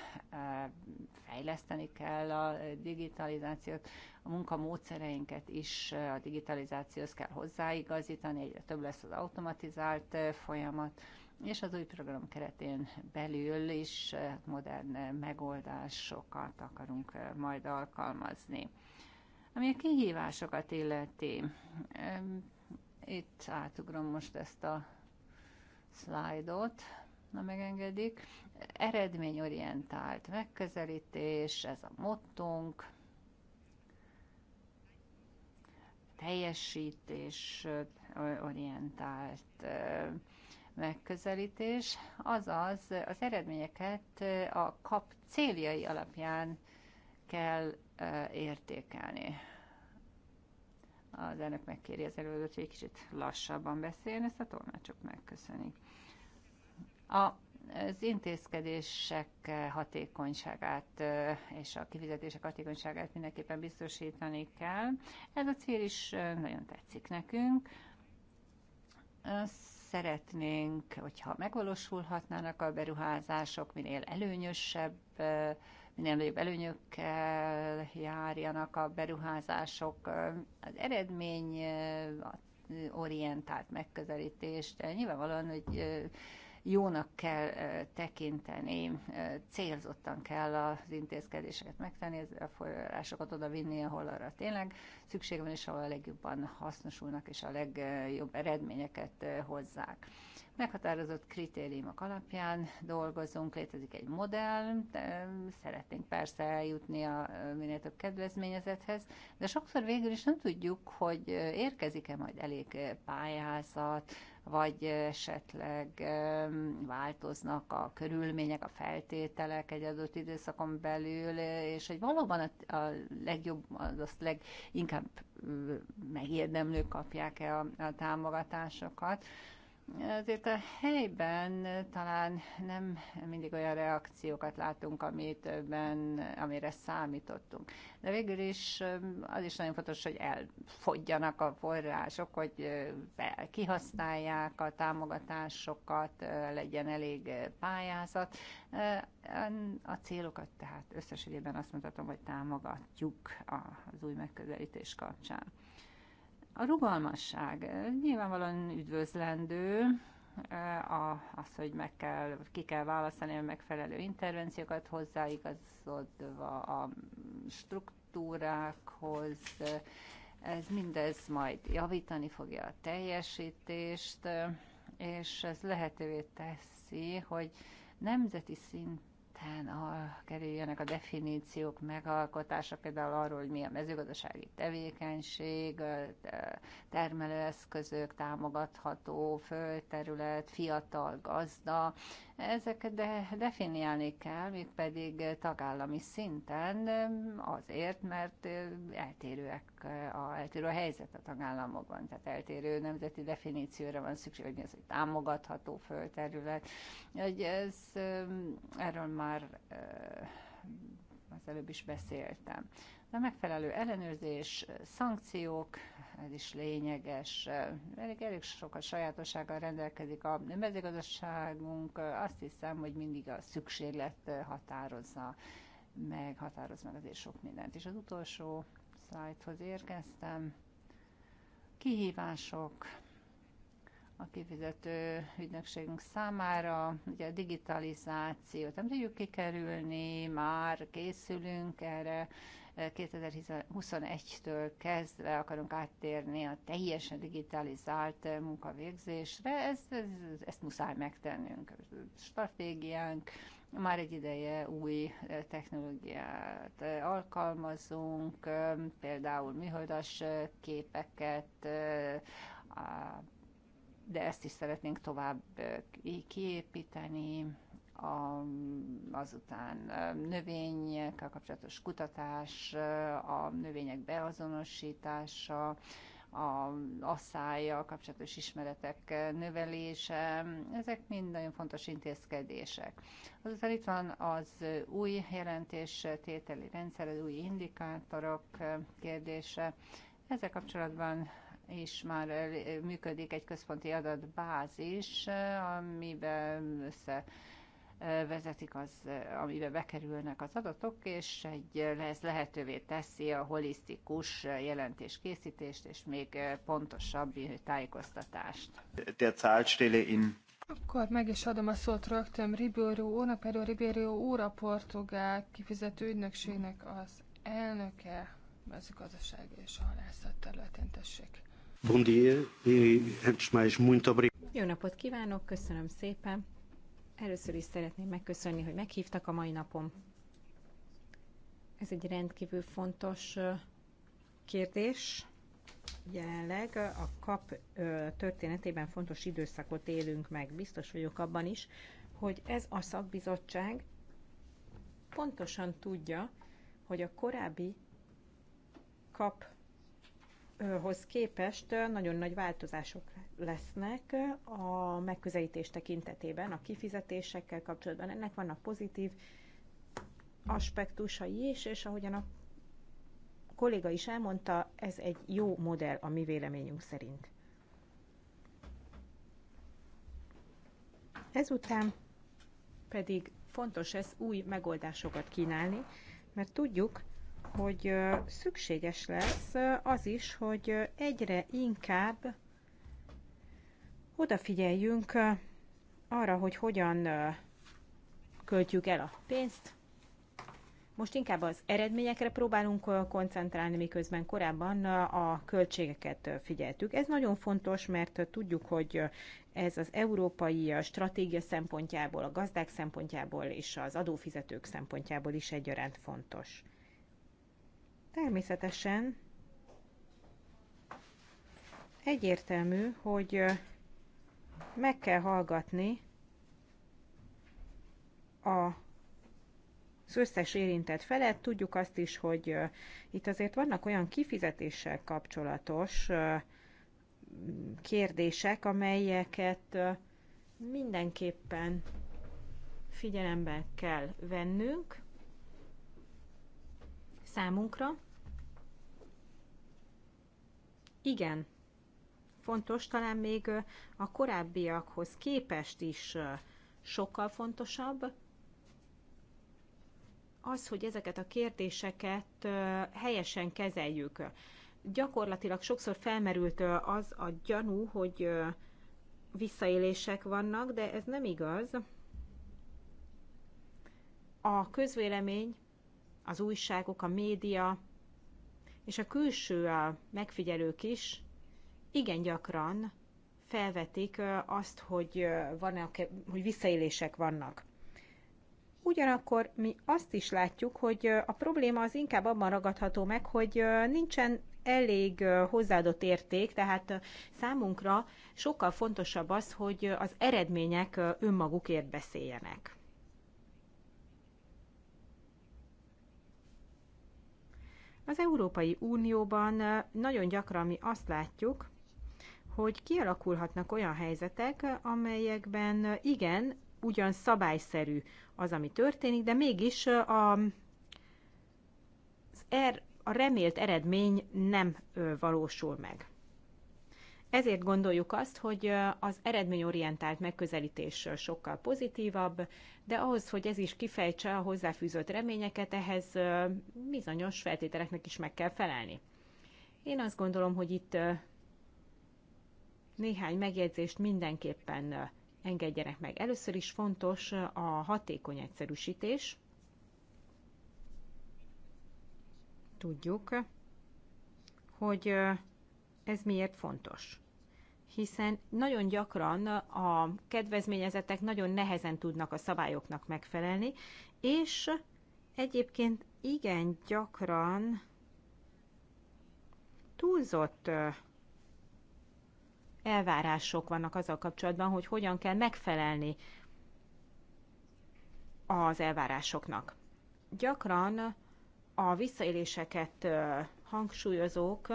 fejleszteni kell a digitalizációt, a munkamódszereinket is eh, a digitalizációhoz kell hozzáigazítani, egyre több lesz az automatizált eh, folyamat, és az új program keretén belül is modern megoldásokat akarunk majd alkalmazni. Ami a kihívásokat illeti, itt átugrom most ezt a szlájdot, ha megengedik. Eredményorientált megközelítés, ez a mottunk. Teljesítés orientált megközelítés, azaz az eredményeket a kap céljai alapján kell értékelni. Az elnök megkéri az előadót, hogy egy kicsit lassabban beszéljen, ezt a tolmácsok megköszönik. A az intézkedések hatékonyságát és a kifizetések hatékonyságát mindenképpen biztosítani kell. Ez a cél is nagyon tetszik nekünk. Szeretnénk, hogyha megvalósulhatnának a beruházások, minél előnyösebb minél nagyobb előnyökkel járjanak a beruházások. Az eredmény orientált megközelítést. Nyilvánvalóan, hogy jónak kell tekinteni, célzottan kell az intézkedéseket megtenni, a forrásokat oda vinni, ahol arra tényleg szükség van, és ahol a legjobban hasznosulnak, és a legjobb eredményeket hozzák. Meghatározott kritériumok alapján dolgozunk, létezik egy modell, de szeretnénk persze eljutni a minél több kedvezményezethez, de sokszor végül is nem tudjuk, hogy érkezik-e majd elég pályázat, vagy esetleg változnak a körülmények, a feltételek egy adott időszakon belül, és hogy valóban a, a legjobb, az azt leginkább megérdemlők kapják-e a, a támogatásokat. Azért a helyben talán nem mindig olyan reakciókat látunk, amit ben, amire számítottunk. De végül is az is nagyon fontos, hogy elfogjanak a források, hogy kihasználják a támogatásokat, legyen elég pályázat. A célokat tehát összességében azt mutatom, hogy támogatjuk az új megközelítés kapcsán. A rugalmasság eh, nyilvánvalóan üdvözlendő, eh, a, az, hogy meg kell, ki kell választani a megfelelő intervenciókat hozzáigazodva a struktúrákhoz, eh, ez mindez majd javítani fogja a teljesítést, és ez lehetővé teszi, hogy nemzeti szint szinten a, kerüljenek a definíciók megalkotása, például arról, hogy mi a mezőgazdasági tevékenység, termelőeszközök, támogatható földterület, fiatal gazda, Ezeket de definiálni kell, mégpedig tagállami szinten azért, mert eltérőek a, eltérő a helyzet a tagállamokban, tehát eltérő nemzeti definícióra van szükség, hogy mi az, egy támogatható földterület. Hogy ez, erről már az előbb is beszéltem. A megfelelő ellenőrzés, szankciók, ez is lényeges. Elég, elég sok a sajátossággal rendelkezik a mezőgazdaságunk. Azt hiszem, hogy mindig a szükséglet határozza meg, határoz meg azért sok mindent. És az utolsó szlájdhoz érkeztem. Kihívások a kifizető ügynökségünk számára, ugye a digitalizációt nem tudjuk kikerülni, már készülünk erre, 2021-től kezdve akarunk áttérni a teljesen digitalizált munkavégzésre, ezt, ezt, muszáj megtennünk. Stratégiánk, már egy ideje új technológiát alkalmazunk, például műholdas képeket, de ezt is szeretnénk tovább kiépíteni, a, azután növényekkel kapcsolatos kutatás, a növények beazonosítása, a asszája kapcsolatos ismeretek növelése, ezek mind nagyon fontos intézkedések. Azután itt van az új jelentés tételi rendszer, az új indikátorok kérdése. Ezzel kapcsolatban és már működik egy központi adatbázis, amiben össze vezetik, az, amiben bekerülnek az adatok, és egy, ez lehetővé teszi a holisztikus jelentéskészítést és még pontosabb tájékoztatást. akkor meg is adom a szót rögtön Ribeiro úrnak, például Ribeiro úr portugál kifizető ügynökségnek az elnöke mezőgazdaság és a halászat területén tessék. Bom dia, e antes mais muito obrigado. Jó napot kívánok, köszönöm szépen. Először is szeretném megköszönni, hogy meghívtak a mai napom. Ez egy rendkívül fontos kérdés. Jelenleg a kap történetében fontos időszakot élünk meg. Biztos vagyok abban is, hogy ez a szakbizottság pontosan tudja, hogy a korábbi kap hoz képest nagyon nagy változások lesznek a megközelítés tekintetében, a kifizetésekkel kapcsolatban. Ennek vannak pozitív aspektusai is, és ahogyan a kolléga is elmondta, ez egy jó modell a mi véleményünk szerint. Ezután pedig fontos ez új megoldásokat kínálni, mert tudjuk, hogy szükséges lesz az is, hogy egyre inkább odafigyeljünk arra, hogy hogyan költjük el a pénzt. Most inkább az eredményekre próbálunk koncentrálni, miközben korábban a költségeket figyeltük. Ez nagyon fontos, mert tudjuk, hogy ez az európai stratégia szempontjából, a gazdák szempontjából és az adófizetők szempontjából is egyaránt fontos. Természetesen egyértelmű, hogy meg kell hallgatni a az összes érintett felett. Tudjuk azt is, hogy itt azért vannak olyan kifizetéssel kapcsolatos kérdések, amelyeket mindenképpen figyelembe kell vennünk, számunkra. Igen, fontos, talán még a korábbiakhoz képest is sokkal fontosabb az, hogy ezeket a kérdéseket helyesen kezeljük. Gyakorlatilag sokszor felmerült az a gyanú, hogy visszaélések vannak, de ez nem igaz. A közvélemény az újságok, a média és a külső megfigyelők is igen gyakran felvetik azt, hogy, vannak, hogy visszaélések vannak. Ugyanakkor mi azt is látjuk, hogy a probléma az inkább abban ragadható meg, hogy nincsen elég hozzáadott érték, tehát számunkra sokkal fontosabb az, hogy az eredmények önmagukért beszéljenek. Az Európai Unióban nagyon gyakran mi azt látjuk, hogy kialakulhatnak olyan helyzetek, amelyekben igen, ugyan szabályszerű az, ami történik, de mégis a, az er, a remélt eredmény nem valósul meg. Ezért gondoljuk azt, hogy az eredményorientált megközelítés sokkal pozitívabb, de ahhoz, hogy ez is kifejtse a hozzáfűzött reményeket, ehhez bizonyos feltételeknek is meg kell felelni. Én azt gondolom, hogy itt néhány megjegyzést mindenképpen engedjenek meg. Először is fontos a hatékony egyszerűsítés. Tudjuk, hogy ez miért fontos hiszen nagyon gyakran a kedvezményezettek nagyon nehezen tudnak a szabályoknak megfelelni, és egyébként igen gyakran túlzott elvárások vannak azzal kapcsolatban, hogy hogyan kell megfelelni az elvárásoknak. Gyakran a visszaéléseket hangsúlyozók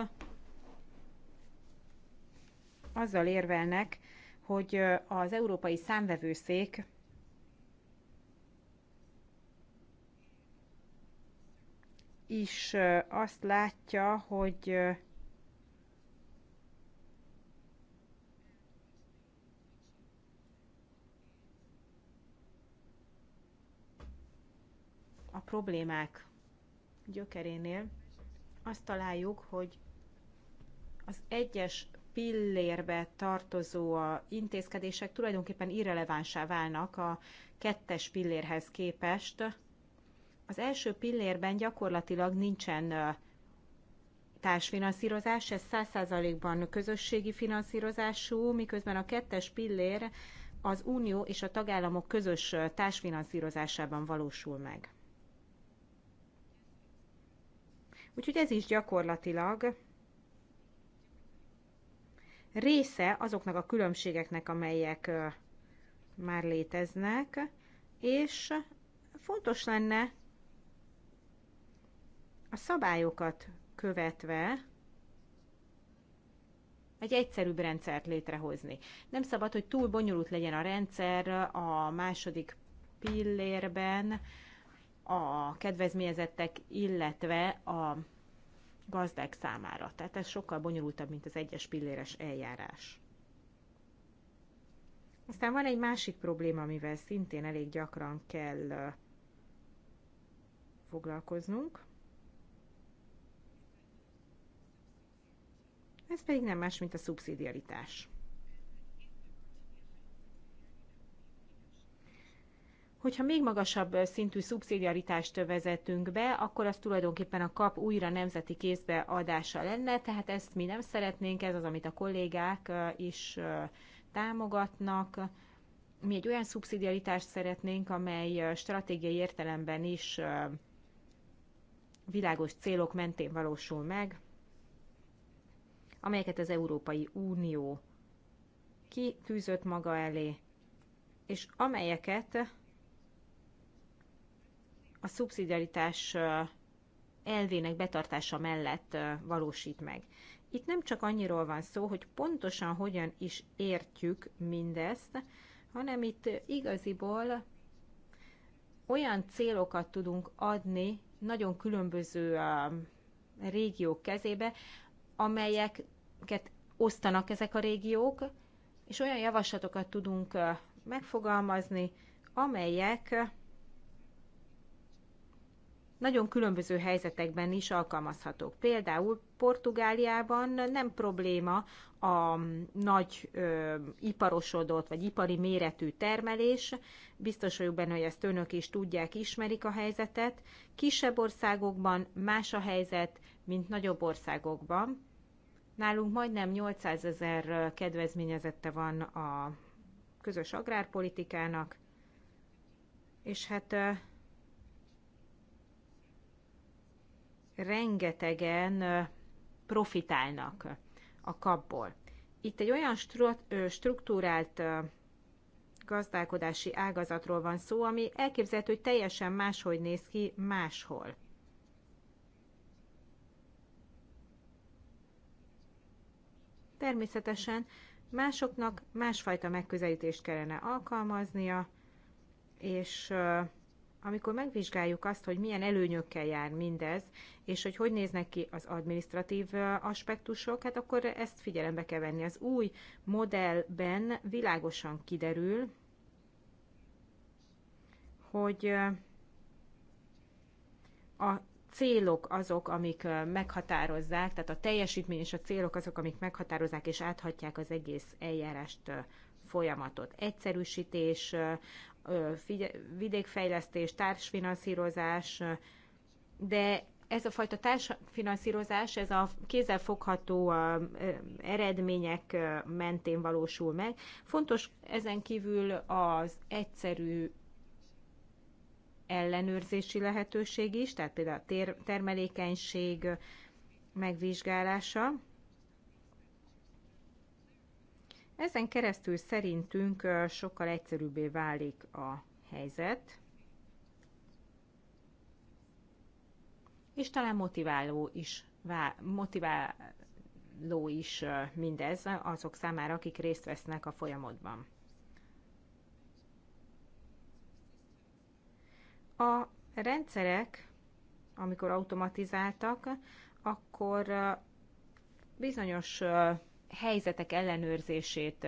azzal érvelnek, hogy az Európai Számvevőszék is azt látja, hogy a problémák gyökerénél azt találjuk, hogy az egyes pillérbe tartozó intézkedések tulajdonképpen irrelevánsá válnak a kettes pillérhez képest. Az első pillérben gyakorlatilag nincsen társfinanszírozás, ez 100%-ban közösségi finanszírozású, miközben a kettes pillér az unió és a tagállamok közös társfinanszírozásában valósul meg. Úgyhogy ez is gyakorlatilag része azoknak a különbségeknek, amelyek már léteznek, és fontos lenne a szabályokat követve egy egyszerűbb rendszert létrehozni. Nem szabad, hogy túl bonyolult legyen a rendszer a második pillérben, a kedvezményezettek, illetve a gazdák számára. Tehát ez sokkal bonyolultabb, mint az egyes pilléres eljárás. Aztán van egy másik probléma, amivel szintén elég gyakran kell foglalkoznunk. Ez pedig nem más, mint a szubszidiaritás. Hogyha még magasabb szintű szubszidiaritást vezetünk be, akkor az tulajdonképpen a kap újra nemzeti kézbe adása lenne, tehát ezt mi nem szeretnénk, ez az, amit a kollégák is támogatnak. Mi egy olyan szubszidiaritást szeretnénk, amely stratégiai értelemben is világos célok mentén valósul meg, amelyeket az Európai Unió kitűzött maga elé, és amelyeket a szubszidiaritás elvének betartása mellett valósít meg. Itt nem csak annyiról van szó, hogy pontosan hogyan is értjük mindezt, hanem itt igaziból olyan célokat tudunk adni nagyon különböző régiók kezébe, amelyeket osztanak ezek a régiók, és olyan javaslatokat tudunk megfogalmazni, amelyek nagyon különböző helyzetekben is alkalmazhatók. Például Portugáliában nem probléma a nagy ö, iparosodott vagy ipari méretű termelés, biztos vagyok benne, hogy ezt önök is tudják, ismerik a helyzetet. Kisebb országokban más a helyzet, mint nagyobb országokban. Nálunk majdnem 800 ezer kedvezményezette van a közös agrárpolitikának, és hát rengetegen profitálnak a kapból. Itt egy olyan struktúrált gazdálkodási ágazatról van szó, ami elképzelhető, hogy teljesen máshogy néz ki máshol. Természetesen másoknak másfajta megközelítést kellene alkalmaznia, és amikor megvizsgáljuk azt, hogy milyen előnyökkel jár mindez, és hogy hogy néznek ki az administratív aspektusok, hát akkor ezt figyelembe kell venni. Az új modellben világosan kiderül, hogy a célok azok, amik meghatározzák, tehát a teljesítmény és a célok azok, amik meghatározzák és áthatják az egész eljárást folyamatot. Egyszerűsítés, vidékfejlesztés, társfinanszírozás, de ez a fajta társfinanszírozás, ez a kézzelfogható eredmények mentén valósul meg. Fontos ezen kívül az egyszerű ellenőrzési lehetőség is, tehát például a termelékenység megvizsgálása. Ezen keresztül szerintünk sokkal egyszerűbbé válik a helyzet, és talán motiváló is, motiváló is mindez azok számára, akik részt vesznek a folyamodban. A rendszerek, amikor automatizáltak, akkor bizonyos helyzetek ellenőrzését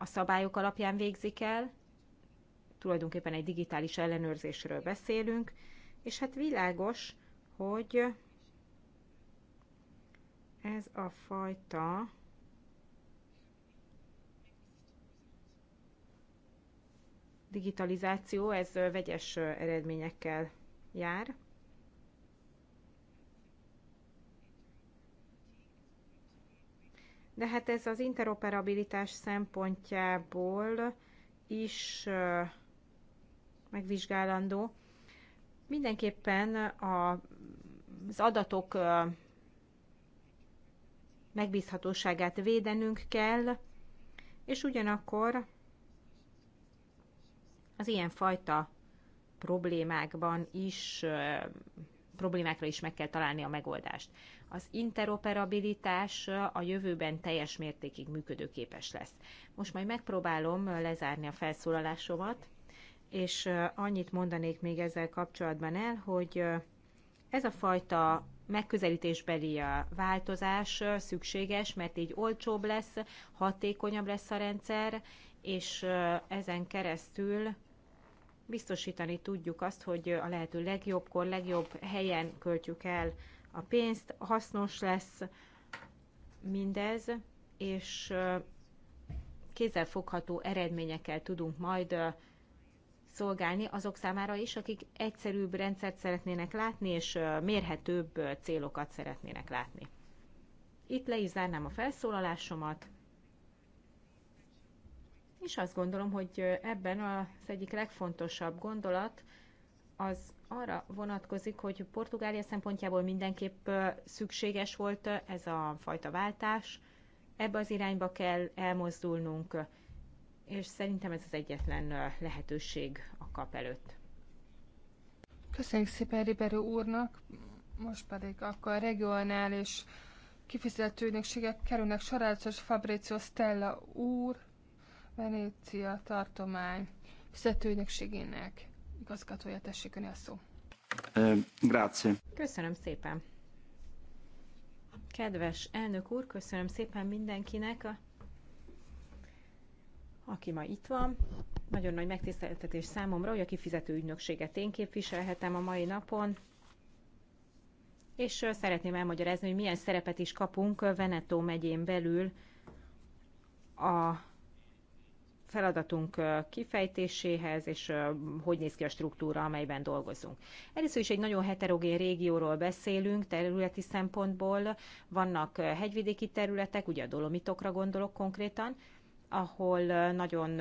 a szabályok alapján végzik el, tulajdonképpen egy digitális ellenőrzésről beszélünk, és hát világos, hogy ez a fajta digitalizáció, ez vegyes eredményekkel jár. de hát ez az interoperabilitás szempontjából is megvizsgálandó. Mindenképpen a, az adatok megbízhatóságát védenünk kell, és ugyanakkor az ilyenfajta problémákban is, problémákra is meg kell találni a megoldást az interoperabilitás a jövőben teljes mértékig működőképes lesz. Most majd megpróbálom lezárni a felszólalásomat, és annyit mondanék még ezzel kapcsolatban el, hogy ez a fajta megközelítésbeli változás szükséges, mert így olcsóbb lesz, hatékonyabb lesz a rendszer, és ezen keresztül biztosítani tudjuk azt, hogy a lehető legjobbkor, legjobb helyen költjük el a pénzt, hasznos lesz mindez, és kézzelfogható eredményekkel tudunk majd szolgálni azok számára is, akik egyszerűbb rendszert szeretnének látni, és mérhetőbb célokat szeretnének látni. Itt le is zárnám a felszólalásomat, és azt gondolom, hogy ebben az egyik legfontosabb gondolat az arra vonatkozik, hogy Portugália szempontjából mindenképp szükséges volt ez a fajta váltás. Ebbe az irányba kell elmozdulnunk, és szerintem ez az egyetlen lehetőség a kap előtt. Köszönjük szépen Riberő úrnak, most pedig akkor regionális kifizető ügynökségek kerülnek sorálatos Fabrizio Stella úr, Venécia tartomány fizetőügynökségének igazgatója, tessék öni a szó. Grazie. Köszönöm szépen. Kedves elnök úr, köszönöm szépen mindenkinek, aki ma itt van. Nagyon nagy megtiszteltetés számomra, hogy a kifizető ügynökséget én képviselhetem a mai napon. És szeretném elmagyarázni, hogy milyen szerepet is kapunk Veneto megyén belül a feladatunk kifejtéséhez, és hogy néz ki a struktúra, amelyben dolgozunk. Először is egy nagyon heterogén régióról beszélünk, területi szempontból vannak hegyvidéki területek, ugye a dolomitokra gondolok konkrétan, ahol nagyon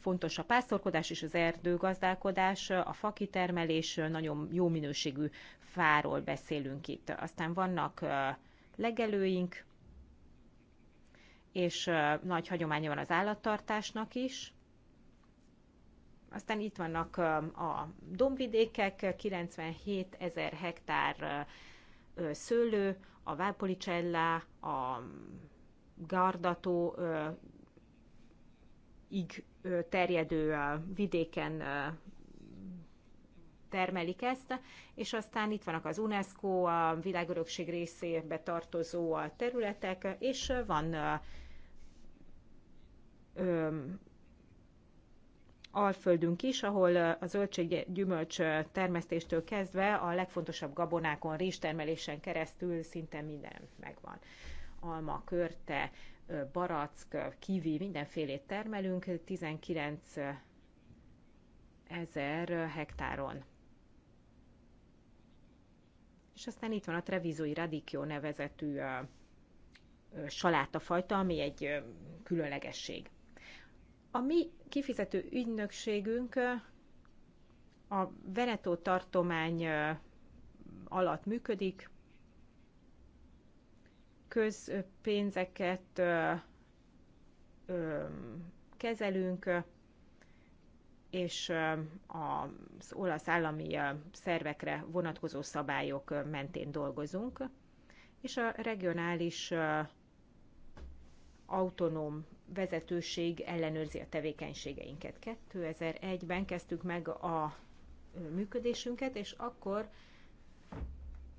fontos a pásztorkodás és az erdőgazdálkodás, a fakitermelés, nagyon jó minőségű fáról beszélünk itt. Aztán vannak legelőink, és nagy hagyománya van az állattartásnak is. Aztán itt vannak a dombvidékek, 97 ezer hektár szőlő, a Vápolicella, a Gardató ig terjedő vidéken termelik ezt, és aztán itt vannak az UNESCO, a világörökség részébe tartozó területek, és van Alföldünk is, ahol a zöldséggyümölcs termesztéstől kezdve a legfontosabb gabonákon, rizstermelésen keresztül szinte minden megvan. Alma, körte, barack, kivi, mindenfélét termelünk, 19 ezer hektáron. És aztán itt van a Trevizói Radicchio nevezetű salátafajta, ami egy különlegesség. A mi kifizető ügynökségünk a Veneto tartomány alatt működik, közpénzeket kezelünk, és az olasz állami szervekre vonatkozó szabályok mentén dolgozunk, és a regionális autonóm vezetőség ellenőrzi a tevékenységeinket. 2001-ben kezdtük meg a működésünket, és akkor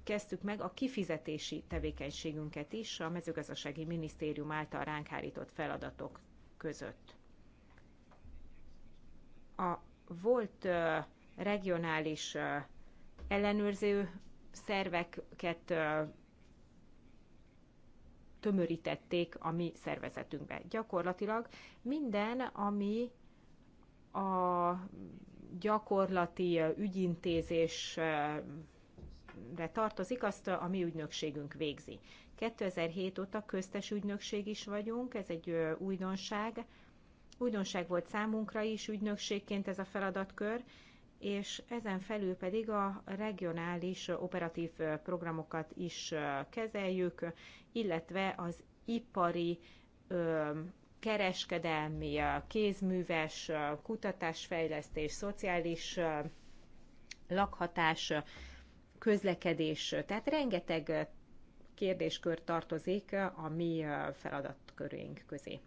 kezdtük meg a kifizetési tevékenységünket is a mezőgazdasági minisztérium által ránk hárított feladatok között. A volt regionális ellenőrző szerveket tömörítették a mi szervezetünkbe. Gyakorlatilag minden, ami a gyakorlati ügyintézésre tartozik, azt a mi ügynökségünk végzi. 2007 óta köztes ügynökség is vagyunk, ez egy újdonság. Újdonság volt számunkra is ügynökségként ez a feladatkör, és ezen felül pedig a regionális operatív programokat is kezeljük, illetve az ipari, kereskedelmi, kézműves, kutatásfejlesztés, szociális lakhatás, közlekedés, tehát rengeteg kérdéskör tartozik a mi feladatkörünk közé.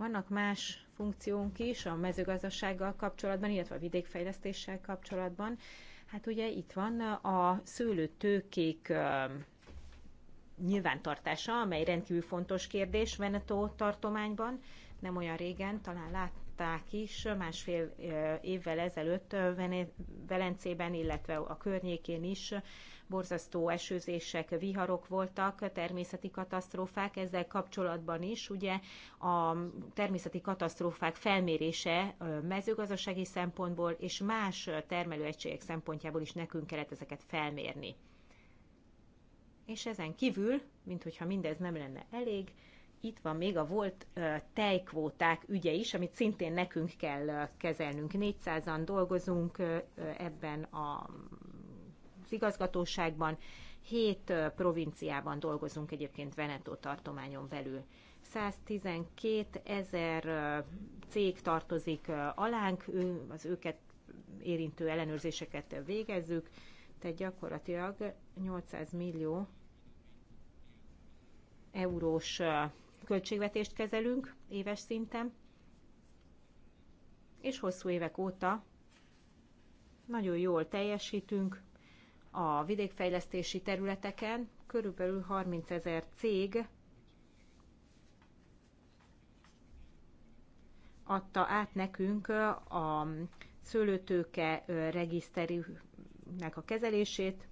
Vannak más funkciónk is a mezőgazdasággal kapcsolatban, illetve a vidékfejlesztéssel kapcsolatban. Hát ugye itt van a szőlőtőkék nyilvántartása, amely rendkívül fontos kérdés Veneto tartományban. Nem olyan régen, talán látták is, másfél évvel ezelőtt Velencében, illetve a környékén is borzasztó esőzések, viharok voltak, természeti katasztrófák, ezzel kapcsolatban is ugye a természeti katasztrófák felmérése mezőgazdasági szempontból és más termelőegységek szempontjából is nekünk kellett ezeket felmérni. És ezen kívül, mint hogyha mindez nem lenne elég, itt van még a volt tejkvóták ügye is, amit szintén nekünk kell kezelnünk. 400-an dolgozunk ebben a az igazgatóságban, hét provinciában dolgozunk egyébként Veneto tartományon belül. 112 ezer cég tartozik alánk, az őket érintő ellenőrzéseket végezzük, tehát gyakorlatilag 800 millió eurós költségvetést kezelünk éves szinten, és hosszú évek óta nagyon jól teljesítünk, a vidékfejlesztési területeken körülbelül 30 ezer cég adta át nekünk a szőlőtőke regiszterűnek a kezelését.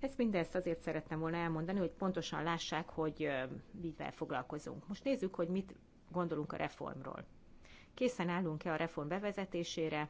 Ezt mindezt azért szerettem volna elmondani, hogy pontosan lássák, hogy mivel foglalkozunk. Most nézzük, hogy mit gondolunk a reformról. Készen állunk-e a reform bevezetésére?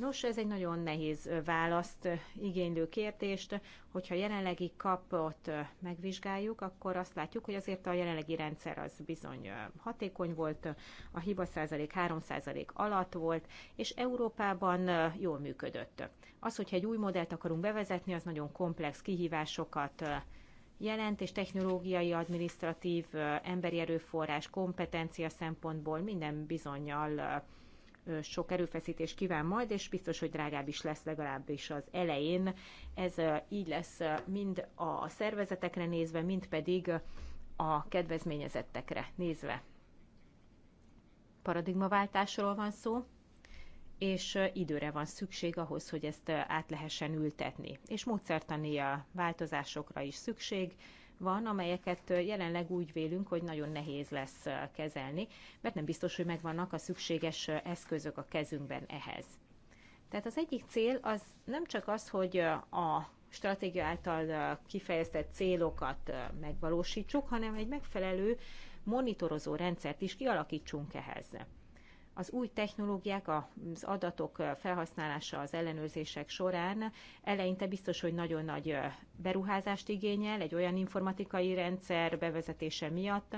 Nos, ez egy nagyon nehéz választ igénylő kérdést. Hogyha jelenlegi kapot megvizsgáljuk, akkor azt látjuk, hogy azért a jelenlegi rendszer az bizony hatékony volt, a hiba százalék 3 százalék alatt volt, és Európában jól működött. Az, hogyha egy új modellt akarunk bevezetni, az nagyon komplex kihívásokat jelent, és technológiai, administratív, emberi erőforrás, kompetencia szempontból minden bizonyal sok erőfeszítés kíván majd, és biztos, hogy drágább is lesz legalábbis az elején. Ez így lesz mind a szervezetekre nézve, mind pedig a kedvezményezettekre nézve. Paradigmaváltásról van szó, és időre van szükség ahhoz, hogy ezt át lehessen ültetni. És módszertani változásokra is szükség, van, amelyeket jelenleg úgy vélünk, hogy nagyon nehéz lesz kezelni, mert nem biztos, hogy megvannak a szükséges eszközök a kezünkben ehhez. Tehát az egyik cél az nem csak az, hogy a stratégia által kifejeztett célokat megvalósítsuk, hanem egy megfelelő monitorozó rendszert is kialakítsunk ehhez az új technológiák, az adatok felhasználása az ellenőrzések során eleinte biztos, hogy nagyon nagy beruházást igényel egy olyan informatikai rendszer bevezetése miatt,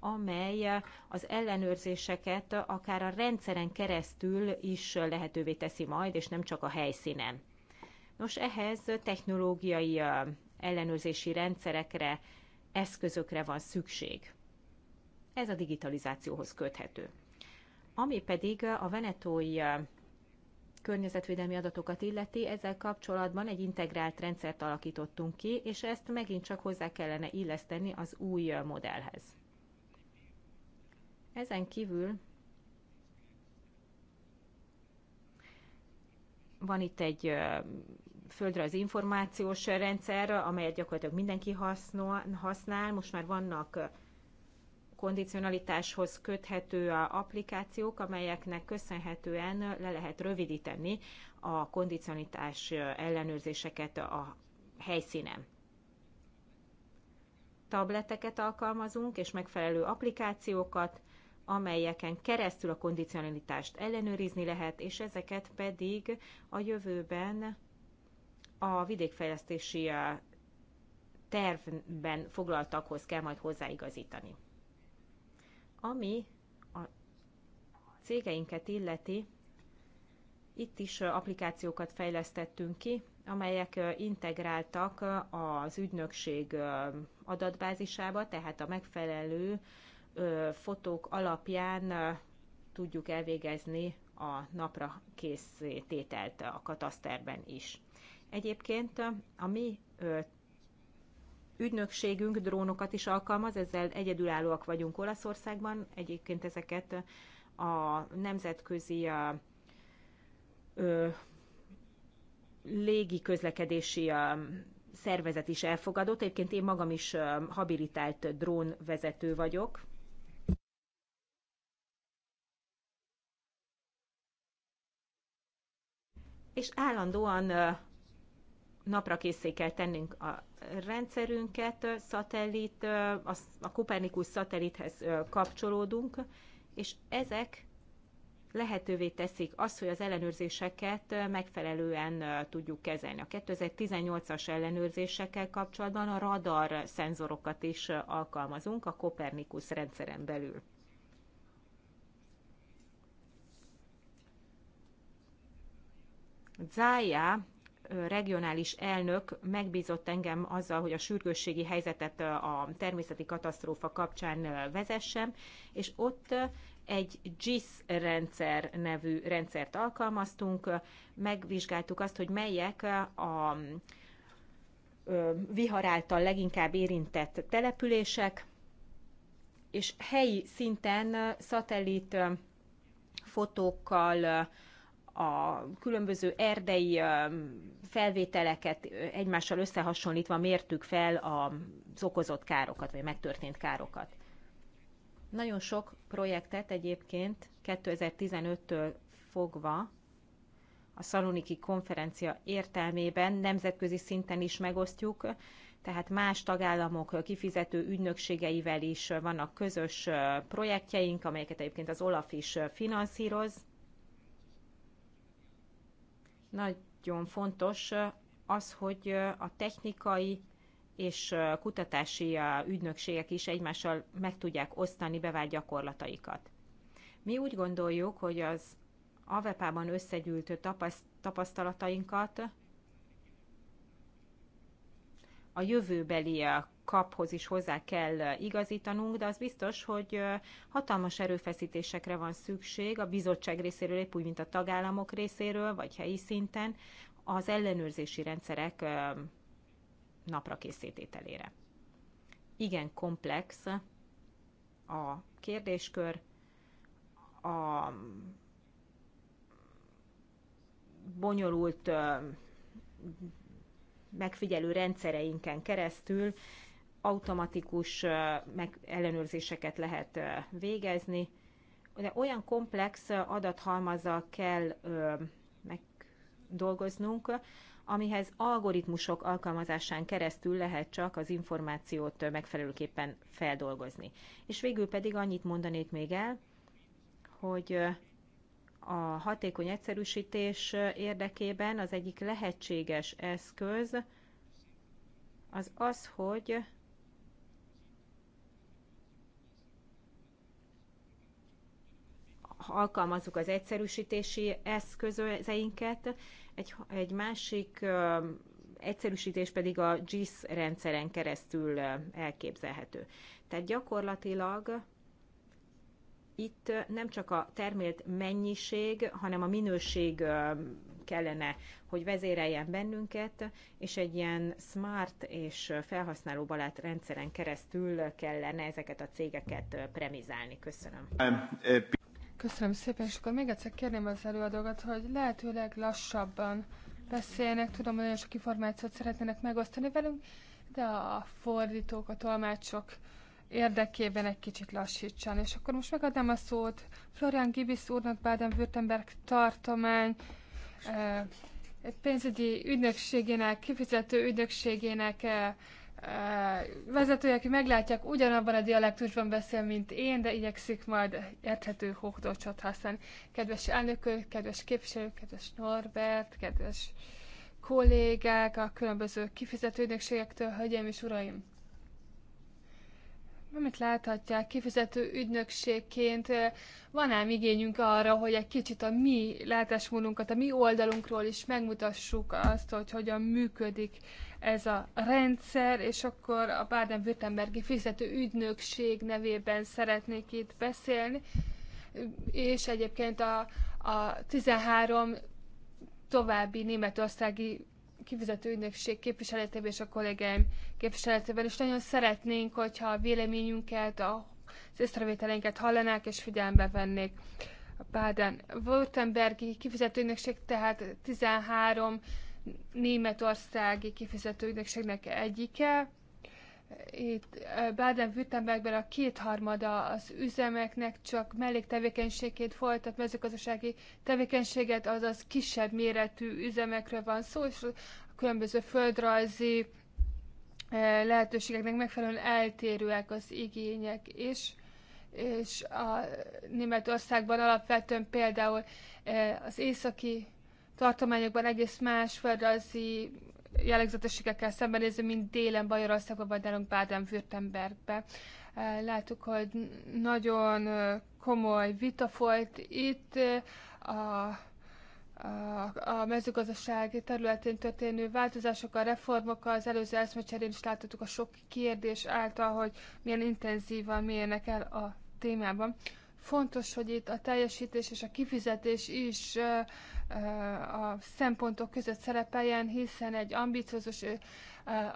amely az ellenőrzéseket akár a rendszeren keresztül is lehetővé teszi majd, és nem csak a helyszínen. Nos, ehhez technológiai ellenőrzési rendszerekre, eszközökre van szükség. Ez a digitalizációhoz köthető. Ami pedig a venetói környezetvédelmi adatokat illeti, ezzel kapcsolatban egy integrált rendszert alakítottunk ki, és ezt megint csak hozzá kellene illeszteni az új modellhez. Ezen kívül van itt egy az információs rendszer, amelyet gyakorlatilag mindenki használ. Most már vannak kondicionalitáshoz köthető a applikációk, amelyeknek köszönhetően le lehet rövidíteni a kondicionalitás ellenőrzéseket a helyszínen. Tableteket alkalmazunk, és megfelelő applikációkat, amelyeken keresztül a kondicionalitást ellenőrizni lehet, és ezeket pedig a jövőben a vidékfejlesztési uh, tervben foglaltakhoz kell majd hozzáigazítani. Ami a cégeinket illeti, itt is applikációkat fejlesztettünk ki, amelyek integráltak az ügynökség adatbázisába, tehát a megfelelő fotók alapján tudjuk elvégezni a napra készítételt a kataszterben is. Egyébként a mi ügynökségünk drónokat is alkalmaz, ezzel egyedülállóak vagyunk Olaszországban. Egyébként ezeket a nemzetközi ö, légi közlekedési szervezet is elfogadott. Egyébként én magam is habilitált drónvezető vagyok. És állandóan napra készé kell tennünk a rendszerünket, szatellit, a Kopernikus szatellithez kapcsolódunk, és ezek lehetővé teszik azt, hogy az ellenőrzéseket megfelelően tudjuk kezelni. A 2018-as ellenőrzésekkel kapcsolatban a radar szenzorokat is alkalmazunk a Kopernikus rendszeren belül. Zája regionális elnök megbízott engem azzal, hogy a sürgősségi helyzetet a természeti katasztrófa kapcsán vezessem, és ott egy GIS rendszer nevű rendszert alkalmaztunk, megvizsgáltuk azt, hogy melyek a vihar által leginkább érintett települések, és helyi szinten szatellit fotókkal a különböző erdei felvételeket egymással összehasonlítva mértük fel az okozott károkat, vagy megtörtént károkat. Nagyon sok projektet egyébként 2015-től fogva a Szaloniki konferencia értelmében nemzetközi szinten is megosztjuk, tehát más tagállamok kifizető ügynökségeivel is vannak közös projektjeink, amelyeket egyébként az OLAF is finanszíroz, nagyon fontos az, hogy a technikai és kutatási ügynökségek is egymással meg tudják osztani bevált gyakorlataikat. Mi úgy gondoljuk, hogy az AVEPA-ban összegyűlt tapasztalatainkat a jövőbeli kaphoz is hozzá kell igazítanunk, de az biztos, hogy hatalmas erőfeszítésekre van szükség a bizottság részéről, épp úgy, mint a tagállamok részéről, vagy helyi szinten, az ellenőrzési rendszerek napra készítételére. Igen komplex a kérdéskör, a bonyolult megfigyelő rendszereinken keresztül automatikus meg ellenőrzéseket lehet végezni, de olyan komplex adathalmazzal kell megdolgoznunk, amihez algoritmusok alkalmazásán keresztül lehet csak az információt megfelelőképpen feldolgozni. És végül pedig annyit mondanék még el, hogy a hatékony egyszerűsítés érdekében az egyik lehetséges eszköz az az, hogy alkalmazzuk az egyszerűsítési eszközeinket. Egy, egy másik egyszerűsítés pedig a GIS rendszeren keresztül elképzelhető. Tehát gyakorlatilag itt nem csak a termélt mennyiség, hanem a minőség kellene, hogy vezéreljen bennünket, és egy ilyen smart és felhasználóbarát rendszeren keresztül kellene ezeket a cégeket premizálni. Köszönöm. Um, uh, Köszönöm szépen, és akkor még egyszer kérném az előadókat, hogy lehetőleg lassabban beszélnek. Tudom, hogy nagyon sok információt szeretnének megosztani velünk, de a fordítók, a tolmácsok érdekében egy kicsit lassítsan. És akkor most megadnám a szót Florian Gibis úrnak, Baden-Württemberg tartomány, eh, pénzügyi ügynökségének, kifizető ügynökségének eh, vezetője, aki meglátják, ugyanabban a dialektusban beszél, mint én, de igyekszik majd érthető hódolcsot használni. Kedves elnökök, kedves képviselők, kedves Norbert, kedves kollégák, a különböző kifizetőnökségektől, hölgyeim és uraim! Amit láthatják, kifizető ügynökségként van ám igényünk arra, hogy egy kicsit a mi látásmódunkat, a mi oldalunkról is megmutassuk azt, hogy hogyan működik ez a rendszer, és akkor a Baden-Württembergi fizető ügynökség nevében szeretnék itt beszélni, és egyébként a, a 13 további németországi kifizető ügynökség képviseletében és a kollégáim képviseletében is nagyon szeretnénk, hogyha a véleményünket, a, az észrevételeinket hallanák és figyelembe vennék. A Baden-Württembergi kifizető ügynökség tehát 13 németországi kifizető ügynökségnek egyike. Itt Baden-Württembergben a kétharmada az üzemeknek csak melléktevékenységét folytat mezőgazdasági tevékenységet, azaz kisebb méretű üzemekről van szó, és a különböző földrajzi lehetőségeknek megfelelően eltérőek az igények is és a Németországban alapvetően például az északi tartományokban egész más földrajzi jellegzetességekkel szembenézve, mint délen Bajorországban, vagy nálunk Baden-Württembergbe. Láttuk, hogy nagyon komoly vita folyt itt a, a, a mezőgazdasági területén történő változásokkal, reformokkal, az előző eszmecserén is láthattuk a sok kérdés által, hogy milyen intenzívan mérnek el a témában. Fontos, hogy itt a teljesítés és a kifizetés is a szempontok között szerepeljen, hiszen egy ambiciózus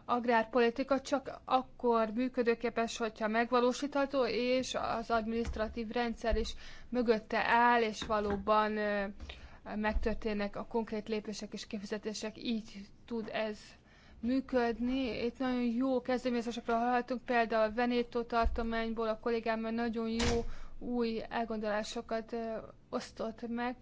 agrárpolitika csak akkor működőképes, hogyha megvalósítható, és az administratív rendszer is mögötte áll, és valóban megtörténnek a konkrét lépések és kifizetések, így tud ez működni. Itt nagyon jó kezdeményezésekről hallhatunk, például a Venétó tartományból a kollégám nagyon jó új elgondolásokat osztott meg,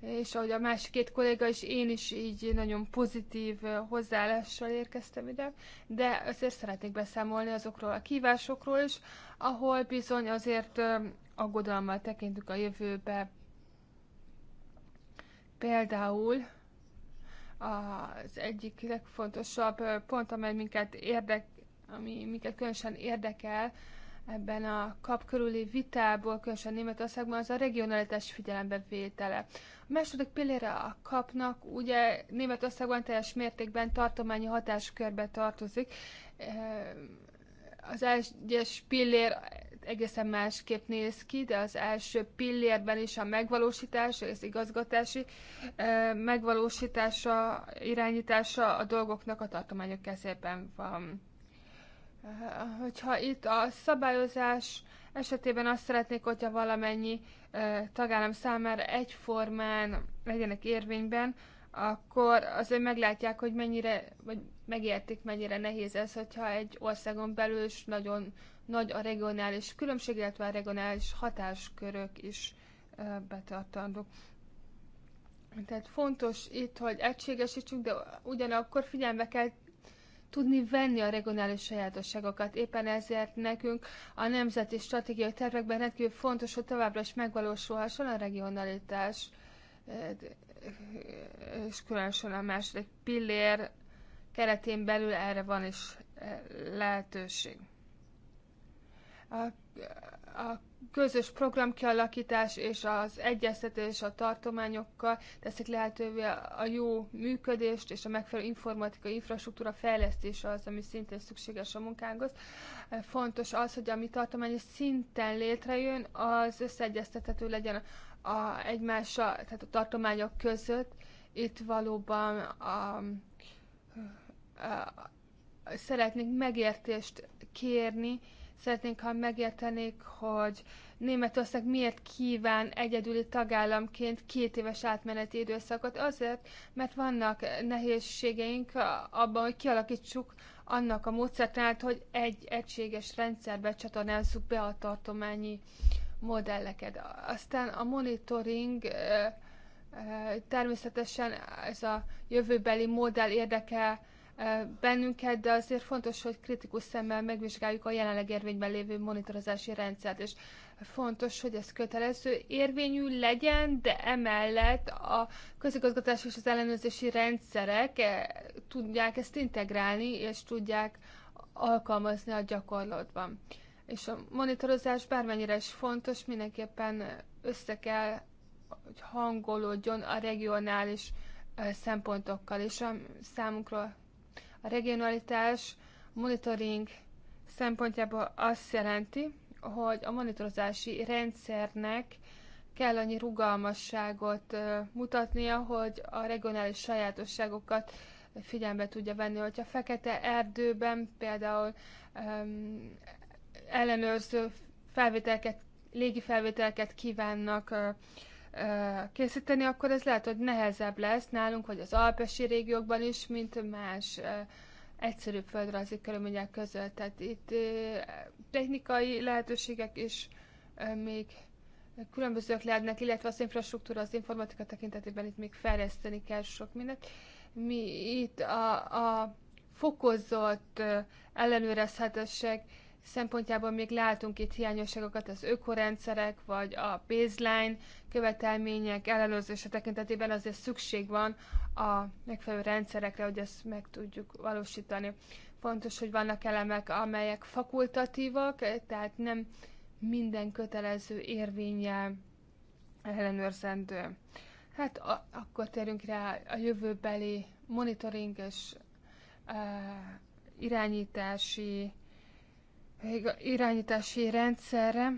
és ahogy a másik két kolléga is, én is így nagyon pozitív hozzáállással érkeztem ide, de azért szeretnék beszámolni azokról a kívásokról is, ahol bizony azért aggodalmal tekintünk a jövőbe. Például az egyik legfontosabb pont, amely minket érdek, ami minket különösen érdekel, ebben a kap körüli vitából, különösen Németországban, az a regionalitás figyelembe vétele. A második pillére a kapnak ugye Németországban teljes mértékben tartományi hatáskörbe tartozik. Az egyes pillér egészen másképp néz ki, de az első pillérben is a megvalósítás, az igazgatási megvalósítása, irányítása a dolgoknak a tartományok kezében van hogyha itt a szabályozás esetében azt szeretnék, hogyha valamennyi tagállam számára egyformán legyenek érvényben, akkor azért meglátják, hogy mennyire, vagy megértik, mennyire nehéz ez, hogyha egy országon belül is nagyon nagy a regionális különbség, illetve a regionális hatáskörök is betartandók. Tehát fontos itt, hogy egységesítsünk, de ugyanakkor figyelme kell tudni venni a regionális sajátosságokat. Éppen ezért nekünk a nemzeti stratégiai tervekben rendkívül fontos, hogy továbbra is megvalósulhasson a regionalitás, és különösen a második pillér keretén belül erre van is lehetőség. A, a közös programkialakítás és az egyeztetés a tartományokkal teszik lehetővé a jó működést és a megfelelő informatikai infrastruktúra fejlesztése az, ami szintén szükséges a munkánkhoz. Fontos az, hogy ami tartományi szinten létrejön, az összeegyeztethető legyen a, egymással, tehát a tartományok között. Itt valóban a, a, a, szeretnénk megértést kérni, Szeretnénk, ha megértenék, hogy Németország miért kíván egyedüli tagállamként két éves átmeneti időszakot. Azért, mert vannak nehézségeink abban, hogy kialakítsuk annak a módszertanát, hogy egy egységes rendszerbe csatornázzuk be a tartományi modelleket. Aztán a monitoring természetesen ez a jövőbeli modell érdekel, bennünket, de azért fontos, hogy kritikus szemmel megvizsgáljuk a jelenleg érvényben lévő monitorozási rendszert, és fontos, hogy ez kötelező érvényű legyen, de emellett a közigazgatás és az ellenőrzési rendszerek e, tudják ezt integrálni, és tudják alkalmazni a gyakorlatban. És a monitorozás bármennyire is fontos, mindenképpen össze kell, hogy hangolódjon a regionális e, szempontokkal, és a számunkra a regionalitás monitoring szempontjából azt jelenti, hogy a monitorozási rendszernek kell annyi rugalmasságot mutatnia, hogy a regionális sajátosságokat figyelembe tudja venni. Hogyha fekete erdőben például um, ellenőrző felvételket, légi felvételket kívánnak készíteni, akkor ez lehet, hogy nehezebb lesz nálunk, vagy az alpesi régiókban is, mint más egyszerűbb földrajzi körülmények között. Tehát itt technikai lehetőségek is még különbözők lehetnek, illetve az infrastruktúra, az informatika tekintetében itt még fejleszteni kell sok mindent. Mi itt a, a fokozott ellenőrezhetőség szempontjából még látunk itt hiányosságokat az ökorendszerek, vagy a baseline követelmények ellenőrzése tekintetében azért szükség van a megfelelő rendszerekre, hogy ezt meg tudjuk valósítani. Fontos, hogy vannak elemek, amelyek fakultatívak, tehát nem minden kötelező érvényel ellenőrzendő. Hát a, akkor térünk rá a jövőbeli monitoring és uh, irányítási irányítási rendszerre.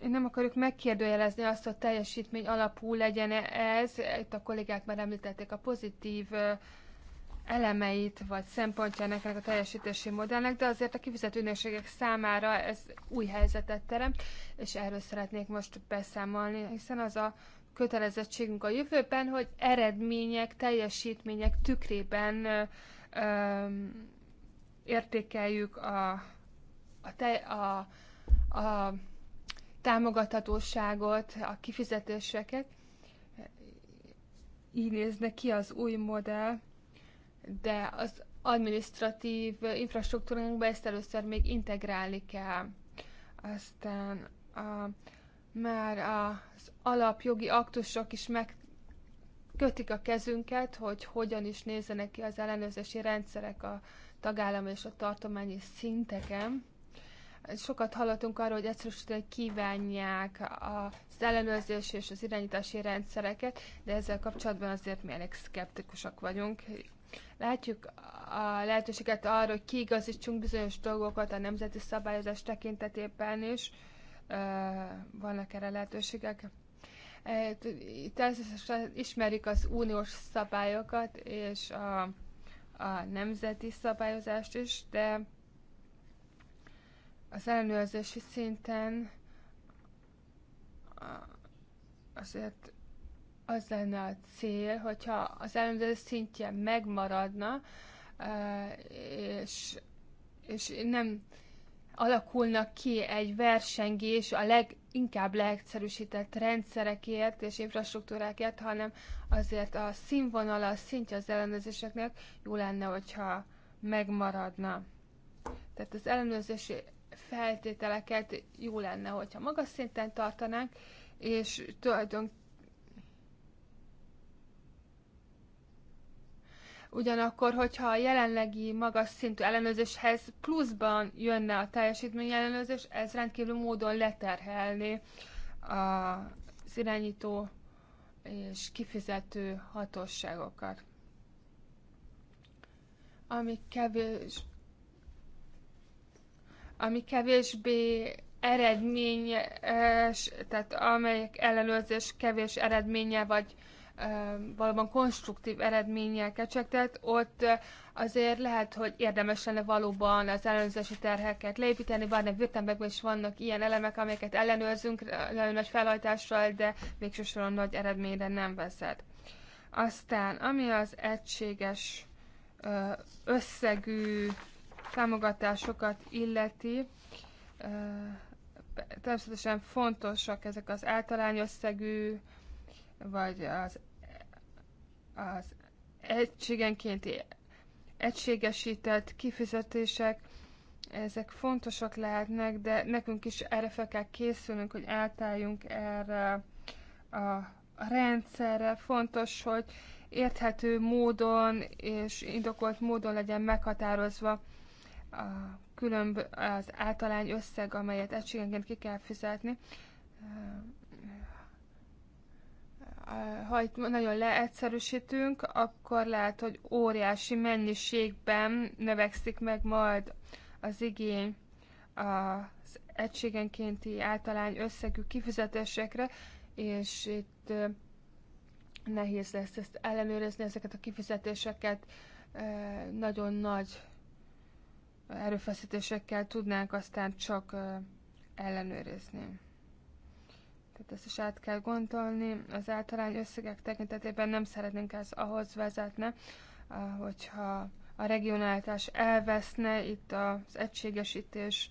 Nem akarjuk megkérdőjelezni azt, hogy teljesítmény alapú legyen ez. Itt a kollégák már említették a pozitív elemeit vagy szempontjának a teljesítési modellnek, de azért a kifizető ünnepségek számára ez új helyzetet teremt, és erről szeretnék most beszámolni, hiszen az a kötelezettségünk a jövőben, hogy eredmények, teljesítmények tükrében ö, ö, értékeljük a a, te, a, a támogathatóságot, a kifizetéseket. Így nézne ki az új modell, de az administratív infrastruktúránkba ezt először még integrálni kell. Aztán a, már az alapjogi aktusok is meg kötik a kezünket, hogy hogyan is nézzenek ki az ellenőrzési rendszerek a tagállam és a tartományi szinteken. Sokat hallottunk arról, hogy egyszerűsíteni kívánják az ellenőrzés és az irányítási rendszereket, de ezzel kapcsolatban azért mi elég szkeptikusak vagyunk. Látjuk a lehetőséget arra, hogy kiigazítsunk bizonyos dolgokat a nemzeti szabályozás tekintetében is. Vannak erre lehetőségek. Természetesen ismerik az uniós szabályokat és a, a nemzeti szabályozást is, de az ellenőrzési szinten azért az lenne a cél, hogyha az ellenőrzés szintje megmaradna, e, és, és nem alakulnak ki egy versengés a leginkább leegyszerűsített rendszerekért és infrastruktúrákért, hanem azért a színvonala, a szintje az ellenőrzéseknek jó lenne, hogyha megmaradna. Tehát az ellenőrzési feltételeket jó lenne, hogyha magas szinten tartanánk, és tulajdonképpen Ugyanakkor, hogyha a jelenlegi magas szintű ellenőrzéshez pluszban jönne a teljesítmény ellenőrzés, ez rendkívül módon leterhelni az irányító és kifizető hatóságokat. Ami kevés, ami kevésbé eredményes, tehát amelyek ellenőrzés kevés eredménye, vagy valóban konstruktív eredménnyel kecsegtet, ott azért lehet, hogy érdemes lenne valóban az ellenőrzési terheket leépíteni, bár nem Württembergben is vannak ilyen elemek, amelyeket ellenőrzünk nagyon nagy felhajtással, de végsősorban nagy eredményre nem vezet. Aztán, ami az egységes összegű támogatásokat illeti, természetesen fontosak ezek az általányösszegű, vagy az, az egységenkénti egységesített kifizetések, ezek fontosak lehetnek, de nekünk is erre fel kell készülnünk, hogy átálljunk erre a rendszerre. Fontos, hogy érthető módon és indokolt módon legyen meghatározva a különb, az általány összeg, amelyet egységenként ki kell fizetni, ha itt nagyon leegyszerűsítünk, akkor lehet, hogy óriási mennyiségben növekszik meg majd az igény az egységenkénti általány összegű kifizetésekre, és itt nehéz lesz ezt ellenőrizni, ezeket a kifizetéseket nagyon nagy erőfeszítésekkel tudnánk aztán csak ellenőrizni. Tehát ezt is át kell gondolni. Az általány összegek tekintetében nem szeretnénk ez ahhoz vezetne, hogyha a regionálitás elveszne itt az egységesítés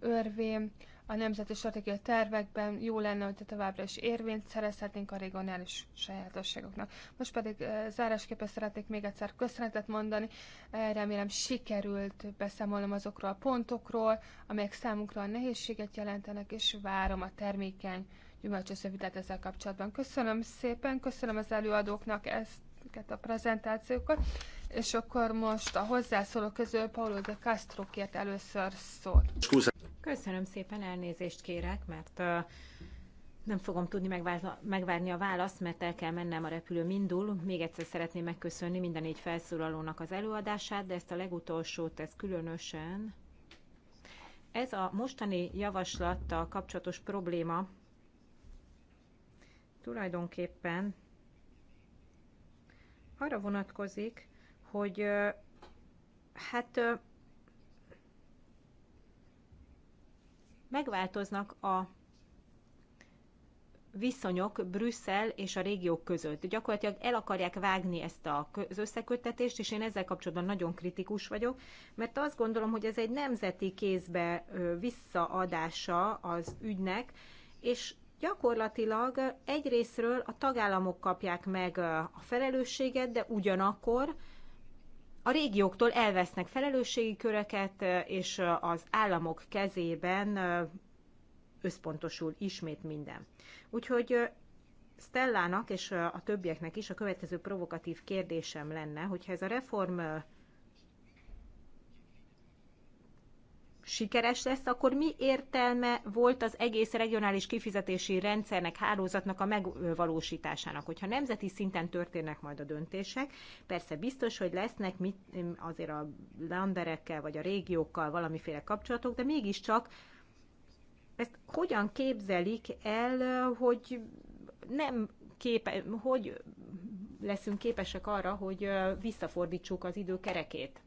örvén, a nemzeti stratégiai tervekben jó lenne, hogy továbbra is érvényt szerezhetnénk a regionális sajátosságoknak. Most pedig zárásképpen szeretnék még egyszer köszönetet mondani. Remélem sikerült beszámolnom azokról a pontokról, amelyek számunkra a nehézséget jelentenek, és várom a termékeny gyümölcsöző ezzel kapcsolatban. Köszönöm szépen, köszönöm az előadóknak ezt a prezentációkat, és akkor most a hozzászóló közül Paulo de Castro kért először szót. Köszönöm szépen, elnézést kérek, mert nem fogom tudni megvárni a választ, mert el kell mennem a repülő indul. Még egyszer szeretném megköszönni minden négy felszólalónak az előadását, de ezt a legutolsót, ez különösen. Ez a mostani javaslattal kapcsolatos probléma tulajdonképpen arra vonatkozik, hogy hát megváltoznak a viszonyok Brüsszel és a régiók között. Gyakorlatilag el akarják vágni ezt az összeköttetést, és én ezzel kapcsolatban nagyon kritikus vagyok, mert azt gondolom, hogy ez egy nemzeti kézbe visszaadása az ügynek, és gyakorlatilag egyrésztről a tagállamok kapják meg a felelősséget, de ugyanakkor a régióktól elvesznek felelősségi köröket, és az államok kezében összpontosul ismét minden. Úgyhogy Stellának és a többieknek is a következő provokatív kérdésem lenne, hogyha ez a reform sikeres lesz, akkor mi értelme volt az egész regionális kifizetési rendszernek, hálózatnak a megvalósításának, hogyha nemzeti szinten történnek majd a döntések. Persze biztos, hogy lesznek mit, azért a landerekkel vagy a régiókkal valamiféle kapcsolatok, de mégiscsak ezt hogyan képzelik el, hogy nem képe, hogy leszünk képesek arra, hogy visszafordítsuk az idő kerekét?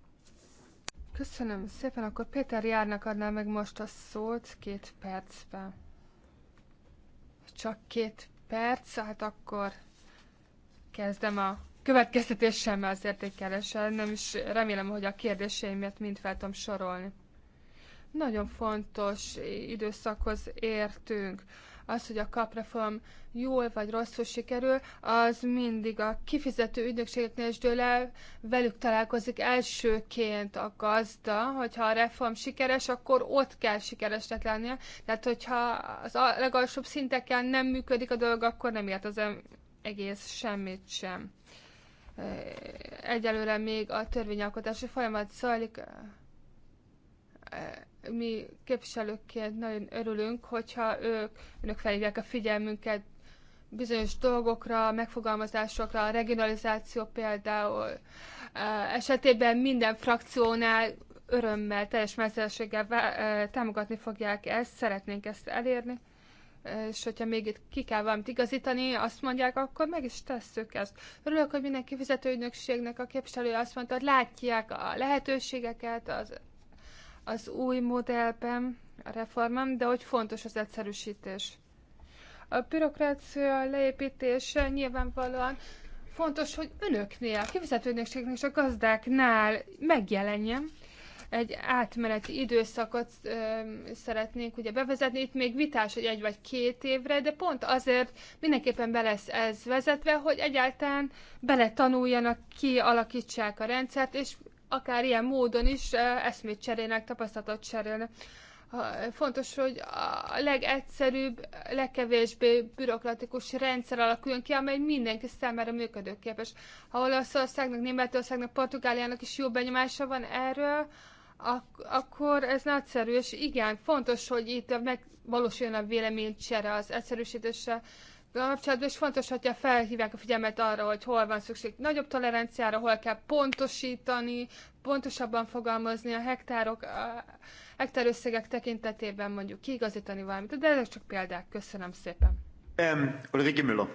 Köszönöm szépen, akkor Péter Járnak adná meg most a szót két percben. Csak két perc, hát akkor kezdem a következtetésemmel az értékelésen, nem is remélem, hogy a kérdéseimet mind fel tudom sorolni. Nagyon fontos időszakhoz értünk az, hogy a kapreform jól vagy rosszul sikerül, az mindig a kifizető ügynökségeknél is dől el, velük találkozik elsőként a gazda, hogyha a reform sikeres, akkor ott kell sikeresnek lennie. Tehát, hogyha az a legalsóbb szinteken nem működik a dolog, akkor nem ért az egész semmit sem. Egyelőre még a törvényalkotási folyamat zajlik, mi képviselőként nagyon örülünk, hogyha ők, önök felhívják a figyelmünket bizonyos dolgokra, megfogalmazásokra, a regionalizáció például e, esetében minden frakciónál örömmel, teljes mezzelséggel e, támogatni fogják ezt, szeretnénk ezt elérni e, és hogyha még itt ki kell valamit igazítani, azt mondják, akkor meg is tesszük ezt. Örülök, hogy minden kifizetőügynökségnek a képviselője azt mondta, hogy látják a lehetőségeket, az az új modellben a reformem, de hogy fontos az egyszerűsítés. A bürokrácia leépítése nyilvánvalóan fontos, hogy önöknél, a kifizetődnökségnél és a gazdáknál megjelenjen. Egy átmeneti időszakot ö, szeretnénk ugye bevezetni, itt még vitás, hogy egy vagy két évre, de pont azért mindenképpen be lesz ez vezetve, hogy egyáltalán beletanuljanak, kialakítsák a rendszert, és akár ilyen módon is eszmét cserélnek, tapasztalatot cserélnek. Fontos, hogy a legegyszerűbb, legkevésbé bürokratikus rendszer alakuljon ki, amely mindenki számára működőképes. Ha Olaszországnak, Németországnak, Portugáliának is jó benyomása van erről, ak- akkor ez nagyszerű, és igen, fontos, hogy itt megvalósuljon a véleménycsere az egyszerűsítéssel kapcsolatban, és fontos, hogyha felhívják a figyelmet arra, hogy hol van szükség nagyobb toleranciára, hol kell pontosítani, pontosabban fogalmazni a hektárok, a hektár összegek tekintetében mondjuk kiigazítani valamit, de ezek csak példák. Köszönöm szépen. Um, Ulrike Müller.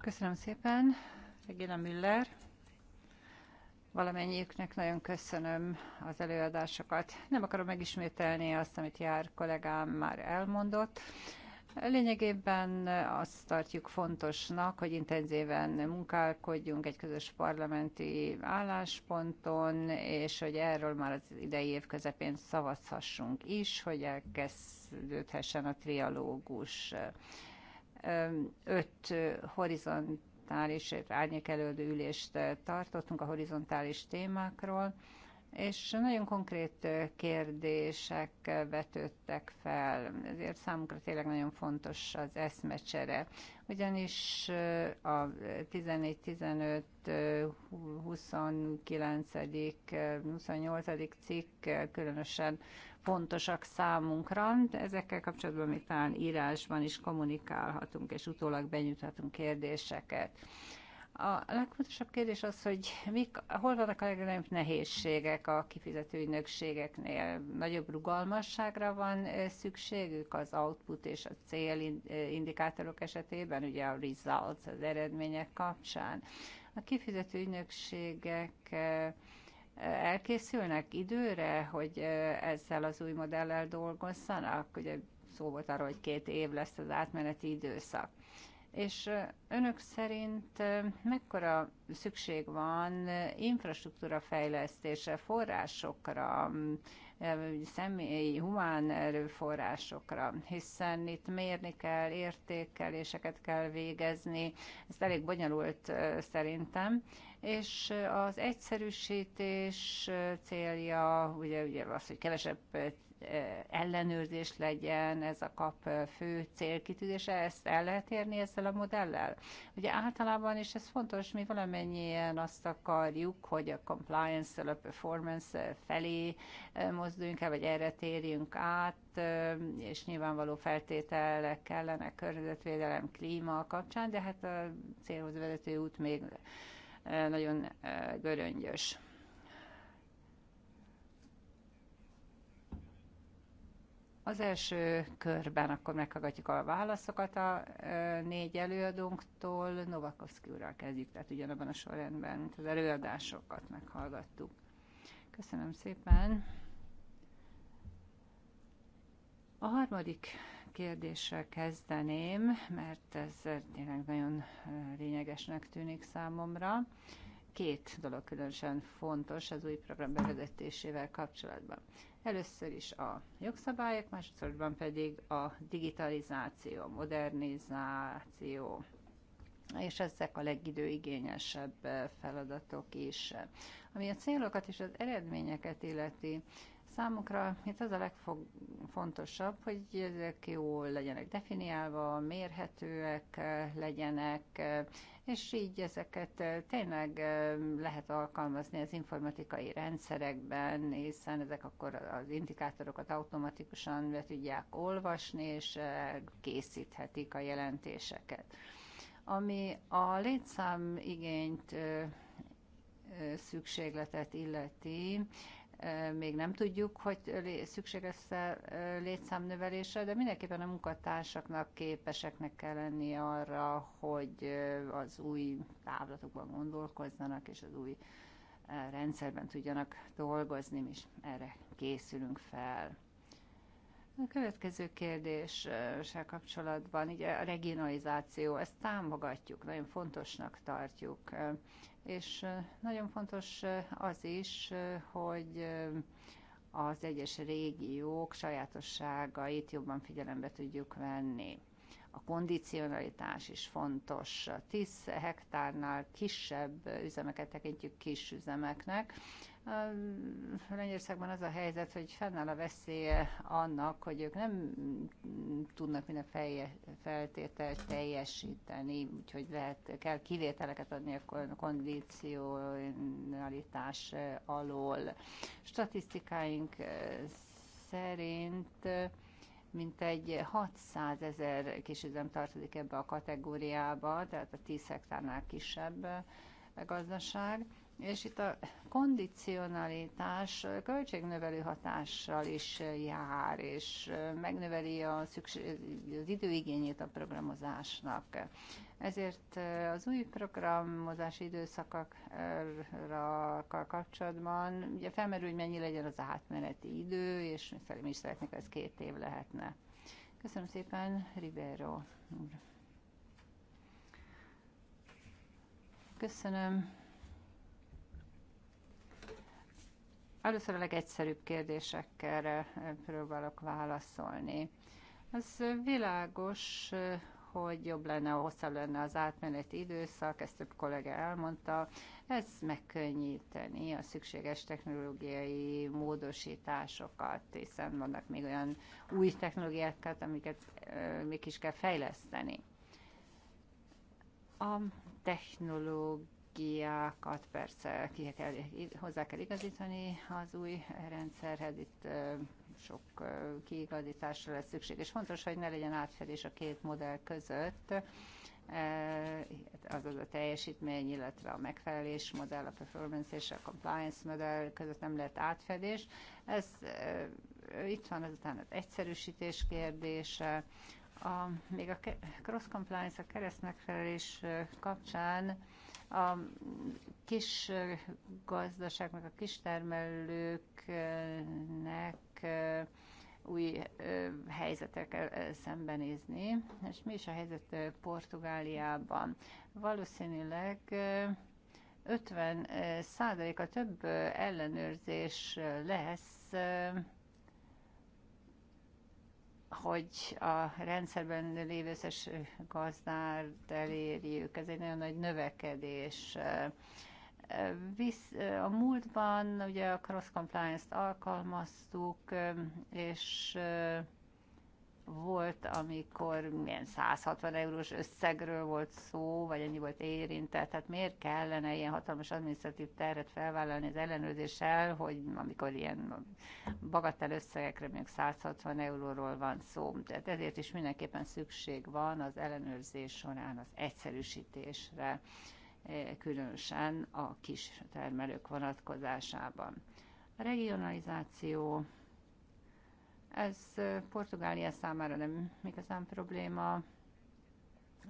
Köszönöm szépen, Regina Müller. Valamennyiüknek nagyon köszönöm az előadásokat. Nem akarom megismételni azt, amit jár kollégám már elmondott. Lényegében azt tartjuk fontosnak, hogy intenzíven munkálkodjunk egy közös parlamenti állásponton, és hogy erről már az idei év közepén szavazhassunk is, hogy elkezdődhessen a trialógus. Öt horizontális árnyékelődő ülést tartottunk a horizontális témákról, és nagyon konkrét kérdések vetődtek fel, ezért számukra tényleg nagyon fontos az eszmecsere. Ugyanis a 14, 15, 29, 28. cikk különösen fontosak számunkra. De ezekkel kapcsolatban mi talán írásban is kommunikálhatunk, és utólag benyújthatunk kérdéseket. A legfontosabb kérdés az, hogy mik, hol vannak a legnagyobb nehézségek a kifizető ügynökségeknél. Nagyobb rugalmasságra van szükségük az output és a cél indikátorok esetében, ugye a results, az eredmények kapcsán. A kifizető ügynökségek elkészülnek időre, hogy ezzel az új modellel dolgozzanak? Ugye szó volt arról, hogy két év lesz az átmeneti időszak. És önök szerint mekkora szükség van infrastruktúra fejlesztése, forrásokra, személyi, humán erőforrásokra, hiszen itt mérni kell, értékeléseket kell végezni, ez elég bonyolult szerintem, és az egyszerűsítés célja, ugye, ugye az, hogy kevesebb ellenőrzés legyen, ez a kap fő célkitűzése, ezt el lehet érni ezzel a modellel? Ugye általában, és ez fontos, mi valamennyien azt akarjuk, hogy a compliance a performance felé mozduljunk el, vagy erre térjünk át, és nyilvánvaló feltételek kellene környezetvédelem, klíma kapcsán, de hát a célhoz vezető út még nagyon göröngyös. Az első körben akkor meghallgatjuk a válaszokat a négy előadónktól. Novakovszki úrral kezdjük, tehát ugyanabban a sorrendben, mint az előadásokat meghallgattuk. Köszönöm szépen. A harmadik kérdéssel kezdeném, mert ez tényleg nagyon lényegesnek tűnik számomra. Két dolog különösen fontos az új program bevezetésével kapcsolatban. Először is a jogszabályok, másodszorban pedig a digitalizáció, modernizáció, és ezek a legidőigényesebb eh, feladatok is. Ami a célokat és az eredményeket illeti, Számukra itt az a legfontosabb, hogy ezek jól legyenek definiálva, mérhetőek eh, legyenek, eh, és így ezeket eh, tényleg lehet alkalmazni az informatikai rendszerekben, hiszen ezek akkor az indikátorokat automatikusan be tudják olvasni, és készíthetik a jelentéseket. Ami a létszám igényt szükségletet illeti, még nem tudjuk, hogy szükség lesz a létszámnövelésre, de mindenképpen a munkatársaknak képeseknek kell lenni arra, hogy az új távlatokban gondolkozzanak, és az új rendszerben tudjanak dolgozni, és erre készülünk fel. A következő kérdéssel kapcsolatban, ugye a regionalizáció, ezt támogatjuk, nagyon fontosnak tartjuk, és nagyon fontos az is, hogy az egyes régiók sajátosságait jobban figyelembe tudjuk venni. A kondicionalitás is fontos. 10 hektárnál kisebb üzemeket tekintjük kis üzemeknek, Lengyelországban az a helyzet, hogy fennáll a veszélye annak, hogy ők nem tudnak minden felje, feltételt teljesíteni, úgyhogy lehet, kell kivételeket adni a kondicionalitás eh, alól. Statisztikáink eh, szerint eh, mintegy 600 ezer kisüzem tartozik ebbe a kategóriába, tehát a 10 hektárnál kisebb gazdaság, és itt a kondicionalitás költségnövelő hatással is jár, és megnöveli a szükség, az időigényét a programozásnak. Ezért az új programozási időszakokra kapcsolatban ugye felmerül, hogy mennyi legyen az átmeneti idő, és szerintem is szeretnék, ez két év lehetne. Köszönöm szépen, Ribeiro Köszönöm, Először a legegyszerűbb kérdésekkel eh, próbálok válaszolni. Az világos, eh, hogy jobb lenne, ha hosszabb lenne az átmeneti időszak, ezt több kollega elmondta, ez megkönnyíteni a szükséges technológiai módosításokat, hiszen vannak még olyan új technológiákat, amiket eh, még is kell fejleszteni. A technológia energiákat, persze ki kell, hozzá kell igazítani az új rendszerhez, itt sok kiigazításra lesz szükség, és fontos, hogy ne legyen átfedés a két modell között, azaz a teljesítmény, illetve a megfelelés modell, a performance és a compliance modell között nem lehet átfedés. Ez itt van azután az egyszerűsítés kérdése, a, még a cross compliance, a kereszt megfelelés kapcsán a kis gazdaságnak, a kis termelőknek új helyzetekkel szembenézni. És mi is a helyzet Portugáliában? Valószínűleg 50 százaléka több ellenőrzés lesz hogy a rendszerben lévő összes gazdát elérjük. Ez egy nagyon nagy növekedés. Visz, a múltban ugye a cross compliance-t alkalmaztuk, és volt, amikor milyen 160 eurós összegről volt szó, vagy ennyi volt érintett, tehát miért kellene ilyen hatalmas adminisztratív terhet felvállalni az ellenőrzéssel, hogy amikor ilyen bagatell összegekre, még 160 euróról van szó. Tehát ezért is mindenképpen szükség van az ellenőrzés során az egyszerűsítésre, eh, különösen a kis termelők vonatkozásában. A regionalizáció ez Portugália számára nem igazán probléma.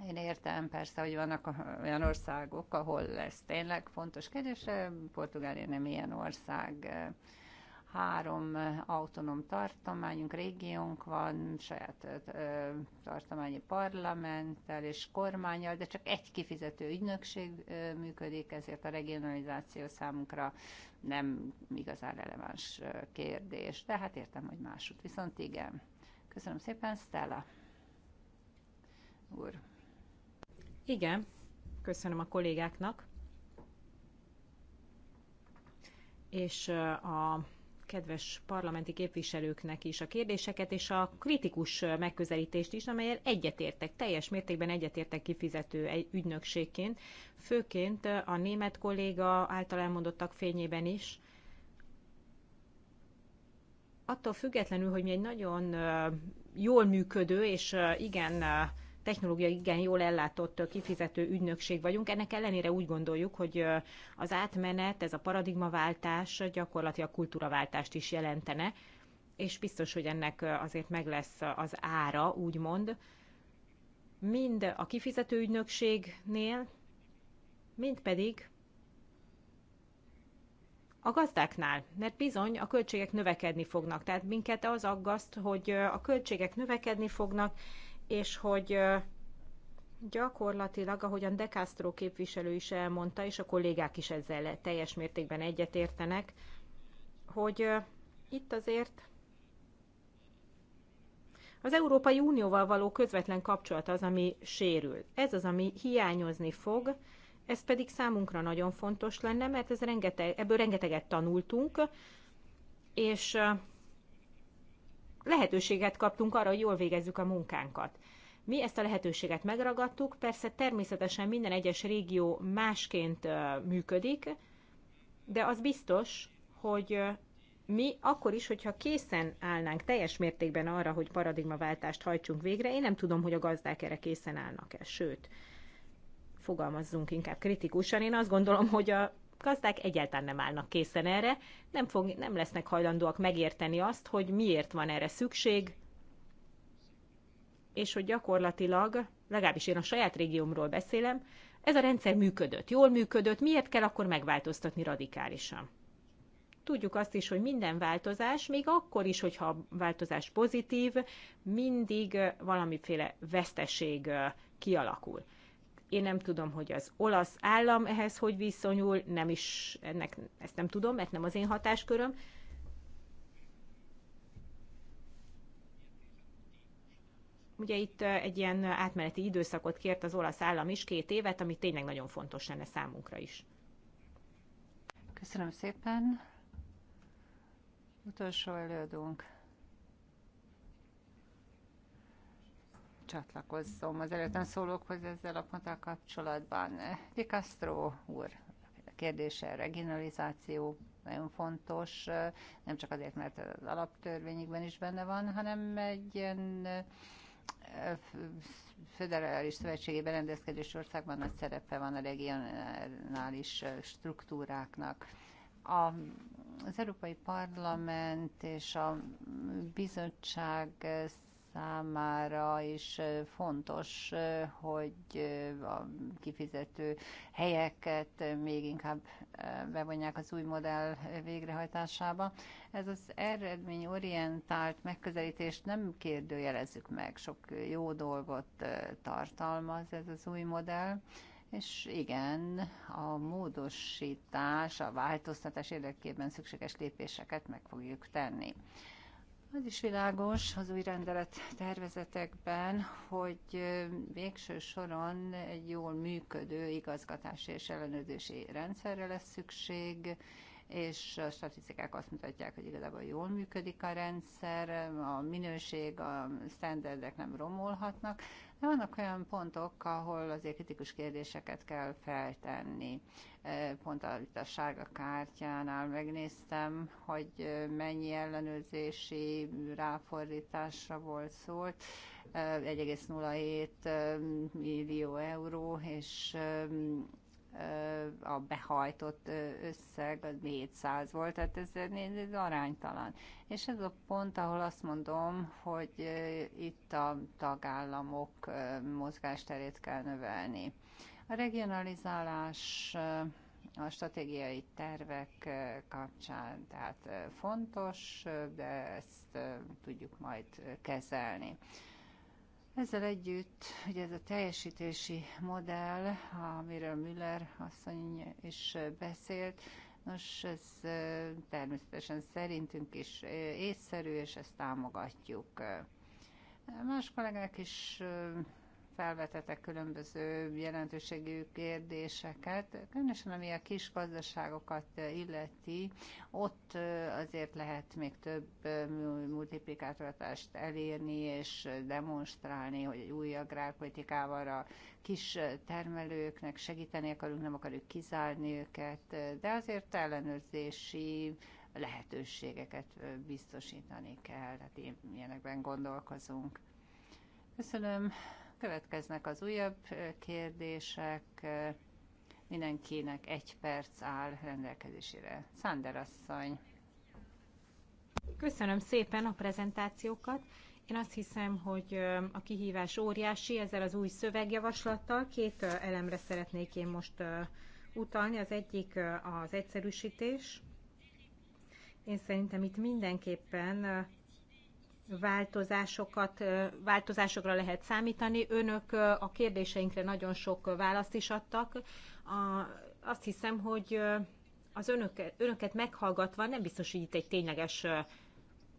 Én értem persze, hogy vannak olyan országok, ahol ez tényleg fontos kérdés, Portugália nem ilyen ország három autonóm tartományunk, régiónk van, saját tartományi parlamenttel és kormányjal, de csak egy kifizető ügynökség működik, ezért a regionalizáció számunkra nem igazán releváns kérdés, de hát értem, hogy másút. Viszont igen. Köszönöm szépen, Stella. Úr. Igen, köszönöm a kollégáknak. És a kedves parlamenti képviselőknek is a kérdéseket, és a kritikus megközelítést is, amelyel egyetértek, teljes mértékben egyetértek kifizető ügynökségként, főként a német kolléga által elmondottak fényében is. Attól függetlenül, hogy mi egy nagyon jól működő és igen technológia igen jól ellátott kifizető ügynökség vagyunk. Ennek ellenére úgy gondoljuk, hogy az átmenet, ez a paradigmaváltás gyakorlatilag kultúraváltást is jelentene, és biztos, hogy ennek azért meg lesz az ára, úgymond, mind a kifizető ügynökségnél, mind pedig a gazdáknál, mert bizony a költségek növekedni fognak. Tehát minket az aggaszt, hogy a költségek növekedni fognak, és hogy gyakorlatilag, ahogyan De Castro képviselő is elmondta, és a kollégák is ezzel teljes mértékben egyetértenek, hogy itt azért az Európai Unióval való közvetlen kapcsolat az, ami sérül. Ez az, ami hiányozni fog, ez pedig számunkra nagyon fontos lenne, mert ez rengeteg, ebből rengeteget tanultunk, és lehetőséget kaptunk arra, hogy jól végezzük a munkánkat. Mi ezt a lehetőséget megragadtuk, persze természetesen minden egyes régió másként működik, de az biztos, hogy mi akkor is, hogyha készen állnánk teljes mértékben arra, hogy paradigmaváltást hajtsunk végre, én nem tudom, hogy a gazdák erre készen állnak-e, sőt, fogalmazzunk inkább kritikusan. Én azt gondolom, hogy a gazdák egyáltalán nem állnak készen erre, nem, fog, nem lesznek hajlandóak megérteni azt, hogy miért van erre szükség, és hogy gyakorlatilag, legalábbis én a saját régiómról beszélem, ez a rendszer működött, jól működött, miért kell akkor megváltoztatni radikálisan? Tudjuk azt is, hogy minden változás, még akkor is, hogyha a változás pozitív, mindig valamiféle veszteség kialakul. Én nem tudom, hogy az olasz állam ehhez hogy viszonyul, nem is, ennek, ezt nem tudom, mert nem az én hatásköröm. Ugye itt egy ilyen átmeneti időszakot kért az olasz állam is, két évet, ami tényleg nagyon fontos lenne számunkra is. Köszönöm szépen. Utolsó előadónk. csatlakozzom az előttem szólókhoz ezzel a ponttal kapcsolatban. Picastro úr, kérdése regionalizáció nagyon fontos, nem csak azért, mert az alaptörvényükben is benne van, hanem egy ilyen föderális szövetségi berendezkedés országban nagy szerepe van a regionális struktúráknak. A, az Európai Parlament és a bizottság számára is fontos, hogy a kifizető helyeket még inkább bevonják az új modell végrehajtásába. Ez az eredményorientált megközelítést nem kérdőjelezzük meg, sok jó dolgot tartalmaz ez az új modell. És igen, a módosítás, a változtatás érdekében szükséges lépéseket meg fogjuk tenni. Az is világos az új rendelet tervezetekben, hogy végső soron egy jól működő igazgatási és ellenőrzési rendszerre lesz szükség, és a statisztikák azt mutatják, hogy igazából jól működik a rendszer, a minőség, a standardek nem romolhatnak, de vannak olyan pontok, ahol azért kritikus kérdéseket kell feltenni. E, pont a, itt a sárga kártyánál megnéztem, hogy e, mennyi ellenőrzési ráfordításra volt szólt. 1,07 e, millió euró, és a behajtott összeg az 400 volt, tehát ez, ez aránytalan. És ez a pont, ahol azt mondom, hogy itt a tagállamok mozgásterét kell növelni. A regionalizálás a stratégiai tervek kapcsán, tehát fontos, de ezt tudjuk majd kezelni. Ezzel együtt, hogy ez a teljesítési modell, amiről Müller asszony is beszélt, nos, ez természetesen szerintünk is észszerű, és ezt támogatjuk. Más kollégák is felvetetek különböző jelentőségű kérdéseket, különösen ami a kis gazdaságokat illeti, ott azért lehet még több multiplikátoratást elérni és demonstrálni, hogy egy új agrárpolitikával a kis termelőknek segíteni akarunk, nem akarjuk kizárni őket, de azért ellenőrzési lehetőségeket biztosítani kell, tehát ilyenekben gondolkozunk. Köszönöm. Következnek az újabb kérdések. Mindenkinek egy perc áll rendelkezésére. Szánder asszony. Köszönöm szépen a prezentációkat. Én azt hiszem, hogy a kihívás óriási ezzel az új szövegjavaslattal. Két elemre szeretnék én most utalni. Az egyik az egyszerűsítés. Én szerintem itt mindenképpen változásokat, változásokra lehet számítani. Önök a kérdéseinkre nagyon sok választ is adtak. Azt hiszem, hogy az önöket, önöket meghallgatva nem biztos, hogy itt egy tényleges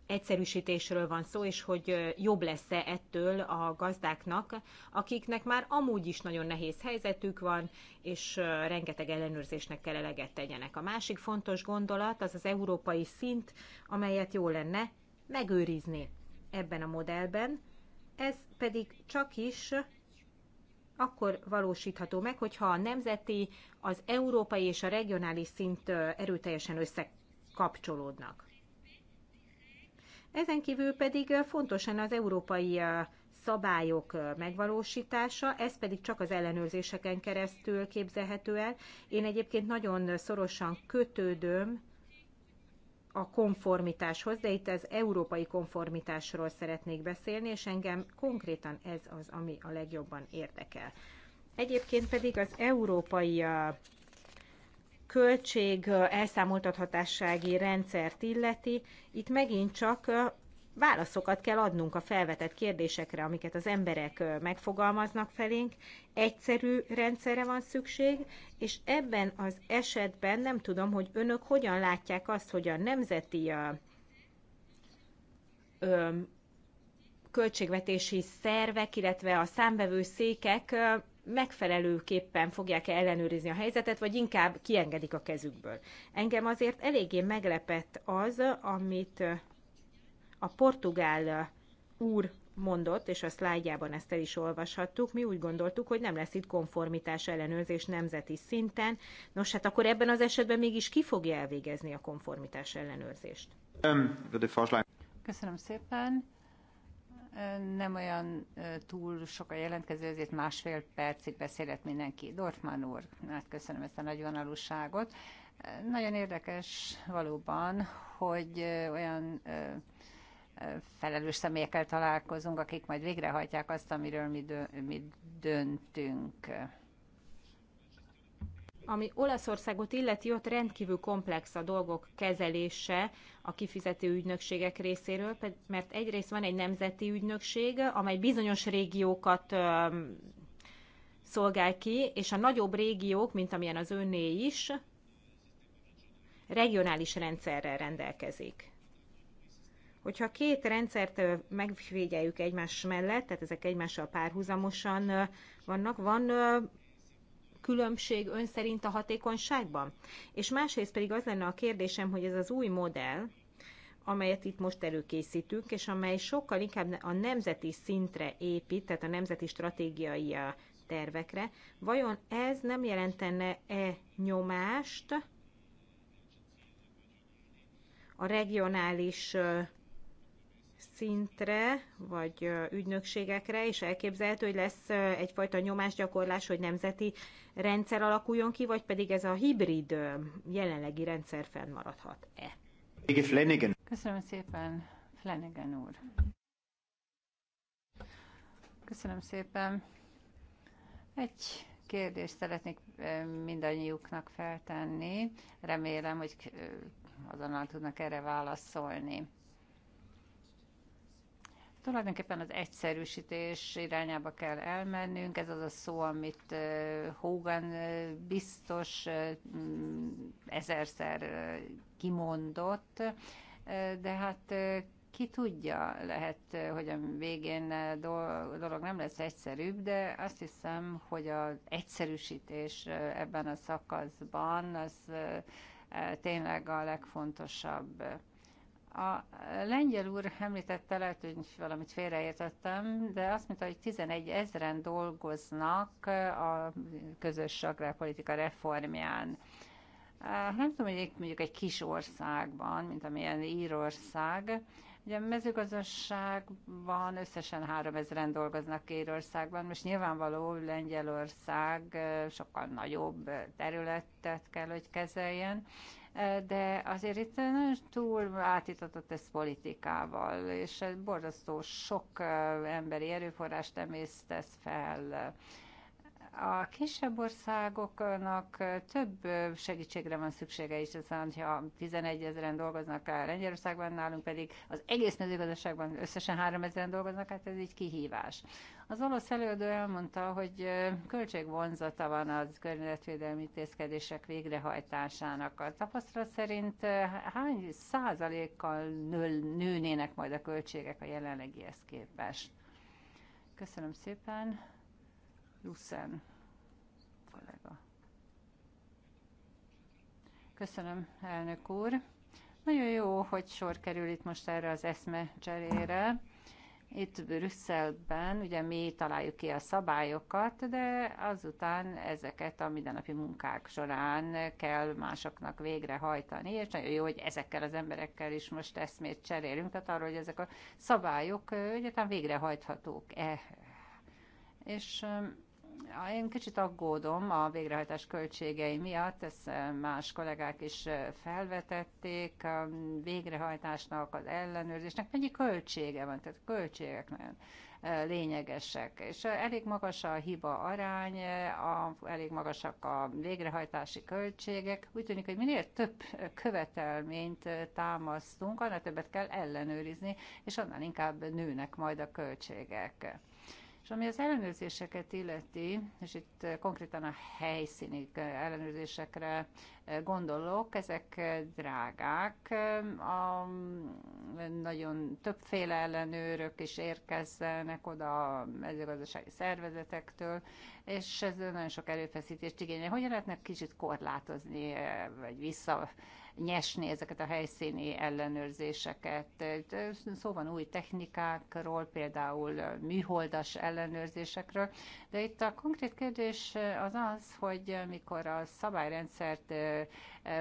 egyszerűsítésről van szó, és hogy jobb lesz-e ettől a gazdáknak, akiknek már amúgy is nagyon nehéz helyzetük van, és rengeteg ellenőrzésnek kell eleget tegyenek. A másik fontos gondolat az az európai szint, amelyet jó lenne megőrizni ebben a modellben, ez pedig csak is akkor valósítható meg, hogyha a nemzeti, az európai és a regionális szint erőteljesen összekapcsolódnak. Ezen kívül pedig fontosan az európai szabályok megvalósítása, ez pedig csak az ellenőrzéseken keresztül képzelhető el. Én egyébként nagyon szorosan kötődöm a konformitáshoz, de itt az európai konformitásról szeretnék beszélni, és engem konkrétan ez az, ami a legjobban érdekel. Egyébként pedig az európai költség elszámoltathatássági rendszert illeti, itt megint csak válaszokat kell adnunk a felvetett kérdésekre, amiket az emberek megfogalmaznak felénk. Egyszerű rendszerre van szükség, és ebben az esetben nem tudom, hogy önök hogyan látják azt, hogy a nemzeti a, költségvetési szervek, illetve a székek megfelelőképpen fogják-e ellenőrizni a helyzetet, vagy inkább kiengedik a kezükből. Engem azért eléggé meglepett az, amit a portugál úr mondott, és a szlájdjában ezt el is olvashattuk, mi úgy gondoltuk, hogy nem lesz itt konformitás ellenőrzés nemzeti szinten. Nos, hát akkor ebben az esetben mégis ki fogja elvégezni a konformitás ellenőrzést? Köszönöm szépen. Nem olyan túl sok a jelentkező, ezért másfél percig beszélett mindenki. Dortmann úr, hát köszönöm ezt a nagyvonalúságot. Nagyon érdekes valóban, hogy olyan felelős személyekkel találkozunk, akik majd végrehajtják azt, amiről mi, dö- mi döntünk. Ami Olaszországot illeti, ott rendkívül komplex a dolgok kezelése a kifizető ügynökségek részéről, mert egyrészt van egy nemzeti ügynökség, amely bizonyos régiókat szolgál ki, és a nagyobb régiók, mint amilyen az önné is, regionális rendszerrel rendelkezik. Hogyha két rendszert megfigyeljük egymás mellett, tehát ezek egymással párhuzamosan vannak, van különbség ön szerint a hatékonyságban? És másrészt pedig az lenne a kérdésem, hogy ez az új modell, amelyet itt most előkészítünk, és amely sokkal inkább a nemzeti szintre épít, tehát a nemzeti stratégiai tervekre. Vajon ez nem jelentene-e nyomást a regionális szintre, vagy ügynökségekre, és elképzelhető, hogy lesz egyfajta nyomásgyakorlás, hogy nemzeti rendszer alakuljon ki, vagy pedig ez a hibrid jelenlegi rendszer fennmaradhat-e? Köszönöm szépen, Flanagan úr. Köszönöm szépen. Egy kérdést szeretnék mindannyiuknak feltenni. Remélem, hogy azonnal tudnak erre válaszolni tulajdonképpen az egyszerűsítés irányába kell elmennünk. Ez az a szó, amit Hogan biztos ezerszer kimondott, de hát ki tudja, lehet, hogy a végén dolog nem lesz egyszerűbb, de azt hiszem, hogy az egyszerűsítés ebben a szakaszban az tényleg a legfontosabb. A lengyel úr említette, lehet, hogy valamit félreértettem, de azt mondta, hogy 11 ezeren dolgoznak a közös agrárpolitika reformján. Nem tudom, hogy mondjuk egy kis országban, mint amilyen Írország, Ugye a mezőgazdaságban összesen 3000-en dolgoznak Írországban, most nyilvánvaló Lengyelország sokkal nagyobb területet kell, hogy kezeljen, de azért itt nagyon túl átitatott ez politikával, és borzasztó sok emberi erőforrást emésztesz fel a kisebb országoknak több segítségre van szüksége is, hiszen ha 11 ezeren dolgoznak el Lengyelországban, nálunk pedig az egész mezőgazdaságban összesen 3 ezeren dolgoznak, hát ez így kihívás. Az olasz előadó elmondta, hogy költségvonzata van az környezetvédelmi intézkedések végrehajtásának. A tapasztalat szerint hány százalékkal nő, nőnének majd a költségek a jelenlegihez képest? Köszönöm szépen! Lucen kollega. Köszönöm, elnök úr. Nagyon jó, hogy sor kerül itt most erre az eszme cserére. Itt Brüsszelben ugye mi találjuk ki a szabályokat, de azután ezeket a mindennapi munkák során kell másoknak végrehajtani, és nagyon jó, hogy ezekkel az emberekkel is most eszmét cserélünk, tehát arról, hogy ezek a szabályok egyáltalán végrehajthatók-e. És én kicsit aggódom a végrehajtás költségei miatt, ezt eh, más kollégák is eh, felvetették, a végrehajtásnak, az ellenőrzésnek mennyi költsége van, tehát költségek nagyon eh, lényegesek. És elég magas a hiba arány, a, elég magasak a végrehajtási költségek. Úgy tűnik, hogy minél több követelményt támasztunk, annál többet kell ellenőrizni, és annál inkább nőnek majd a költségek. És ami az ellenőrzéseket illeti, és itt konkrétan a helyszíni ellenőrzésekre gondolok, ezek drágák, a, nagyon többféle ellenőrök is érkeznek oda a mezőgazdasági szervezetektől, és ez nagyon sok erőfeszítést igényel. Hogyan lehetne kicsit korlátozni, vagy vissza nyesni ezeket a helyszíni ellenőrzéseket. Szó van új technikákról, például műholdas ellenőrzésekről, de itt a konkrét kérdés az az, hogy mikor a szabályrendszert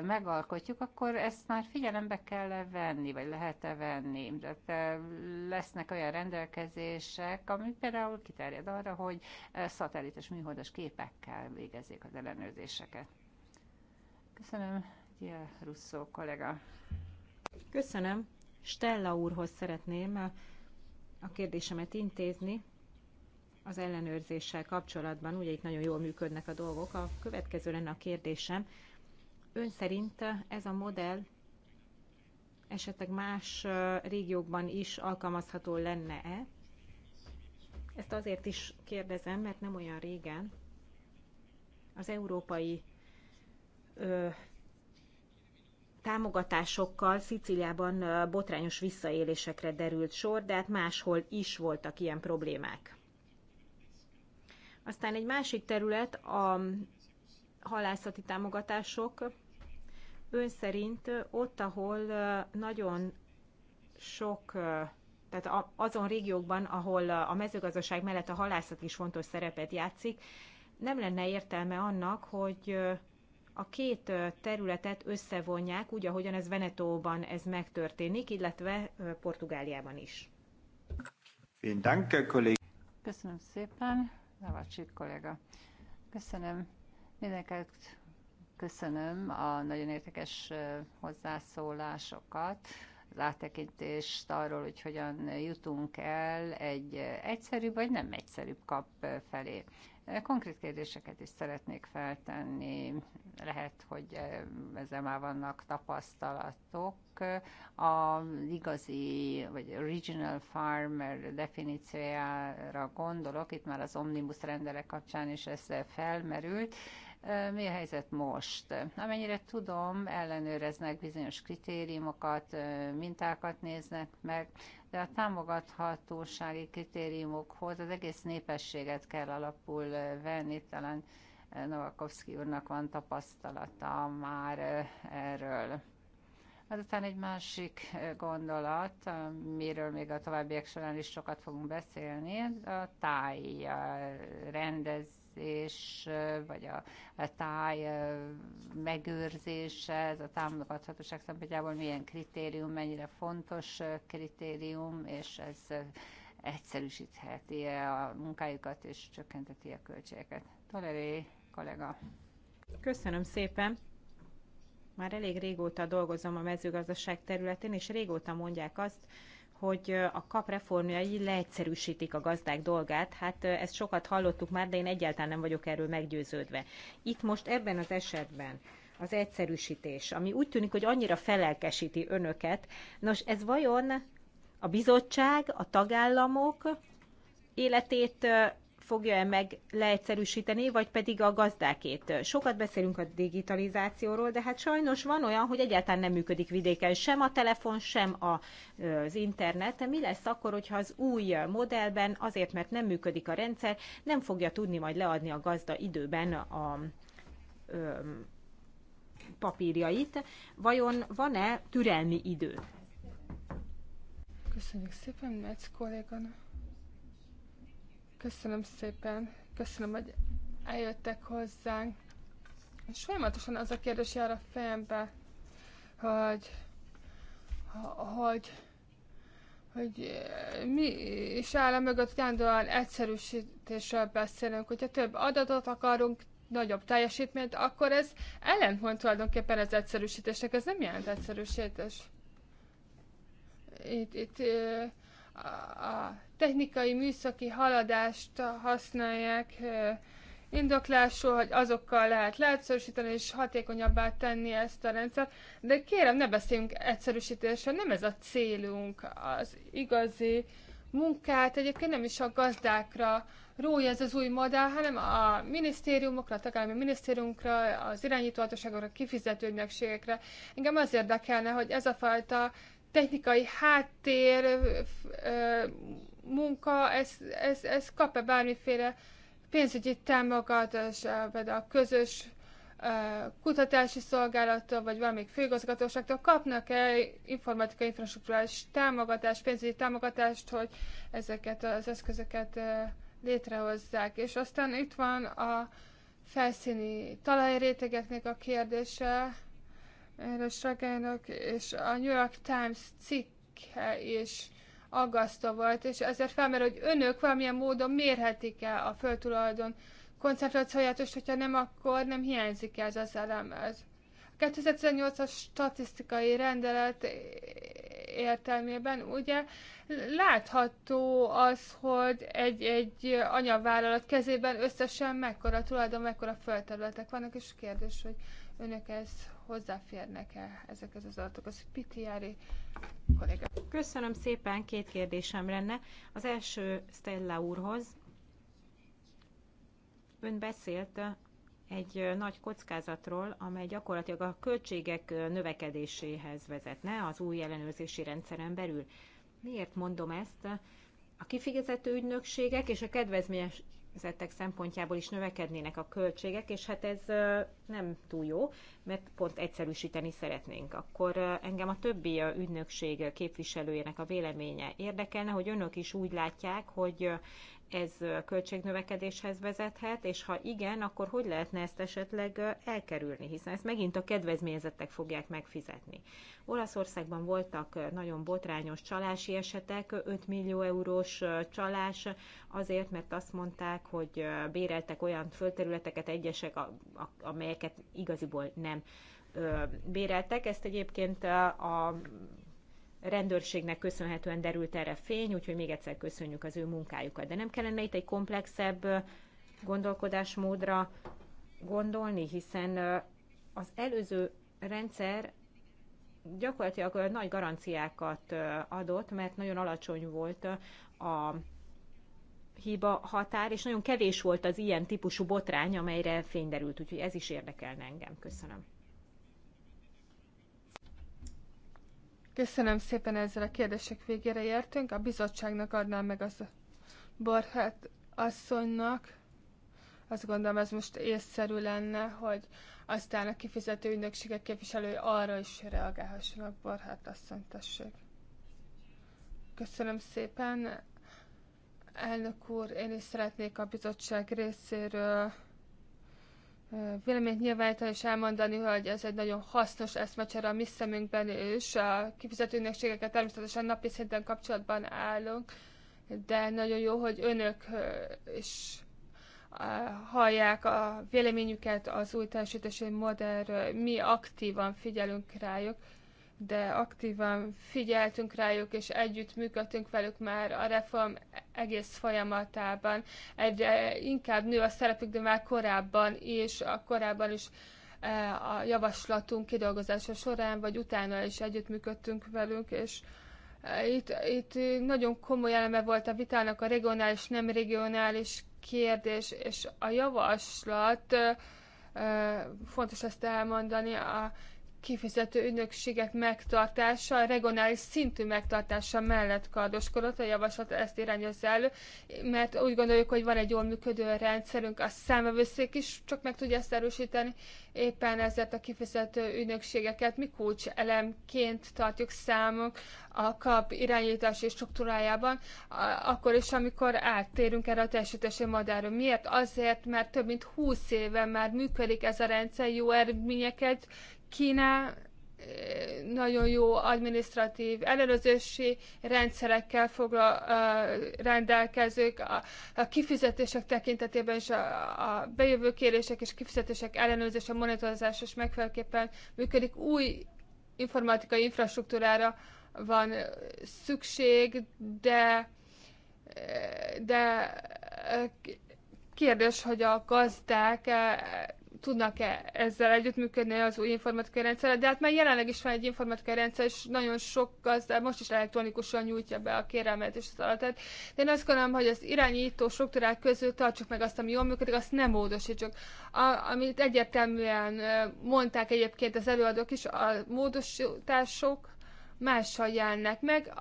megalkotjuk, akkor ezt már figyelembe kell -e venni, vagy lehet-e venni. De lesznek olyan rendelkezések, ami például kiterjed arra, hogy szatellites műholdas képekkel végezzék az ellenőrzéseket. Köszönöm kollega. Köszönöm. Stella úrhoz szeretném a kérdésemet intézni az ellenőrzéssel kapcsolatban. Ugye itt nagyon jól működnek a dolgok. A következő lenne a kérdésem. Ön szerint ez a modell esetleg más régiókban is alkalmazható lenne-e? Ezt azért is kérdezem, mert nem olyan régen az európai ö, támogatásokkal Szicíliában botrányos visszaélésekre derült sor, de hát máshol is voltak ilyen problémák. Aztán egy másik terület a halászati támogatások. Ön szerint ott, ahol nagyon sok, tehát azon régiókban, ahol a mezőgazdaság mellett a halászat is fontos szerepet játszik, nem lenne értelme annak, hogy a két területet összevonják, úgy, ahogyan ez Venetóban ez megtörténik, illetve Portugáliában is. Köszönöm szépen, Navacsit kollega. Köszönöm mindenkit, köszönöm a nagyon értékes hozzászólásokat az áttekintést arról, hogy hogyan jutunk el egy egyszerűbb vagy nem egyszerűbb kap felé. Konkrét kérdéseket is szeretnék feltenni, lehet, hogy ezzel már vannak tapasztalatok. A igazi, vagy original farmer definíciójára gondolok, itt már az omnibus rendelek kapcsán is ez felmerült. Mi a helyzet most? Amennyire tudom, ellenőreznek bizonyos kritériumokat, mintákat néznek meg, de a támogathatósági kritériumokhoz az egész népességet kell alapul venni, talán Novakovszki úrnak van tapasztalata már erről. Azután egy másik gondolat, miről még a továbbiak során is sokat fogunk beszélni, a táj rendez megőrzés, vagy a, a táj megőrzése, ez a támogathatóság szempontjából milyen kritérium, mennyire fontos kritérium, és ez egyszerűsítheti -e a munkájukat, és csökkenteti a költségeket. Toleré kollega. Köszönöm szépen! Már elég régóta dolgozom a mezőgazdaság területén, és régóta mondják azt, hogy a kap reformjai leegyszerűsítik a gazdák dolgát. Hát ezt sokat hallottuk már, de én egyáltalán nem vagyok erről meggyőződve. Itt most ebben az esetben az egyszerűsítés, ami úgy tűnik, hogy annyira felelkesíti önöket. Nos, ez vajon a bizottság, a tagállamok életét fogja-e meg leegyszerűsíteni, vagy pedig a gazdákét. Sokat beszélünk a digitalizációról, de hát sajnos van olyan, hogy egyáltalán nem működik vidéken sem a telefon, sem a, az internet. mi lesz akkor, hogyha az új modellben azért, mert nem működik a rendszer, nem fogja tudni majd leadni a gazda időben a ö, papírjait. Vajon van-e türelmi idő? Köszönjük szépen, Metsz kolléganak. Köszönöm szépen. Köszönöm, hogy eljöttek hozzánk. És folyamatosan az a kérdés jár a fejembe, hogy, hogy, hogy eh, mi is áll a mögött, hogy egyszerűsítésről beszélünk. Hogyha több adatot akarunk, nagyobb teljesítményt, akkor ez ellentmond tulajdonképpen az egyszerűsítésnek. Ez nem jelent egyszerűsítés. Itt, itt eh, a technikai műszaki haladást használják indoklásul, hogy azokkal lehet leegyszerűsíteni és hatékonyabbá tenni ezt a rendszert. De kérem, ne beszéljünk egyszerűsítésre, nem ez a célunk, az igazi munkát egyébként nem is a gazdákra rója ez az új modell, hanem a minisztériumokra, a tagállami minisztériumokra, az irányítóhatóságokra, kifizetődnökségekre. Engem az érdekelne, hogy ez a fajta technikai háttér, munka, ez, ez, ez kap-e bármiféle pénzügyi támogatás vagy a közös kutatási szolgálattól, vagy valamelyik főigazgatóságtól kapnak-e informatikai infrastruktúrális támogatást, pénzügyi támogatást, hogy ezeket az eszközöket létrehozzák. És aztán itt van a felszíni talajrétegeknek a kérdése, és a New York Times cikke is aggasztó volt, és ezért felmerül, hogy önök valamilyen módon mérhetik-e a föltulajdon koncentrációját, és hogyha nem, akkor nem hiányzik ez az elem. Ez. A 2018-as statisztikai rendelet értelmében ugye látható az, hogy egy, egy anyavállalat kezében összesen mekkora tulajdon, mekkora földterületek vannak, és kérdés, hogy önök ezt hozzáférnek-e ezekhez az adatokhoz? Pitiári kollégák? Köszönöm szépen, két kérdésem lenne. Az első Stella úrhoz. Ön beszélt egy nagy kockázatról, amely gyakorlatilag a költségek növekedéséhez vezetne az új ellenőrzési rendszeren belül. Miért mondom ezt? A kifizető ügynökségek és a kedvezményes szervezetek szempontjából is növekednének a költségek, és hát ez nem túl jó, mert pont egyszerűsíteni szeretnénk. Akkor engem a többi ügynökség képviselőjének a véleménye érdekelne, hogy önök is úgy látják, hogy ez költségnövekedéshez vezethet, és ha igen, akkor hogy lehetne ezt esetleg elkerülni, hiszen ezt megint a kedvezményezettek fogják megfizetni. Olaszországban voltak nagyon botrányos csalási esetek, 5 millió eurós csalás, azért, mert azt mondták, hogy béreltek olyan földterületeket egyesek, amelyeket igaziból nem béreltek. Ezt egyébként a rendőrségnek köszönhetően derült erre fény, úgyhogy még egyszer köszönjük az ő munkájukat. De nem kellene itt egy komplexebb gondolkodásmódra gondolni, hiszen az előző rendszer gyakorlatilag nagy garanciákat adott, mert nagyon alacsony volt a hiba határ, és nagyon kevés volt az ilyen típusú botrány, amelyre fény derült, úgyhogy ez is érdekelne engem. Köszönöm. Köszönöm szépen ezzel a kérdések végére értünk. A bizottságnak adnám meg az Borhát asszonynak. Azt gondolom, ez most észszerű lenne, hogy aztán a kifizető ügynökségek képviselő arra is reagálhassanak. Borhát asszony, tessék. Köszönöm szépen. Elnök úr, én is szeretnék a bizottság részéről véleményt nyilvánítani és elmondani, hogy ez egy nagyon hasznos eszmecsere a mi szemünkben, és a kifizető természetesen napi szinten kapcsolatban állunk, de nagyon jó, hogy önök is hallják a véleményüket az új teljesítési modellről, mi aktívan figyelünk rájuk, de aktívan figyeltünk rájuk, és együtt működtünk velük már a reform egész folyamatában. Egyre inkább nő a szerepük, de már korábban is, a korábban is e, a javaslatunk kidolgozása során, vagy utána is együttműködtünk velünk, és e, itt, itt nagyon komoly eleme volt a vitának a regionális, nem regionális kérdés, és a javaslat, e, fontos ezt elmondani, a kifizető ügynökségek megtartása, a regionális szintű megtartása mellett kardoskodott, a javaslat ezt irányozza elő, mert úgy gondoljuk, hogy van egy jól működő rendszerünk, a számövőszék is csak meg tudja ezt erősíteni, éppen ezért a kifizető ügynökségeket mi kulcs elemként tartjuk számunk a kap irányítási struktúrájában, akkor is, amikor áttérünk erre a teljesítési madárra. Miért? Azért, mert több mint 20 éve már működik ez a rendszer, jó eredményeket Kína eh, nagyon jó administratív ellenőrzési rendszerekkel foglal, eh, rendelkezők, a, a kifizetések tekintetében is a, a bejövő kérések és kifizetések ellenőrzése, monitorozása is megfelelőképpen működik. Új informatikai infrastruktúrára van eh, szükség, de, de kérdés, hogy a gazdák tudnak-e ezzel együttműködni az új informatikai rendszer, de hát már jelenleg is van egy informatikai rendszer, és nagyon sok gazda most is elektronikusan nyújtja be a kérelmet és az adatát. De én azt gondolom, hogy az irányító struktúrák közül tartsuk meg azt, ami jól működik, azt nem módosítsuk. A, amit egyértelműen mondták egyébként az előadók is, a módosítások mással jelennek meg,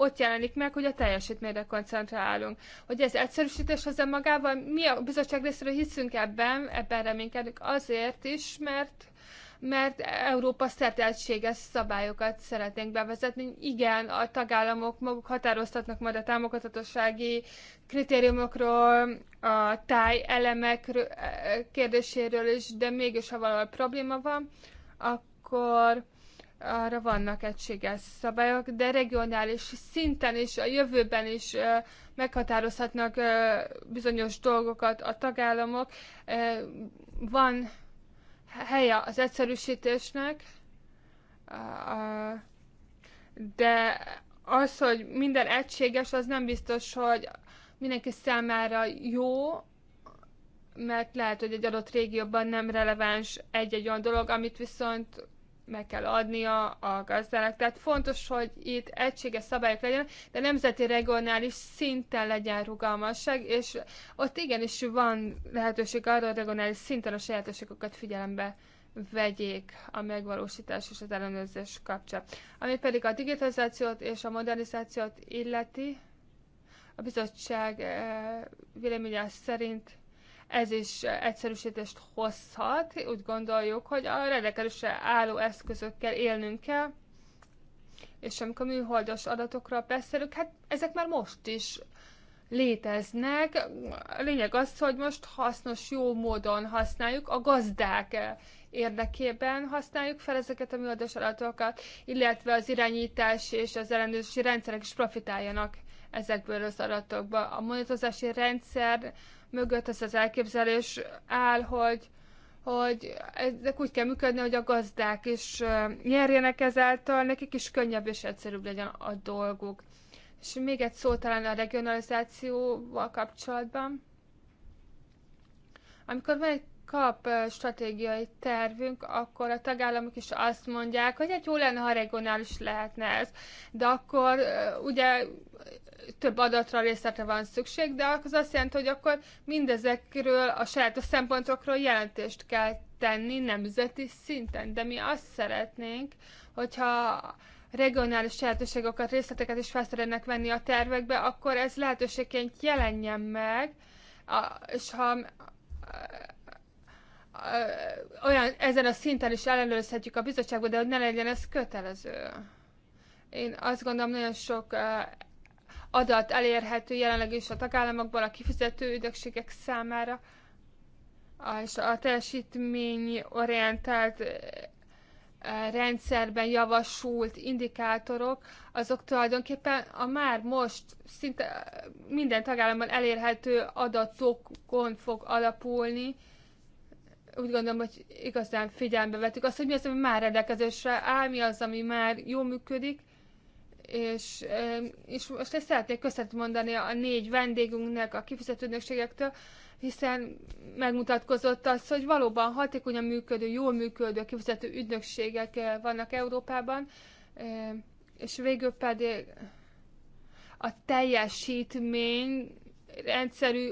ott jelenik meg, hogy a teljesítményre koncentrálunk. Hogy ez egyszerűsítés hozzá magával, mi a bizottság részéről hiszünk ebben, ebben reménykedünk azért is, mert mert Európa szerte egységes szabályokat szeretnénk bevezetni. Igen, a tagállamok maguk határoztatnak majd a támogatatossági kritériumokról, a táj elemek eh, kérdéséről is, de mégis, ha valahol probléma van, akkor arra vannak egységes szabályok, de regionális szinten is, a jövőben is meghatározhatnak bizonyos dolgokat a tagállamok. Van helye az egyszerűsítésnek, de az, hogy minden egységes, az nem biztos, hogy mindenki számára jó, mert lehet, hogy egy adott régióban nem releváns egy-egy olyan dolog, amit viszont meg kell adnia a gazdának. Tehát fontos, hogy itt egységes szabályok legyenek, de nemzeti regionális szinten legyen rugalmasság, és ott igenis van lehetőség arra, hogy regionális szinten a sajátosokat figyelembe vegyék a megvalósítás és az ellenőrzés kapcsán. Ami pedig a digitalizációt és a modernizációt illeti, a bizottság eh, véleménye szerint ez is egyszerűsítést hozhat. Úgy gondoljuk, hogy a rendelkezésre álló eszközökkel élnünk kell, és amikor műholdas adatokra beszélünk, hát ezek már most is léteznek. A lényeg az, hogy most hasznos, jó módon használjuk a gazdák érdekében használjuk fel ezeket a műholdas adatokat, illetve az irányítás és az ellenőrzési rendszerek is profitáljanak ezekből az adatokból. A monitorozási rendszer mögött ez az elképzelés áll, hogy, hogy ezek úgy kell működni, hogy a gazdák is nyerjenek ezáltal, nekik is könnyebb és egyszerűbb legyen a dolguk. És még egy szó talán a regionalizációval kapcsolatban. Amikor van egy kap stratégiai tervünk, akkor a tagállamok is azt mondják, hogy hát jó lenne, ha regionális lehetne ez. De akkor ugye több adatra, részletre van szükség, de az azt jelenti, hogy akkor mindezekről a a szempontokról jelentést kell tenni nemzeti szinten. De mi azt szeretnénk, hogyha regionális lehetőségokat, részleteket is felszerelnek venni a tervekbe, akkor ez lehetőségként jelenjen meg, és ha olyan, ezen a szinten is ellenőrizhetjük a bizottságot, de hogy ne legyen ez kötelező. Én azt gondolom, nagyon sok adat elérhető jelenleg is a tagállamokból a kifizető ügynökségek számára, és a teljesítmény orientált rendszerben javasult indikátorok, azok tulajdonképpen a már most szinte minden tagállamban elérhető adatokon fog alapulni, úgy gondolom, hogy igazán figyelembe vettük azt, hogy mi az, ami már rendelkezésre áll, mi az, ami már jól működik, és, és most ezt szeretnék köszönet mondani a négy vendégünknek, a kifizetődnökségektől, hiszen megmutatkozott az, hogy valóban hatékonyan működő, jól működő kifizető ügynökségek eh, vannak Európában, és végül pedig a teljesítmény rendszerű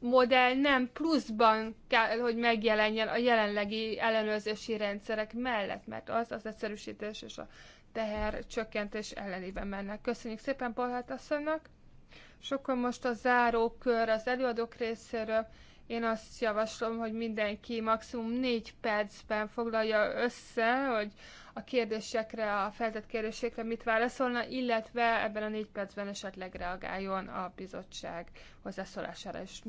modell nem pluszban kell, hogy megjelenjen a jelenlegi ellenőrzési rendszerek mellett, mert az az egyszerűsítés és a teher csökkentés ellenében mennek. Köszönjük szépen Polhát asszonynak! És akkor most a zárókör az előadók részéről én azt javaslom, hogy mindenki maximum négy percben foglalja össze, hogy a kérdésekre, a feltett kérdésekre mit válaszolna, illetve ebben a négy percben esetleg reagáljon a bizottság hozzászólására is.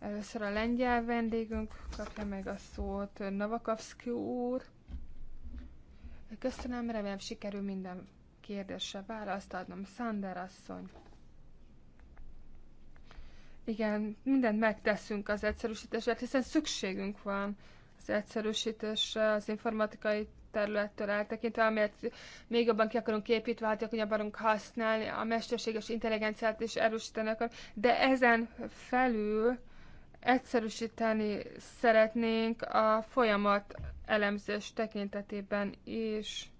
Először a lengyel vendégünk kapja meg a szót, Navakovsky úr. Köszönöm, remélem sikerül minden kérdésre választ adnom. Szander asszony igen, mindent megteszünk az egyszerűsítésre, hiszen szükségünk van az egyszerűsítésre, az informatikai területtől eltekintve, amelyet még jobban ki akarunk építve, hatékonyabb akarunk használni, a mesterséges intelligenciát is erősíteni akarunk, de ezen felül egyszerűsíteni szeretnénk a folyamat elemzés tekintetében is.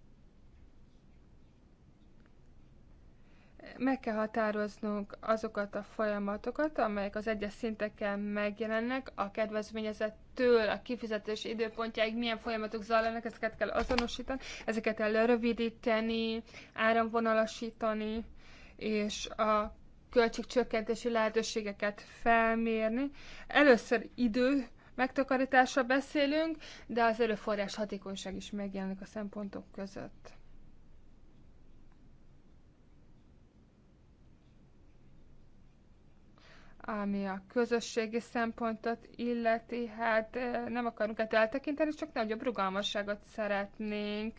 meg kell határoznunk azokat a folyamatokat, amelyek az egyes szinteken megjelennek, a kedvezményezettől a kifizetés időpontjáig milyen folyamatok zajlanak, ezeket kell azonosítani, ezeket kell rövidíteni, áramvonalasítani, és a költségcsökkentési lehetőségeket felmérni. Először idő megtakarításra beszélünk, de az erőforrás hatékonyság is megjelenik a szempontok között. ami a közösségi szempontot illeti, hát eh, nem akarunk ettől eltekinteni, csak nagyobb rugalmasságot szeretnénk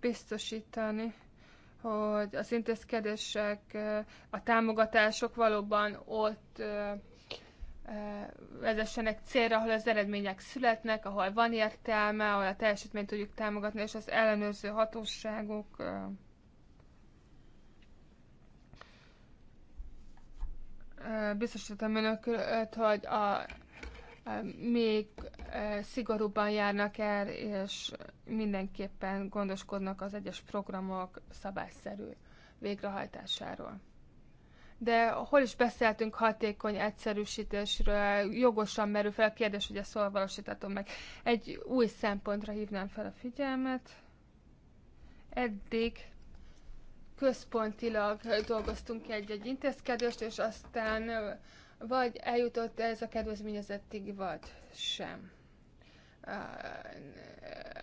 biztosítani, hogy az intézkedések, eh, a támogatások valóban ott eh, vezessenek célra, ahol az eredmények születnek, ahol van értelme, ahol a teljesítményt tudjuk támogatni, és az ellenőrző hatóságok biztosítom önöket, hogy a, még szigorúban járnak el, és mindenképpen gondoskodnak az egyes programok szabásszerű végrehajtásáról. De hol is beszéltünk hatékony egyszerűsítésről, jogosan merül fel a kérdés, hogy ezt hol valósítatom meg. Egy új szempontra hívnám fel a figyelmet. Eddig központilag dolgoztunk egy-egy intézkedést, és aztán vagy eljutott -e ez a kedvezményezettig, vagy sem.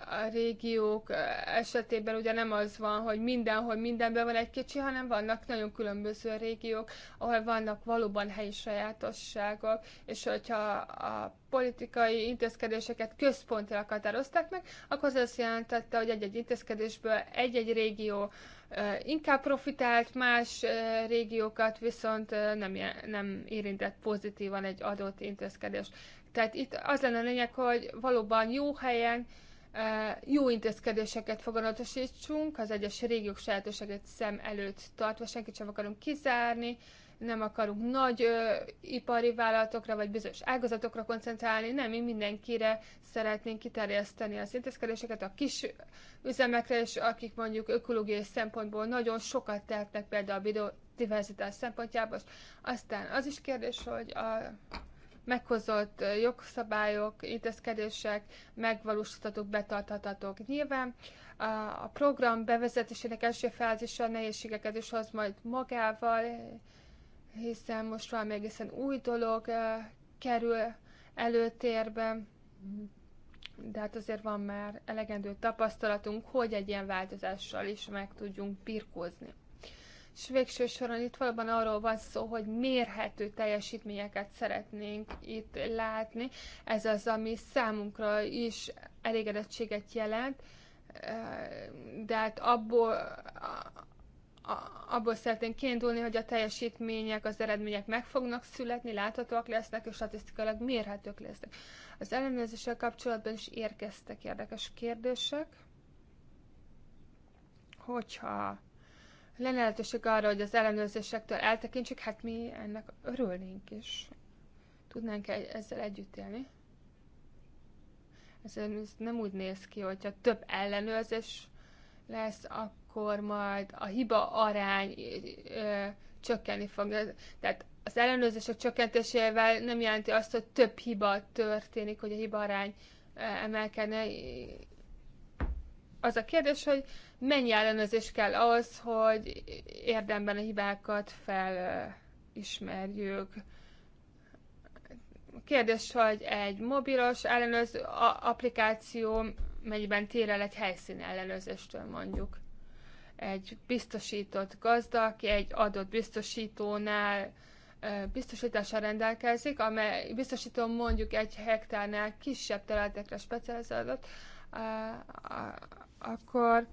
A régiók esetében ugye nem az van, hogy mindenhol mindenben van egy kicsi, hanem vannak nagyon különböző régiók, ahol vannak valóban helyi sajátosságok, és hogyha a politikai intézkedéseket központilag határozták meg, akkor az azt jelentette, hogy egy-egy intézkedésből egy-egy régió inkább profitált, más régiókat viszont nem, nem érintett pozitívan egy adott intézkedés. Tehát itt az lenne a lényeg, hogy valóban jó helyen jó intézkedéseket foganatosítsunk, az egyes régiók sajátosságot szem előtt tartva, senkit sem akarunk kizárni, nem akarunk nagy ö, ipari vállalatokra vagy bizonyos ágazatokra koncentrálni, nem, mi mindenkire szeretnénk kiterjeszteni az intézkedéseket a kis üzemekre, is, akik mondjuk ökológiai szempontból nagyon sokat tehetnek például a biodiverzitás szempontjából. Aztán az is kérdés, hogy a meghozott jogszabályok, intézkedések megvalósíthatók, betarthatók. Nyilván a program bevezetésének első fázisa nehézségeket is hoz majd magával, hiszen most valami egészen új dolog eh, kerül előtérbe, de hát azért van már elegendő tapasztalatunk, hogy egy ilyen változással is meg tudjunk pirkózni. És végső soron itt valóban arról van szó, hogy mérhető teljesítményeket szeretnénk itt látni. Ez az, ami számunkra is elégedettséget jelent, eh, de hát abból, abból szeretnénk kiindulni, hogy a teljesítmények, az eredmények meg fognak születni, láthatóak lesznek, és statisztikailag mérhetők lesznek. Az ellenőrzéssel kapcsolatban is érkeztek érdekes kérdések. Hogyha lenne lehetőség arra, hogy az ellenőrzésektől eltekintsük, hát mi ennek örülnénk is. Tudnánk ezzel együtt élni. Ez nem úgy néz ki, hogyha több ellenőrzés lesz, akkor majd a hiba arány ö, csökkenni fog. Tehát az ellenőrzések csökkentésével nem jelenti azt, hogy több hiba történik, hogy a hiba arány emelkedne. Az a kérdés, hogy mennyi ellenőrzés kell ahhoz, hogy érdemben a hibákat felismerjük. Kérdés, hogy egy mobilos ellenőrző applikáció mennyiben tér el egy helyszín ellenőrzéstől mondjuk. Egy biztosított gazda, aki egy adott biztosítónál biztosítással rendelkezik, amely biztosító mondjuk egy hektárnál kisebb területekre specializálódott, akkor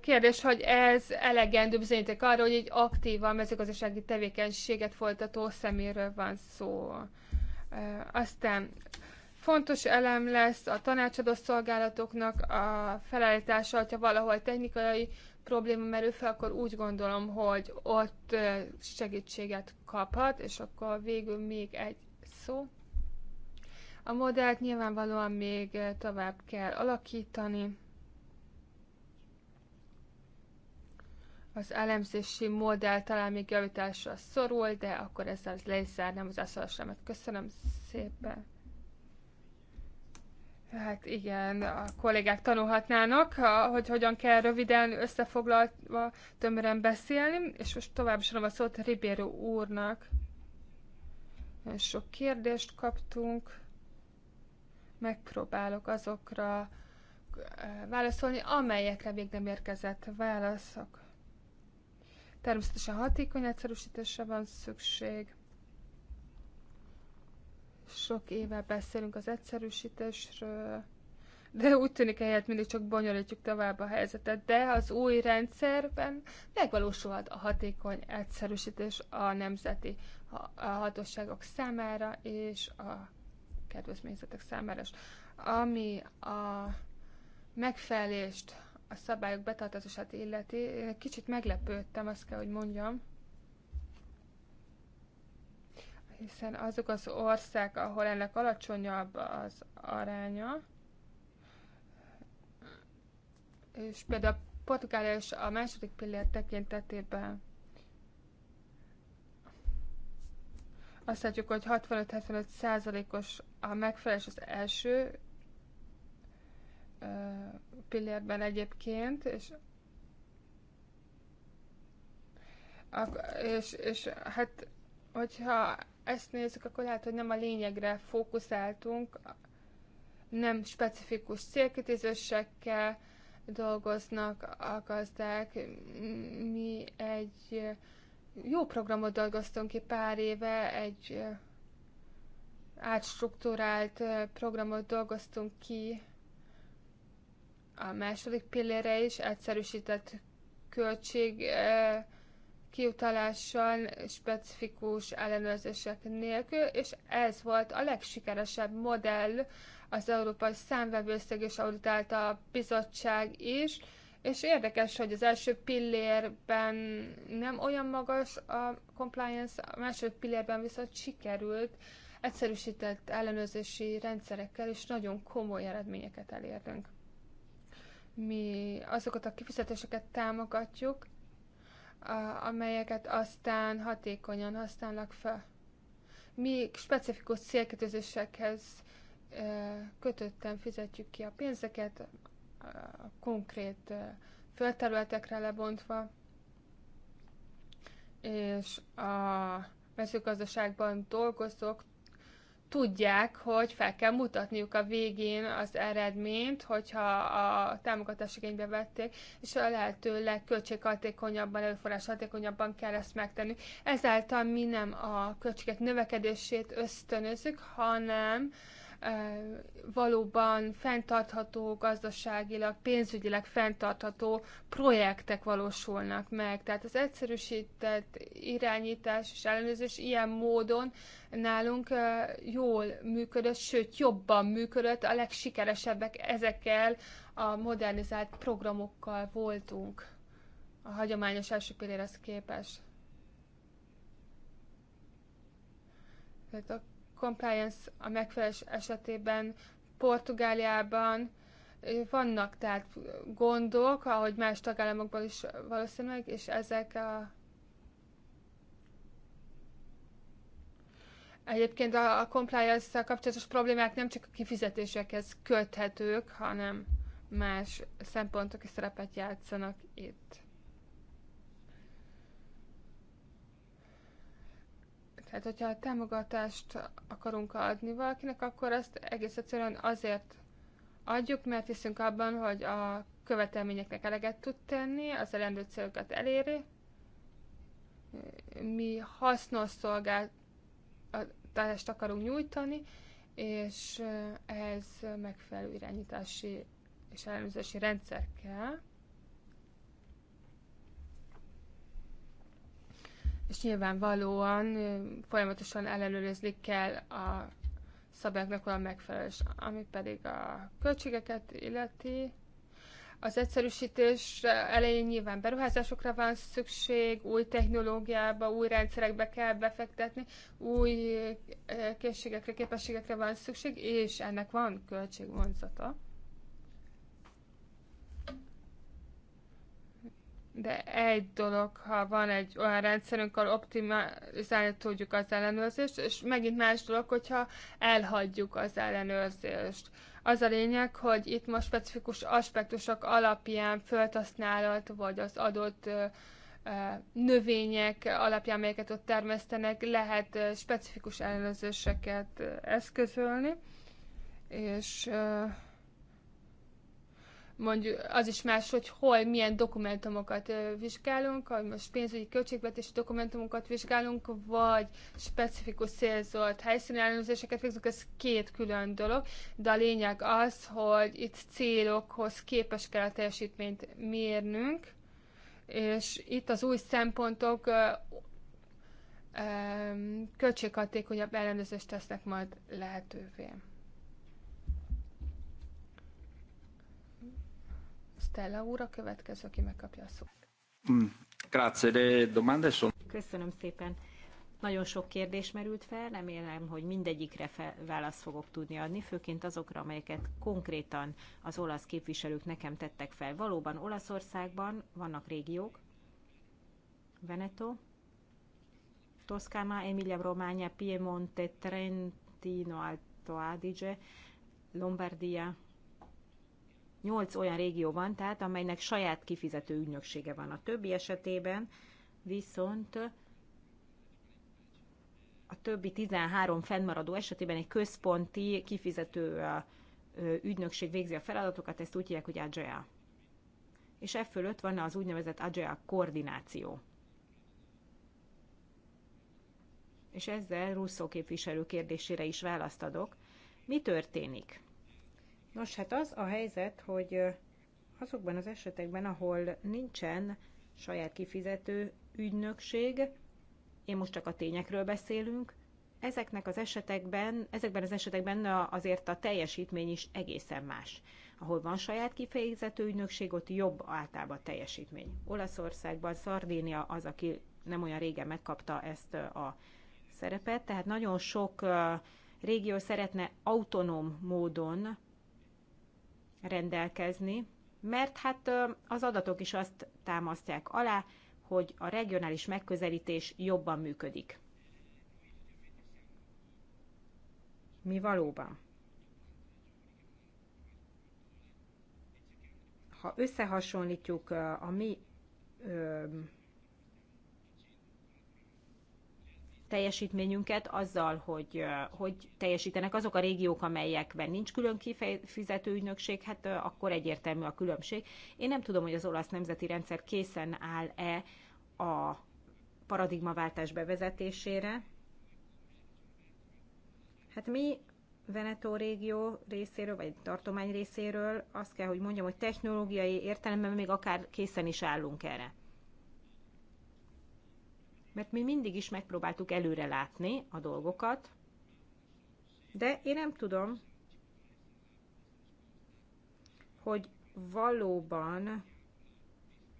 kérdés, hogy ez elegendő bizonyíték arra, hogy egy aktívan mezőgazdasági tevékenységet folytató szeméről van szó. Aztán Fontos elem lesz a tanácsadó szolgálatoknak a felállítása, hogyha valahol technikai probléma merül fel, akkor úgy gondolom, hogy ott segítséget kaphat, és akkor végül még egy szó. A modellt nyilvánvalóan még tovább kell alakítani. Az elemzési modell talán még javításra szorul, de akkor ezzel le is zárnám az eszalasemet. Köszönöm szépen! Hát igen, a kollégák tanulhatnának, hogy hogyan kell röviden, összefoglalva, tömören beszélni, és most tovább is a szót Ribéro úrnak. Nagyon sok kérdést kaptunk, megpróbálok azokra válaszolni, amelyekre még nem érkezett válaszok. Természetesen hatékony egyszerűsítésre van szükség, sok éve beszélünk az egyszerűsítésről, de úgy tűnik ehelyett mindig csak bonyolítjuk tovább a helyzetet, de az új rendszerben megvalósulhat a hatékony egyszerűsítés a nemzeti hatóságok számára és a kedvezményzetek számára Ami a megfelelést, a szabályok betartását illeti, kicsit meglepődtem, azt kell, hogy mondjam, hiszen azok az ország, ahol ennek alacsonyabb az aránya, és például Portugália is a második pillér tekintetében azt látjuk, hogy 65-75 százalékos a megfelelés az első pillérben egyébként, és és, és hát hogyha ezt nézzük, akkor lehet, hogy nem a lényegre fókuszáltunk, nem specifikus célkitűzésekkel dolgoznak a gazdák. Mi egy jó programot dolgoztunk ki pár éve, egy átstruktúrált programot dolgoztunk ki a második pillére is, egyszerűsített költség eh, kiutalással, specifikus ellenőrzések nélkül, és ez volt a legsikeresebb modell az Európai Számvevőszeg és auditálta a bizottság is, és érdekes, hogy az első pillérben nem olyan magas a compliance, a második pillérben viszont sikerült egyszerűsített ellenőrzési rendszerekkel és nagyon komoly eredményeket elértünk. Mi azokat a kifizetéseket támogatjuk, amelyeket aztán hatékonyan használnak fel. Mi specifikus célkötözésekhez kötöttem fizetjük ki a pénzeket, a konkrét földterületekre lebontva, és a mezőgazdaságban dolgozók tudják, hogy fel kell mutatniuk a végén az eredményt, hogyha a támogatás igénybe vették, és a lehető legköltséghatékonyabban, előforrás hatékonyabban kell ezt megtenni. Ezáltal mi nem a költségek növekedését ösztönözzük, hanem valóban fenntartható gazdaságilag, pénzügyileg fenntartható projektek valósulnak meg. Tehát az egyszerűsített irányítás és ellenőrzés ilyen módon nálunk jól működött, sőt jobban működött, a legsikeresebbek ezekkel a modernizált programokkal voltunk a hagyományos első pillérhez képest. Tehát a compliance a megfelelés esetében Portugáliában vannak tehát gondok, ahogy más tagállamokban is valószínűleg, és ezek a Egyébként a, a compliance kapcsolatos problémák nem csak a kifizetésekhez köthetők, hanem más szempontok is szerepet játszanak itt. Tehát, hogyha a támogatást akarunk adni valakinek, akkor azt egész egyszerűen azért adjuk, mert hiszünk abban, hogy a követelményeknek eleget tud tenni, az elendő célokat eléri. Mi hasznos szolgáltatást akarunk nyújtani, és ehhez megfelelő irányítási és ellenőrzési rendszer kell. és nyilvánvalóan folyamatosan ellenőrizni kell a szabályoknak a megfelelés, ami pedig a költségeket illeti. Az egyszerűsítés elején nyilván beruházásokra van szükség, új technológiába, új rendszerekbe kell befektetni, új készségekre, képességekre van szükség, és ennek van költségvonzata. De egy dolog, ha van egy olyan rendszerünk, ahol optimalizálni tudjuk az ellenőrzést, és megint más dolog, hogyha elhagyjuk az ellenőrzést. Az a lényeg, hogy itt most specifikus aspektusok alapján föltasználat, vagy az adott növények alapján, melyeket ott termesztenek, lehet specifikus ellenőrzéseket eszközölni, és mondjuk az is más, hogy hol milyen dokumentumokat vizsgálunk, hogy most pénzügyi költségvetési dokumentumokat vizsgálunk, vagy specifikus célzolt helyszíni ellenőrzéseket végzünk, ez két külön dolog, de a lényeg az, hogy itt célokhoz képes kell a teljesítményt mérnünk, és itt az új szempontok költséghatékonyabb ellenőrzést tesznek majd lehetővé. Pitella úr a következő, aki megkapja a szót. Mm, Köszönöm szépen. Nagyon sok kérdés merült fel, remélem, hogy mindegyikre fel, választ fogok tudni adni, főként azokra, amelyeket konkrétan az olasz képviselők nekem tettek fel. Valóban Olaszországban vannak régiók, Veneto, Toszkána, Emilia Romagna, Piemonte, Trentino Alto Adige, Lombardia, 8 olyan régió van, tehát amelynek saját kifizető ügynöksége van. A többi esetében viszont a többi 13 fennmaradó esetében egy központi kifizető ügynökség végzi a feladatokat, ezt úgy hívják, hogy AGEA. És e fölött van az úgynevezett AGEA koordináció. És ezzel Russzó képviselő kérdésére is választ adok. Mi történik? Nos, hát az a helyzet, hogy azokban az esetekben, ahol nincsen saját kifizető ügynökség, én most csak a tényekről beszélünk, ezeknek az esetekben, ezekben az esetekben azért a teljesítmény is egészen más. Ahol van saját kifejezető ügynökség, ott jobb általában a teljesítmény. Olaszországban Szardénia az, aki nem olyan régen megkapta ezt a szerepet, tehát nagyon sok régió szeretne autonóm módon rendelkezni, mert hát az adatok is azt támasztják alá, hogy a regionális megközelítés jobban működik. Mi valóban? Ha összehasonlítjuk a mi teljesítményünket azzal, hogy, hogy teljesítenek azok a régiók, amelyekben nincs külön kifizető ügynökség, hát akkor egyértelmű a különbség. Én nem tudom, hogy az olasz nemzeti rendszer készen áll-e a paradigmaváltás bevezetésére. Hát mi Veneto régió részéről, vagy tartomány részéről azt kell, hogy mondjam, hogy technológiai értelemben még akár készen is állunk erre mert mi mindig is megpróbáltuk előre látni a dolgokat, de én nem tudom, hogy valóban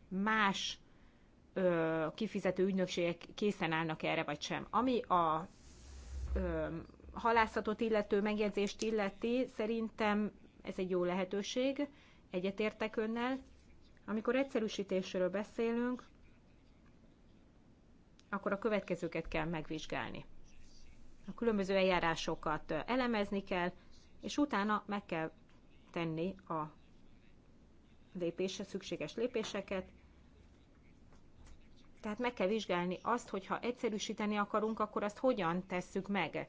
más ö, kifizető ügynökségek készen állnak erre, vagy sem. Ami a ö, halászatot illető megjegyzést illeti, szerintem ez egy jó lehetőség, egyetértek önnel. Amikor egyszerűsítésről beszélünk, akkor a következőket kell megvizsgálni. A különböző eljárásokat elemezni kell, és utána meg kell tenni a lépése szükséges lépéseket, tehát meg kell vizsgálni azt, hogy ha egyszerűsíteni akarunk, akkor azt hogyan tesszük meg.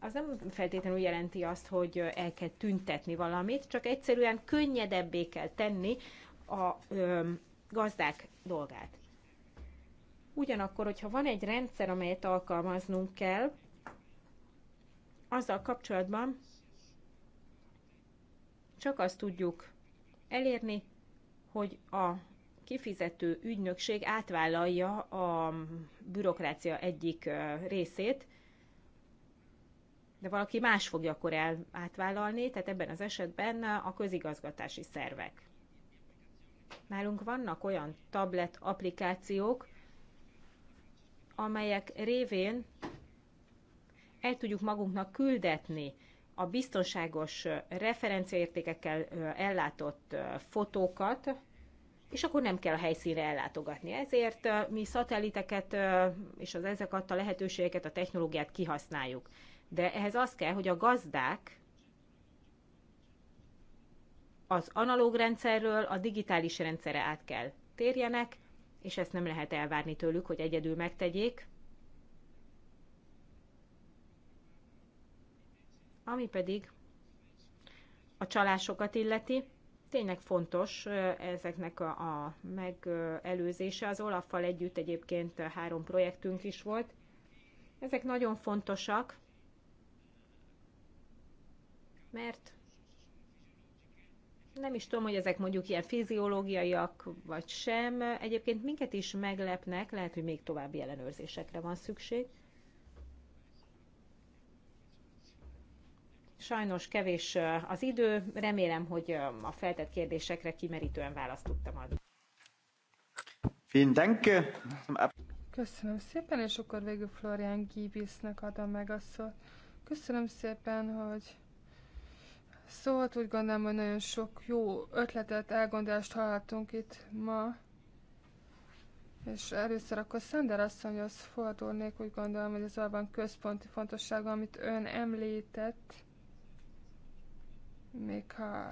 Az nem feltétlenül jelenti azt, hogy el kell tüntetni valamit, csak egyszerűen könnyedebbé kell tenni a ö, gazdák dolgát. Ugyanakkor, hogyha van egy rendszer, amelyet alkalmaznunk kell, azzal kapcsolatban csak azt tudjuk elérni, hogy a kifizető ügynökség átvállalja a bürokrácia egyik részét, de valaki más fogja akkor el, átvállalni, tehát ebben az esetben a közigazgatási szervek. Nálunk vannak olyan tablet applikációk, amelyek révén el tudjuk magunknak küldetni a biztonságos referenciaértékekkel ellátott fotókat, és akkor nem kell a helyszínre ellátogatni. Ezért mi szatelliteket és az ezek adta lehetőségeket, a technológiát kihasználjuk. De ehhez az kell, hogy a gazdák az analóg rendszerről a digitális rendszerre át kell térjenek, és ezt nem lehet elvárni tőlük, hogy egyedül megtegyék. Ami pedig a csalásokat illeti, tényleg fontos ezeknek a, a megelőzése. Az Olaffal együtt egyébként három projektünk is volt. Ezek nagyon fontosak, mert nem is tudom, hogy ezek mondjuk ilyen fiziológiaiak vagy sem. Egyébként minket is meglepnek, lehet, hogy még további ellenőrzésekre van szükség. Sajnos kevés az idő, remélem, hogy a feltett kérdésekre kimerítően választ tudtam adni. Köszönöm szépen, és akkor végül Florian Gibisnek adom meg a szót. Köszönöm szépen, hogy szólt. Úgy gondolom, hogy nagyon sok jó ötletet, elgondolást hallhattunk itt ma. És először akkor Szender asszonyhoz fordulnék, úgy gondolom, hogy ez valóban központi fontossága, amit ön említett. Még ha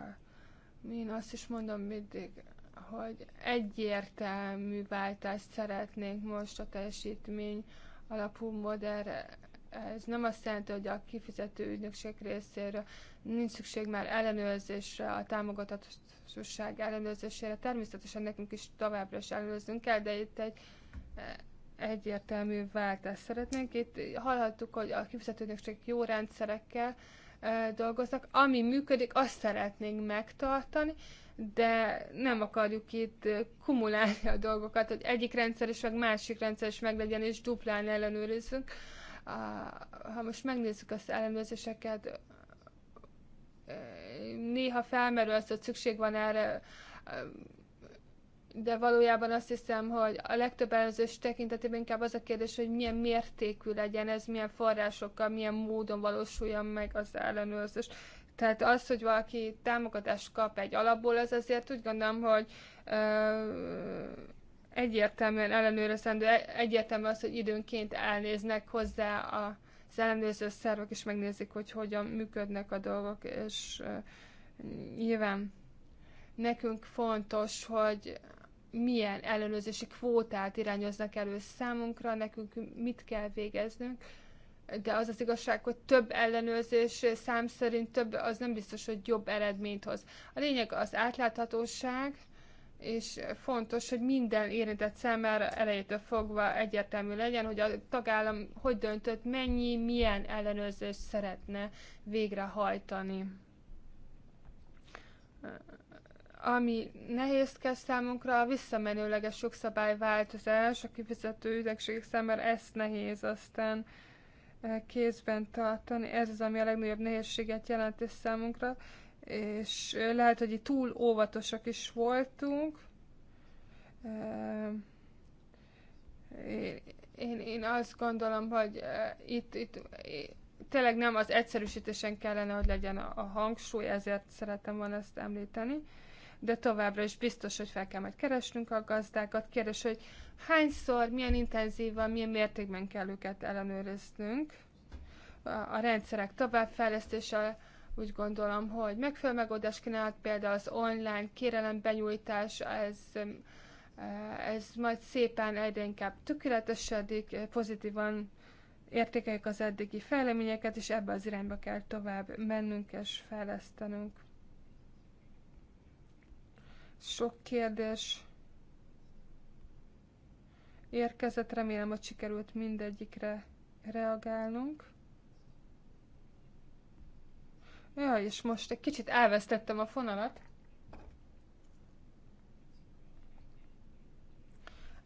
én azt is mondom mindig, hogy egyértelmű váltást szeretnénk most a teljesítmény alapú modellre. Ez nem azt jelenti, hogy a kifizető ügynökség részéről nincs szükség már ellenőrzésre, a támogatatosság ellenőrzésére. Természetesen nekünk is továbbra is ellenőrzünk kell, de itt egy e, egyértelmű váltást szeretnénk. Itt hallhattuk, hogy a kifizetőnökség jó rendszerekkel e, dolgoznak. Ami működik, azt szeretnénk megtartani, de nem akarjuk itt kumulálni a dolgokat, hogy egyik rendszer is, meg másik rendszer is meglegyen, és duplán ellenőrizzünk. Ha most megnézzük az ellenőrzéseket, néha felmerül az, hogy szükség van erre, de valójában azt hiszem, hogy a legtöbb előzős tekintetében inkább az a kérdés, hogy milyen mértékű legyen ez, milyen forrásokkal, milyen módon valósuljon meg az ellenőrzés. Tehát az, hogy valaki támogatást kap egy alapból, az azért úgy gondolom, hogy ö, egyértelműen ellenőrzendő, egyértelmű az, hogy időnként elnéznek hozzá a, az ellenőrző szervek is megnézik, hogy hogyan működnek a dolgok, és nyilván nekünk fontos, hogy milyen ellenőrzési kvótát irányoznak elő számunkra, nekünk mit kell végeznünk, de az az igazság, hogy több ellenőrzés szám szerint több, az nem biztos, hogy jobb eredményt hoz. A lényeg az átláthatóság, és fontos, hogy minden érintett számára elejétől fogva egyértelmű legyen, hogy a tagállam hogy döntött, mennyi, milyen ellenőrzést szeretne végrehajtani. Ami nehézkes számunkra, a visszamenőleges jogszabályváltozás, a kifizető üdegségek számára ezt nehéz aztán eh, kézben tartani. Ez az, ami a legnagyobb nehézséget jelenti számunkra, és lehet, hogy itt túl óvatosak is voltunk. Én, én azt gondolom, hogy itt, itt tényleg nem az egyszerűsítésen kellene, hogy legyen a, a hangsúly, ezért szeretem volna ezt említeni. De továbbra is biztos, hogy fel kell majd keresnünk a gazdákat. Kérdés, hogy hányszor, milyen intenzívan, milyen mértékben kell őket ellenőriznünk. A, a rendszerek továbbfejlesztése úgy gondolom, hogy megfelelő megoldást kínált például az online benyújtás, ez, eh, ez majd szépen egyre inkább tökéletesedik, pozitívan értékeljük az eddigi fejleményeket, és ebbe az irányba kell tovább mennünk és fejlesztenünk. Sok kérdés érkezett, remélem, hogy sikerült mindegyikre reagálnunk. Ja, és most egy kicsit elvesztettem a fonalat.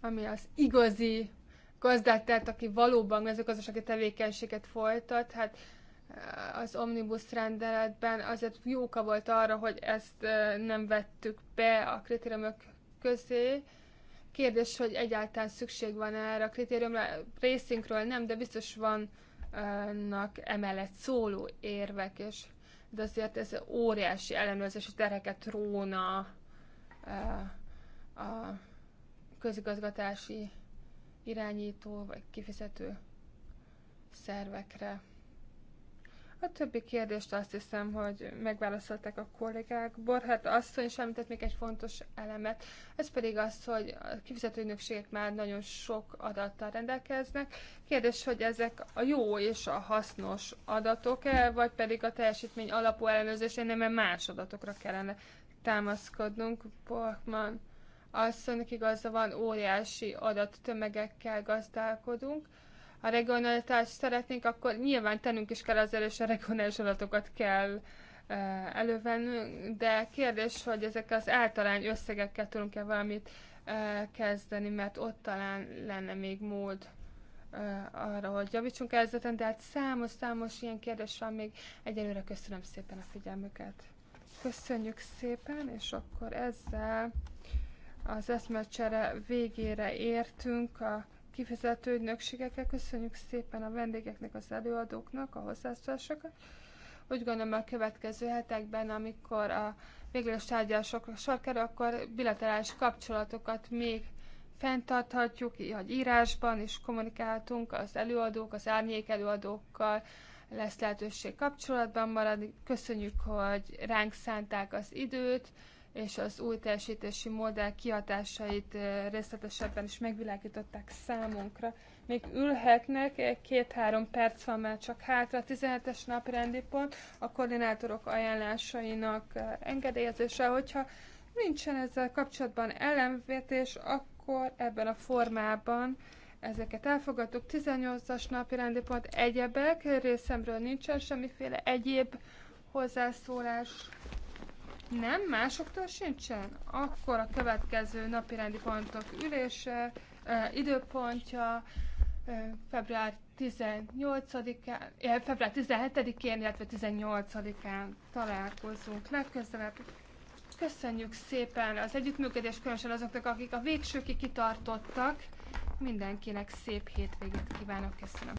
Ami az igazi gazdát, tehát aki valóban mezőgazdasági tevékenységet folytat, hát eh, az omnibus rendeletben azért jóka volt arra, hogy ezt eh, nem vettük be a kritériumok közé. Kérdés, hogy egyáltalán szükség van erre a kritériumra. Részünkről nem, de biztos vannak emellett szóló érvek, és de azért ez óriási ellenőrzési tereket róna a közigazgatási irányító vagy kifizető szervekre. A többi kérdést azt hiszem, hogy megválaszolták a kollégák. Borhát asszony is említett még egy fontos elemet, ez pedig az, hogy a ügynökségek már nagyon sok adattal rendelkeznek. Kérdés, hogy ezek a jó és a hasznos adatok-e, vagy pedig a teljesítmény alapú ellenőrzésén nem más adatokra kellene támaszkodnunk. Borkman asszonynak igaza van, óriási adattömegekkel gazdálkodunk, a regionalitást szeretnénk, akkor nyilván tennünk is kell azért, és a regionális adatokat kell elővennünk, de kérdés, hogy ezekkel az általány összegekkel tudunk-e valamit kezdeni, mert ott talán lenne még mód arra, hogy javítsunk helyzeten, de hát számos-számos ilyen kérdés van még. Egyelőre köszönöm szépen a figyelmüket. Köszönjük szépen, és akkor ezzel az eszmecsere végére értünk a kifizető ügynökségekkel. Köszönjük szépen a vendégeknek, az előadóknak a hozzászólásokat. Úgy gondolom a következő hetekben, amikor a végleges tárgyalásokra sor kerül, akkor bilaterális kapcsolatokat még fenntarthatjuk, hogy írásban is kommunikáltunk az előadók, az árnyék előadókkal, lesz lehetőség kapcsolatban maradni. Köszönjük, hogy ránk szánták az időt, és az új teljesítési modell kihatásait részletesebben is megvilágították számunkra. Még ülhetnek, két-három perc van már csak hátra, a 17-es naprendi pont, a koordinátorok ajánlásainak engedélyezése, hogyha nincsen ezzel kapcsolatban ellenvetés, akkor ebben a formában ezeket elfogadtuk. 18-as napi rendi pont egyebek, részemről nincsen semmiféle egyéb hozzászólás. Nem, másoktól sincsen? Akkor a következő napi rendi pontok ülése, e, időpontja, e, február 18-án, e, február 17-én, illetve 18-án találkozunk legközelebb. Köszönjük szépen az együttműködést, különösen azoknak, akik a végsőkig kitartottak. Mindenkinek szép hétvégét kívánok, köszönöm.